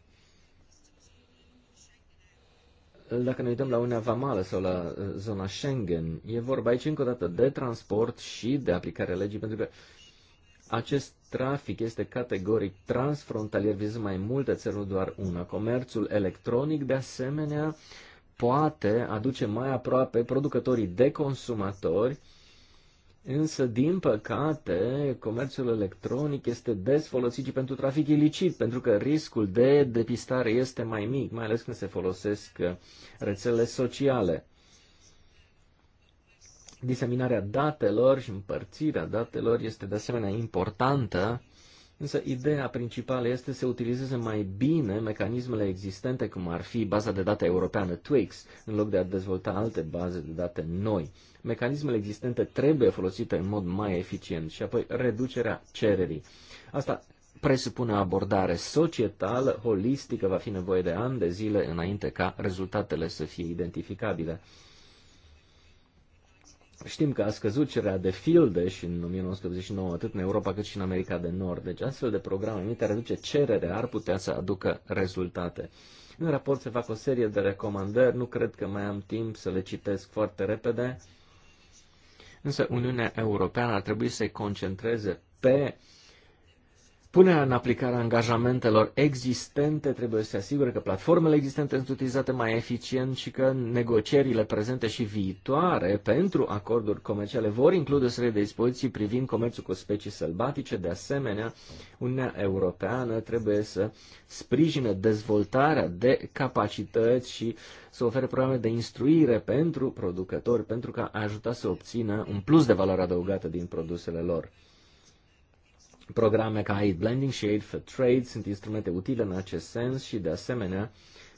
Dacă ne uităm la Uniunea Vamală sau la uh, zona Schengen, e vorba aici încă o dată de transport și de aplicarea legii, pentru că acest trafic este categoric transfrontalier, vizând mai multe țări, nu doar una. Comerțul electronic, de asemenea, poate aduce mai aproape producătorii de consumatori, însă, din păcate, comerțul electronic este des folosit și pentru trafic ilicit, pentru că riscul de depistare este mai mic, mai ales când se folosesc uh, rețele sociale. Diseminarea datelor și împărțirea datelor este de asemenea importantă Însă ideea principală este să utilizeze mai bine mecanismele existente, cum ar fi baza de date europeană Twix, în loc de a dezvolta alte baze de date noi. Mecanismele existente trebuie folosite în mod mai eficient și apoi reducerea cererii. Asta presupune o abordare societală, holistică, va fi nevoie de ani de zile înainte ca rezultatele să fie identificabile. Știm că a scăzut cererea de filde și în 1989 atât în Europa cât și în America de Nord. Deci astfel de programe minte reduce cererea ar putea să aducă rezultate. În raport se fac o serie de recomandări, nu cred că mai am timp să le citesc foarte repede, însă Uniunea Europeană ar trebui să se concentreze pe Punerea în aplicare a angajamentelor existente trebuie să se asigure că platformele existente sunt utilizate mai eficient și că negocierile prezente și viitoare pentru acorduri comerciale vor include o serie de dispoziții privind comerțul cu specii sălbatice. De asemenea, Uniunea Europeană trebuie să sprijine dezvoltarea de capacități și să ofere programe de instruire pentru producători pentru ca a ajuta să obțină un plus de valoare adăugată din produsele lor. Programe ca Aid Blending și Aid for Trade sunt instrumente utile în acest sens și, de asemenea,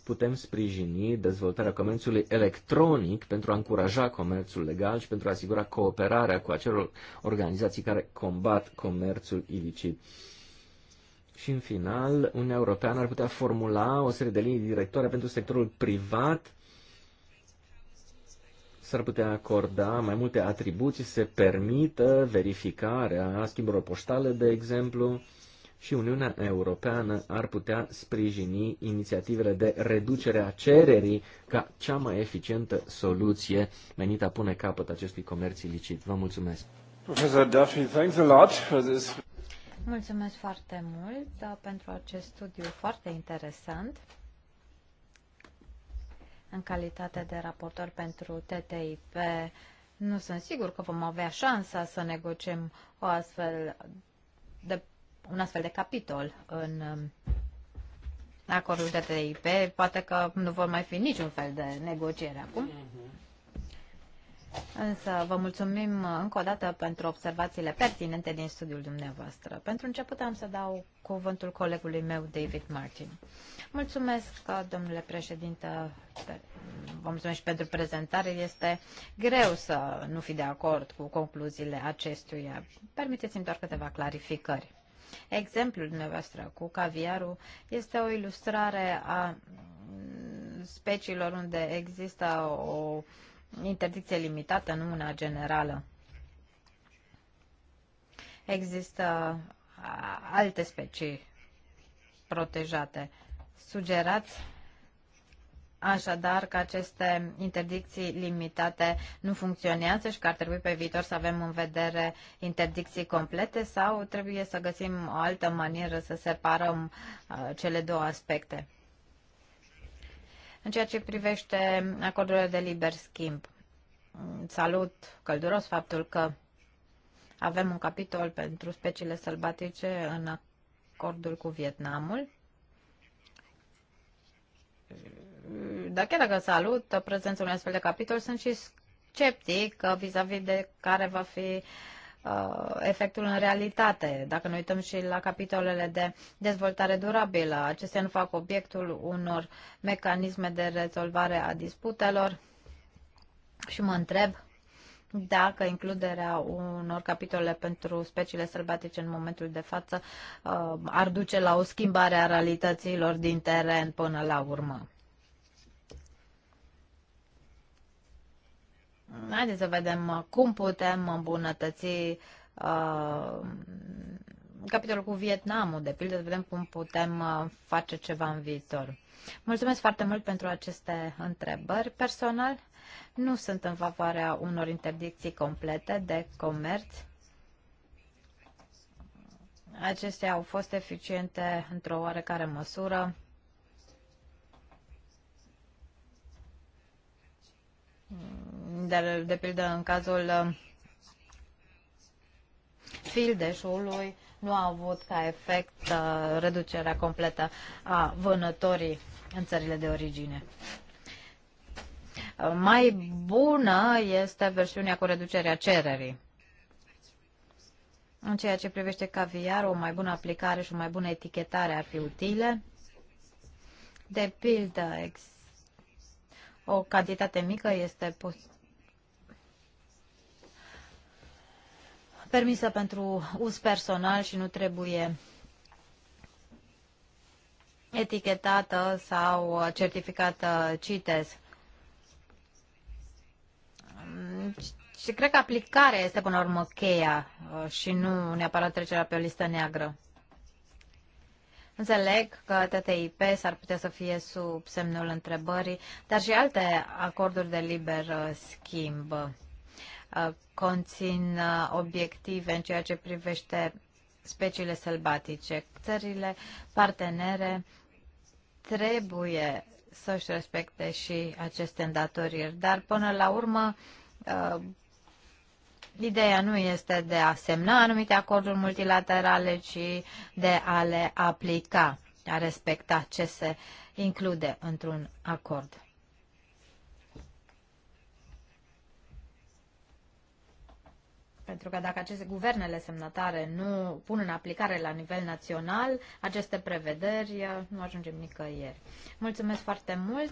putem sprijini dezvoltarea comerțului electronic pentru a încuraja comerțul legal și pentru a asigura cooperarea cu acele organizații care combat comerțul ilicit. Și în final, Uniunea Europeană ar putea formula o serie de linii directoare pentru sectorul privat s-ar putea acorda mai multe atribuții, se permită verificarea schimburilor poștale, de exemplu, și Uniunea Europeană ar putea sprijini inițiativele de reducere a cererii ca cea mai eficientă soluție menită a pune capăt acestui comerț ilicit. Vă mulțumesc! Professor Duffy, thanks a lot for this. Mulțumesc foarte mult uh, pentru acest studiu foarte interesant în calitate de raportor pentru TTIP, nu sunt sigur că vom avea șansa să negociem o astfel de, un astfel de capitol în um, acordul TTIP. Poate că nu vor mai fi niciun fel de negociere acum. Mm-hmm. Însă vă mulțumim încă o dată pentru observațiile pertinente din studiul dumneavoastră. Pentru început am să dau cuvântul colegului meu, David Martin. Mulțumesc, domnule președinte, vă mulțumesc și pentru prezentare. Este greu să nu fi de acord cu concluziile acestuia. Permiteți-mi doar câteva clarificări. Exemplul dumneavoastră cu caviarul este o ilustrare a speciilor unde există o uh, interdicție limitată, nu una generală. Există alte specii protejate. Sugerați așadar că aceste interdicții limitate nu funcționează și că ar trebui pe viitor să avem în vedere interdicții complete sau trebuie să găsim o altă manieră să separăm cele două aspecte? În ceea ce privește acordurile de liber schimb, salut călduros faptul că avem un capitol pentru speciile sălbatice în acordul cu Vietnamul. Dar chiar dacă salut prezența unui astfel de capitol, sunt și sceptic uh, vis-a-vis -vis de care va fi uh, Uh, efectul în realitate. Dacă ne uităm și la capitolele de dezvoltare durabilă, acestea nu fac obiectul unor mecanisme de rezolvare a disputelor și mă întreb dacă includerea unor capitole pentru speciile sălbatice în momentul de față uh, ar duce la o schimbare a realităților din teren până la urmă. Haideți să vedem uh, cum putem îmbunătăți uh, capitolul cu Vietnamul, de pildă, să vedem cum putem uh, face ceva în viitor. Mulțumesc foarte mult pentru aceste întrebări. Personal, nu sunt în favoarea unor interdicții complete de comerț. Acestea au fost eficiente într-o oarecare măsură de, de pildă în cazul uh, fildeșului, nu a avut ca efect uh, reducerea completă a vânătorii în țările de origine. Uh, mai bună este versiunea cu reducerea cererii. În ceea ce privește caviar, o mai bună aplicare și o mai bună etichetare ar fi utile. De pildă, o cantitate mică este pus permisă pentru uz personal și nu trebuie etichetată sau certificată CITES. Și cred că aplicarea este până la urmă cheia uh, și nu neapărat trecerea pe o listă neagră. Înțeleg că TTIP s-ar putea să fie sub semnul întrebării, dar și alte acorduri de liber uh, schimb. Uh, conțin uh, obiective în ceea ce privește speciile sălbatice. Țările partenere trebuie să-și respecte și aceste îndatoriri, dar până la urmă uh, Ideea nu este de a semna anumite acorduri multilaterale, ci de a le aplica, a respecta ce se include într-un acord. Pentru că dacă aceste guvernele semnătare nu pun în aplicare la nivel național aceste prevederi, uh, nu ajungem nicăieri. Mulțumesc foarte mult!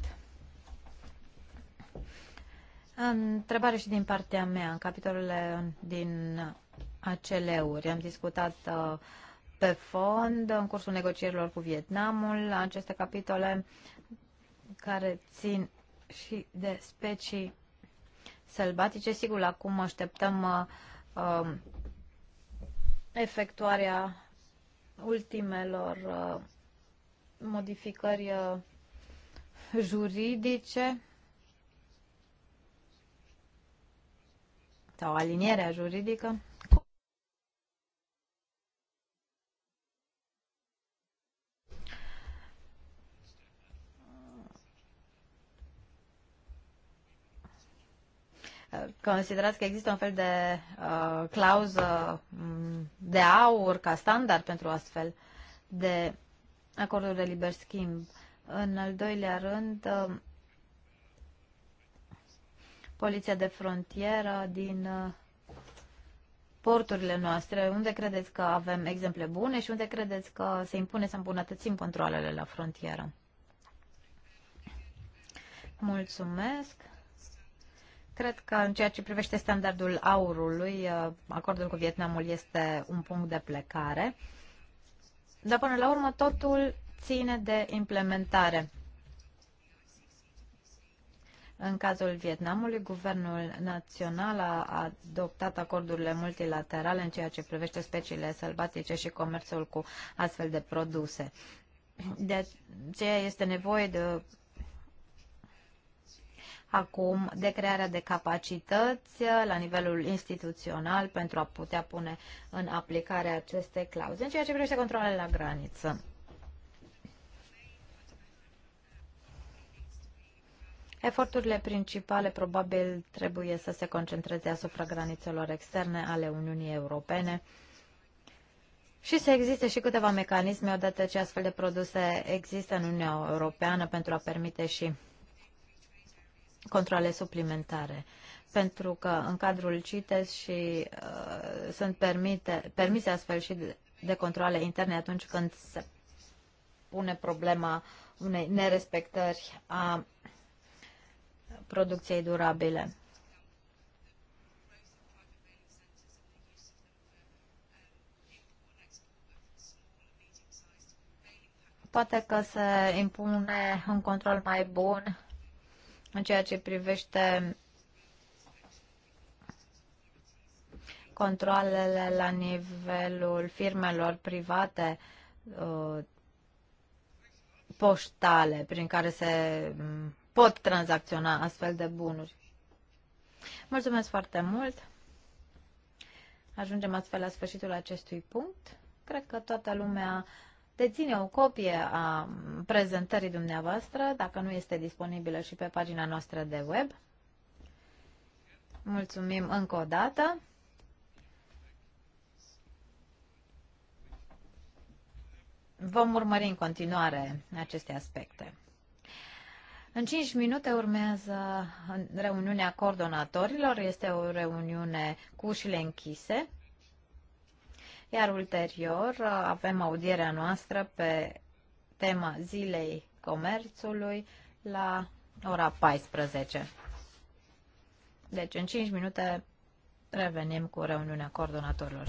Întrebare și din partea mea, în capitolele din aceleuri. Am discutat uh, pe fond în cursul negocierilor cu Vietnamul aceste capitole care țin și de specii sălbatice. Sigur, acum așteptăm uh, Um, efectuarea ultimelor uh, modificări uh, juridice sau alinierea juridică. Considerați că există un fel de uh, clauză mm, de aur ca standard pentru astfel de acorduri de liber schimb. În al doilea rând, uh, poliția de frontieră din uh, porturile noastre, unde credeți că avem exemple bune și unde credeți că se impune să îmbunătățim controlele la frontieră? Mulțumesc! Cred că în ceea ce privește standardul aurului, uh, acordul cu Vietnamul este un punct de plecare. Dar până la urmă totul ține de implementare. În cazul Vietnamului, guvernul național a adoptat acordurile multilaterale în ceea ce privește speciile sălbatice și comerțul cu astfel de produse. De aceea este nevoie de acum de crearea de capacități la nivelul instituțional pentru a putea pune în aplicare aceste clauze. În ceea ce privește controlele la graniță. Eforturile principale probabil trebuie să se concentreze asupra granițelor externe ale Uniunii Europene și să existe și câteva mecanisme odată ce astfel de produse există în Uniunea Europeană pentru a permite și controle suplimentare. Pentru că în cadrul CITES și uh, sunt permite, permise astfel și de, de controle interne atunci când se pune problema unei nerespectări a producției durabile. Poate că se impune un control mai bun în ceea ce privește controlele la nivelul firmelor private uh, poștale prin care se mm, pot tranzacționa astfel de bunuri. Mulțumesc foarte mult! Ajungem astfel la sfârșitul acestui punct. Cred că toată lumea deține o copie a prezentării dumneavoastră, dacă nu este disponibilă și pe pagina noastră de web. Mulțumim încă o dată. Vom urmări în continuare aceste aspecte. În 5 minute urmează reuniunea coordonatorilor. Este o reuniune cu ușile închise. Iar ulterior avem audierea noastră pe tema Zilei Comerțului la ora 14. Deci în 5 minute revenim cu reuniunea coordonatorilor.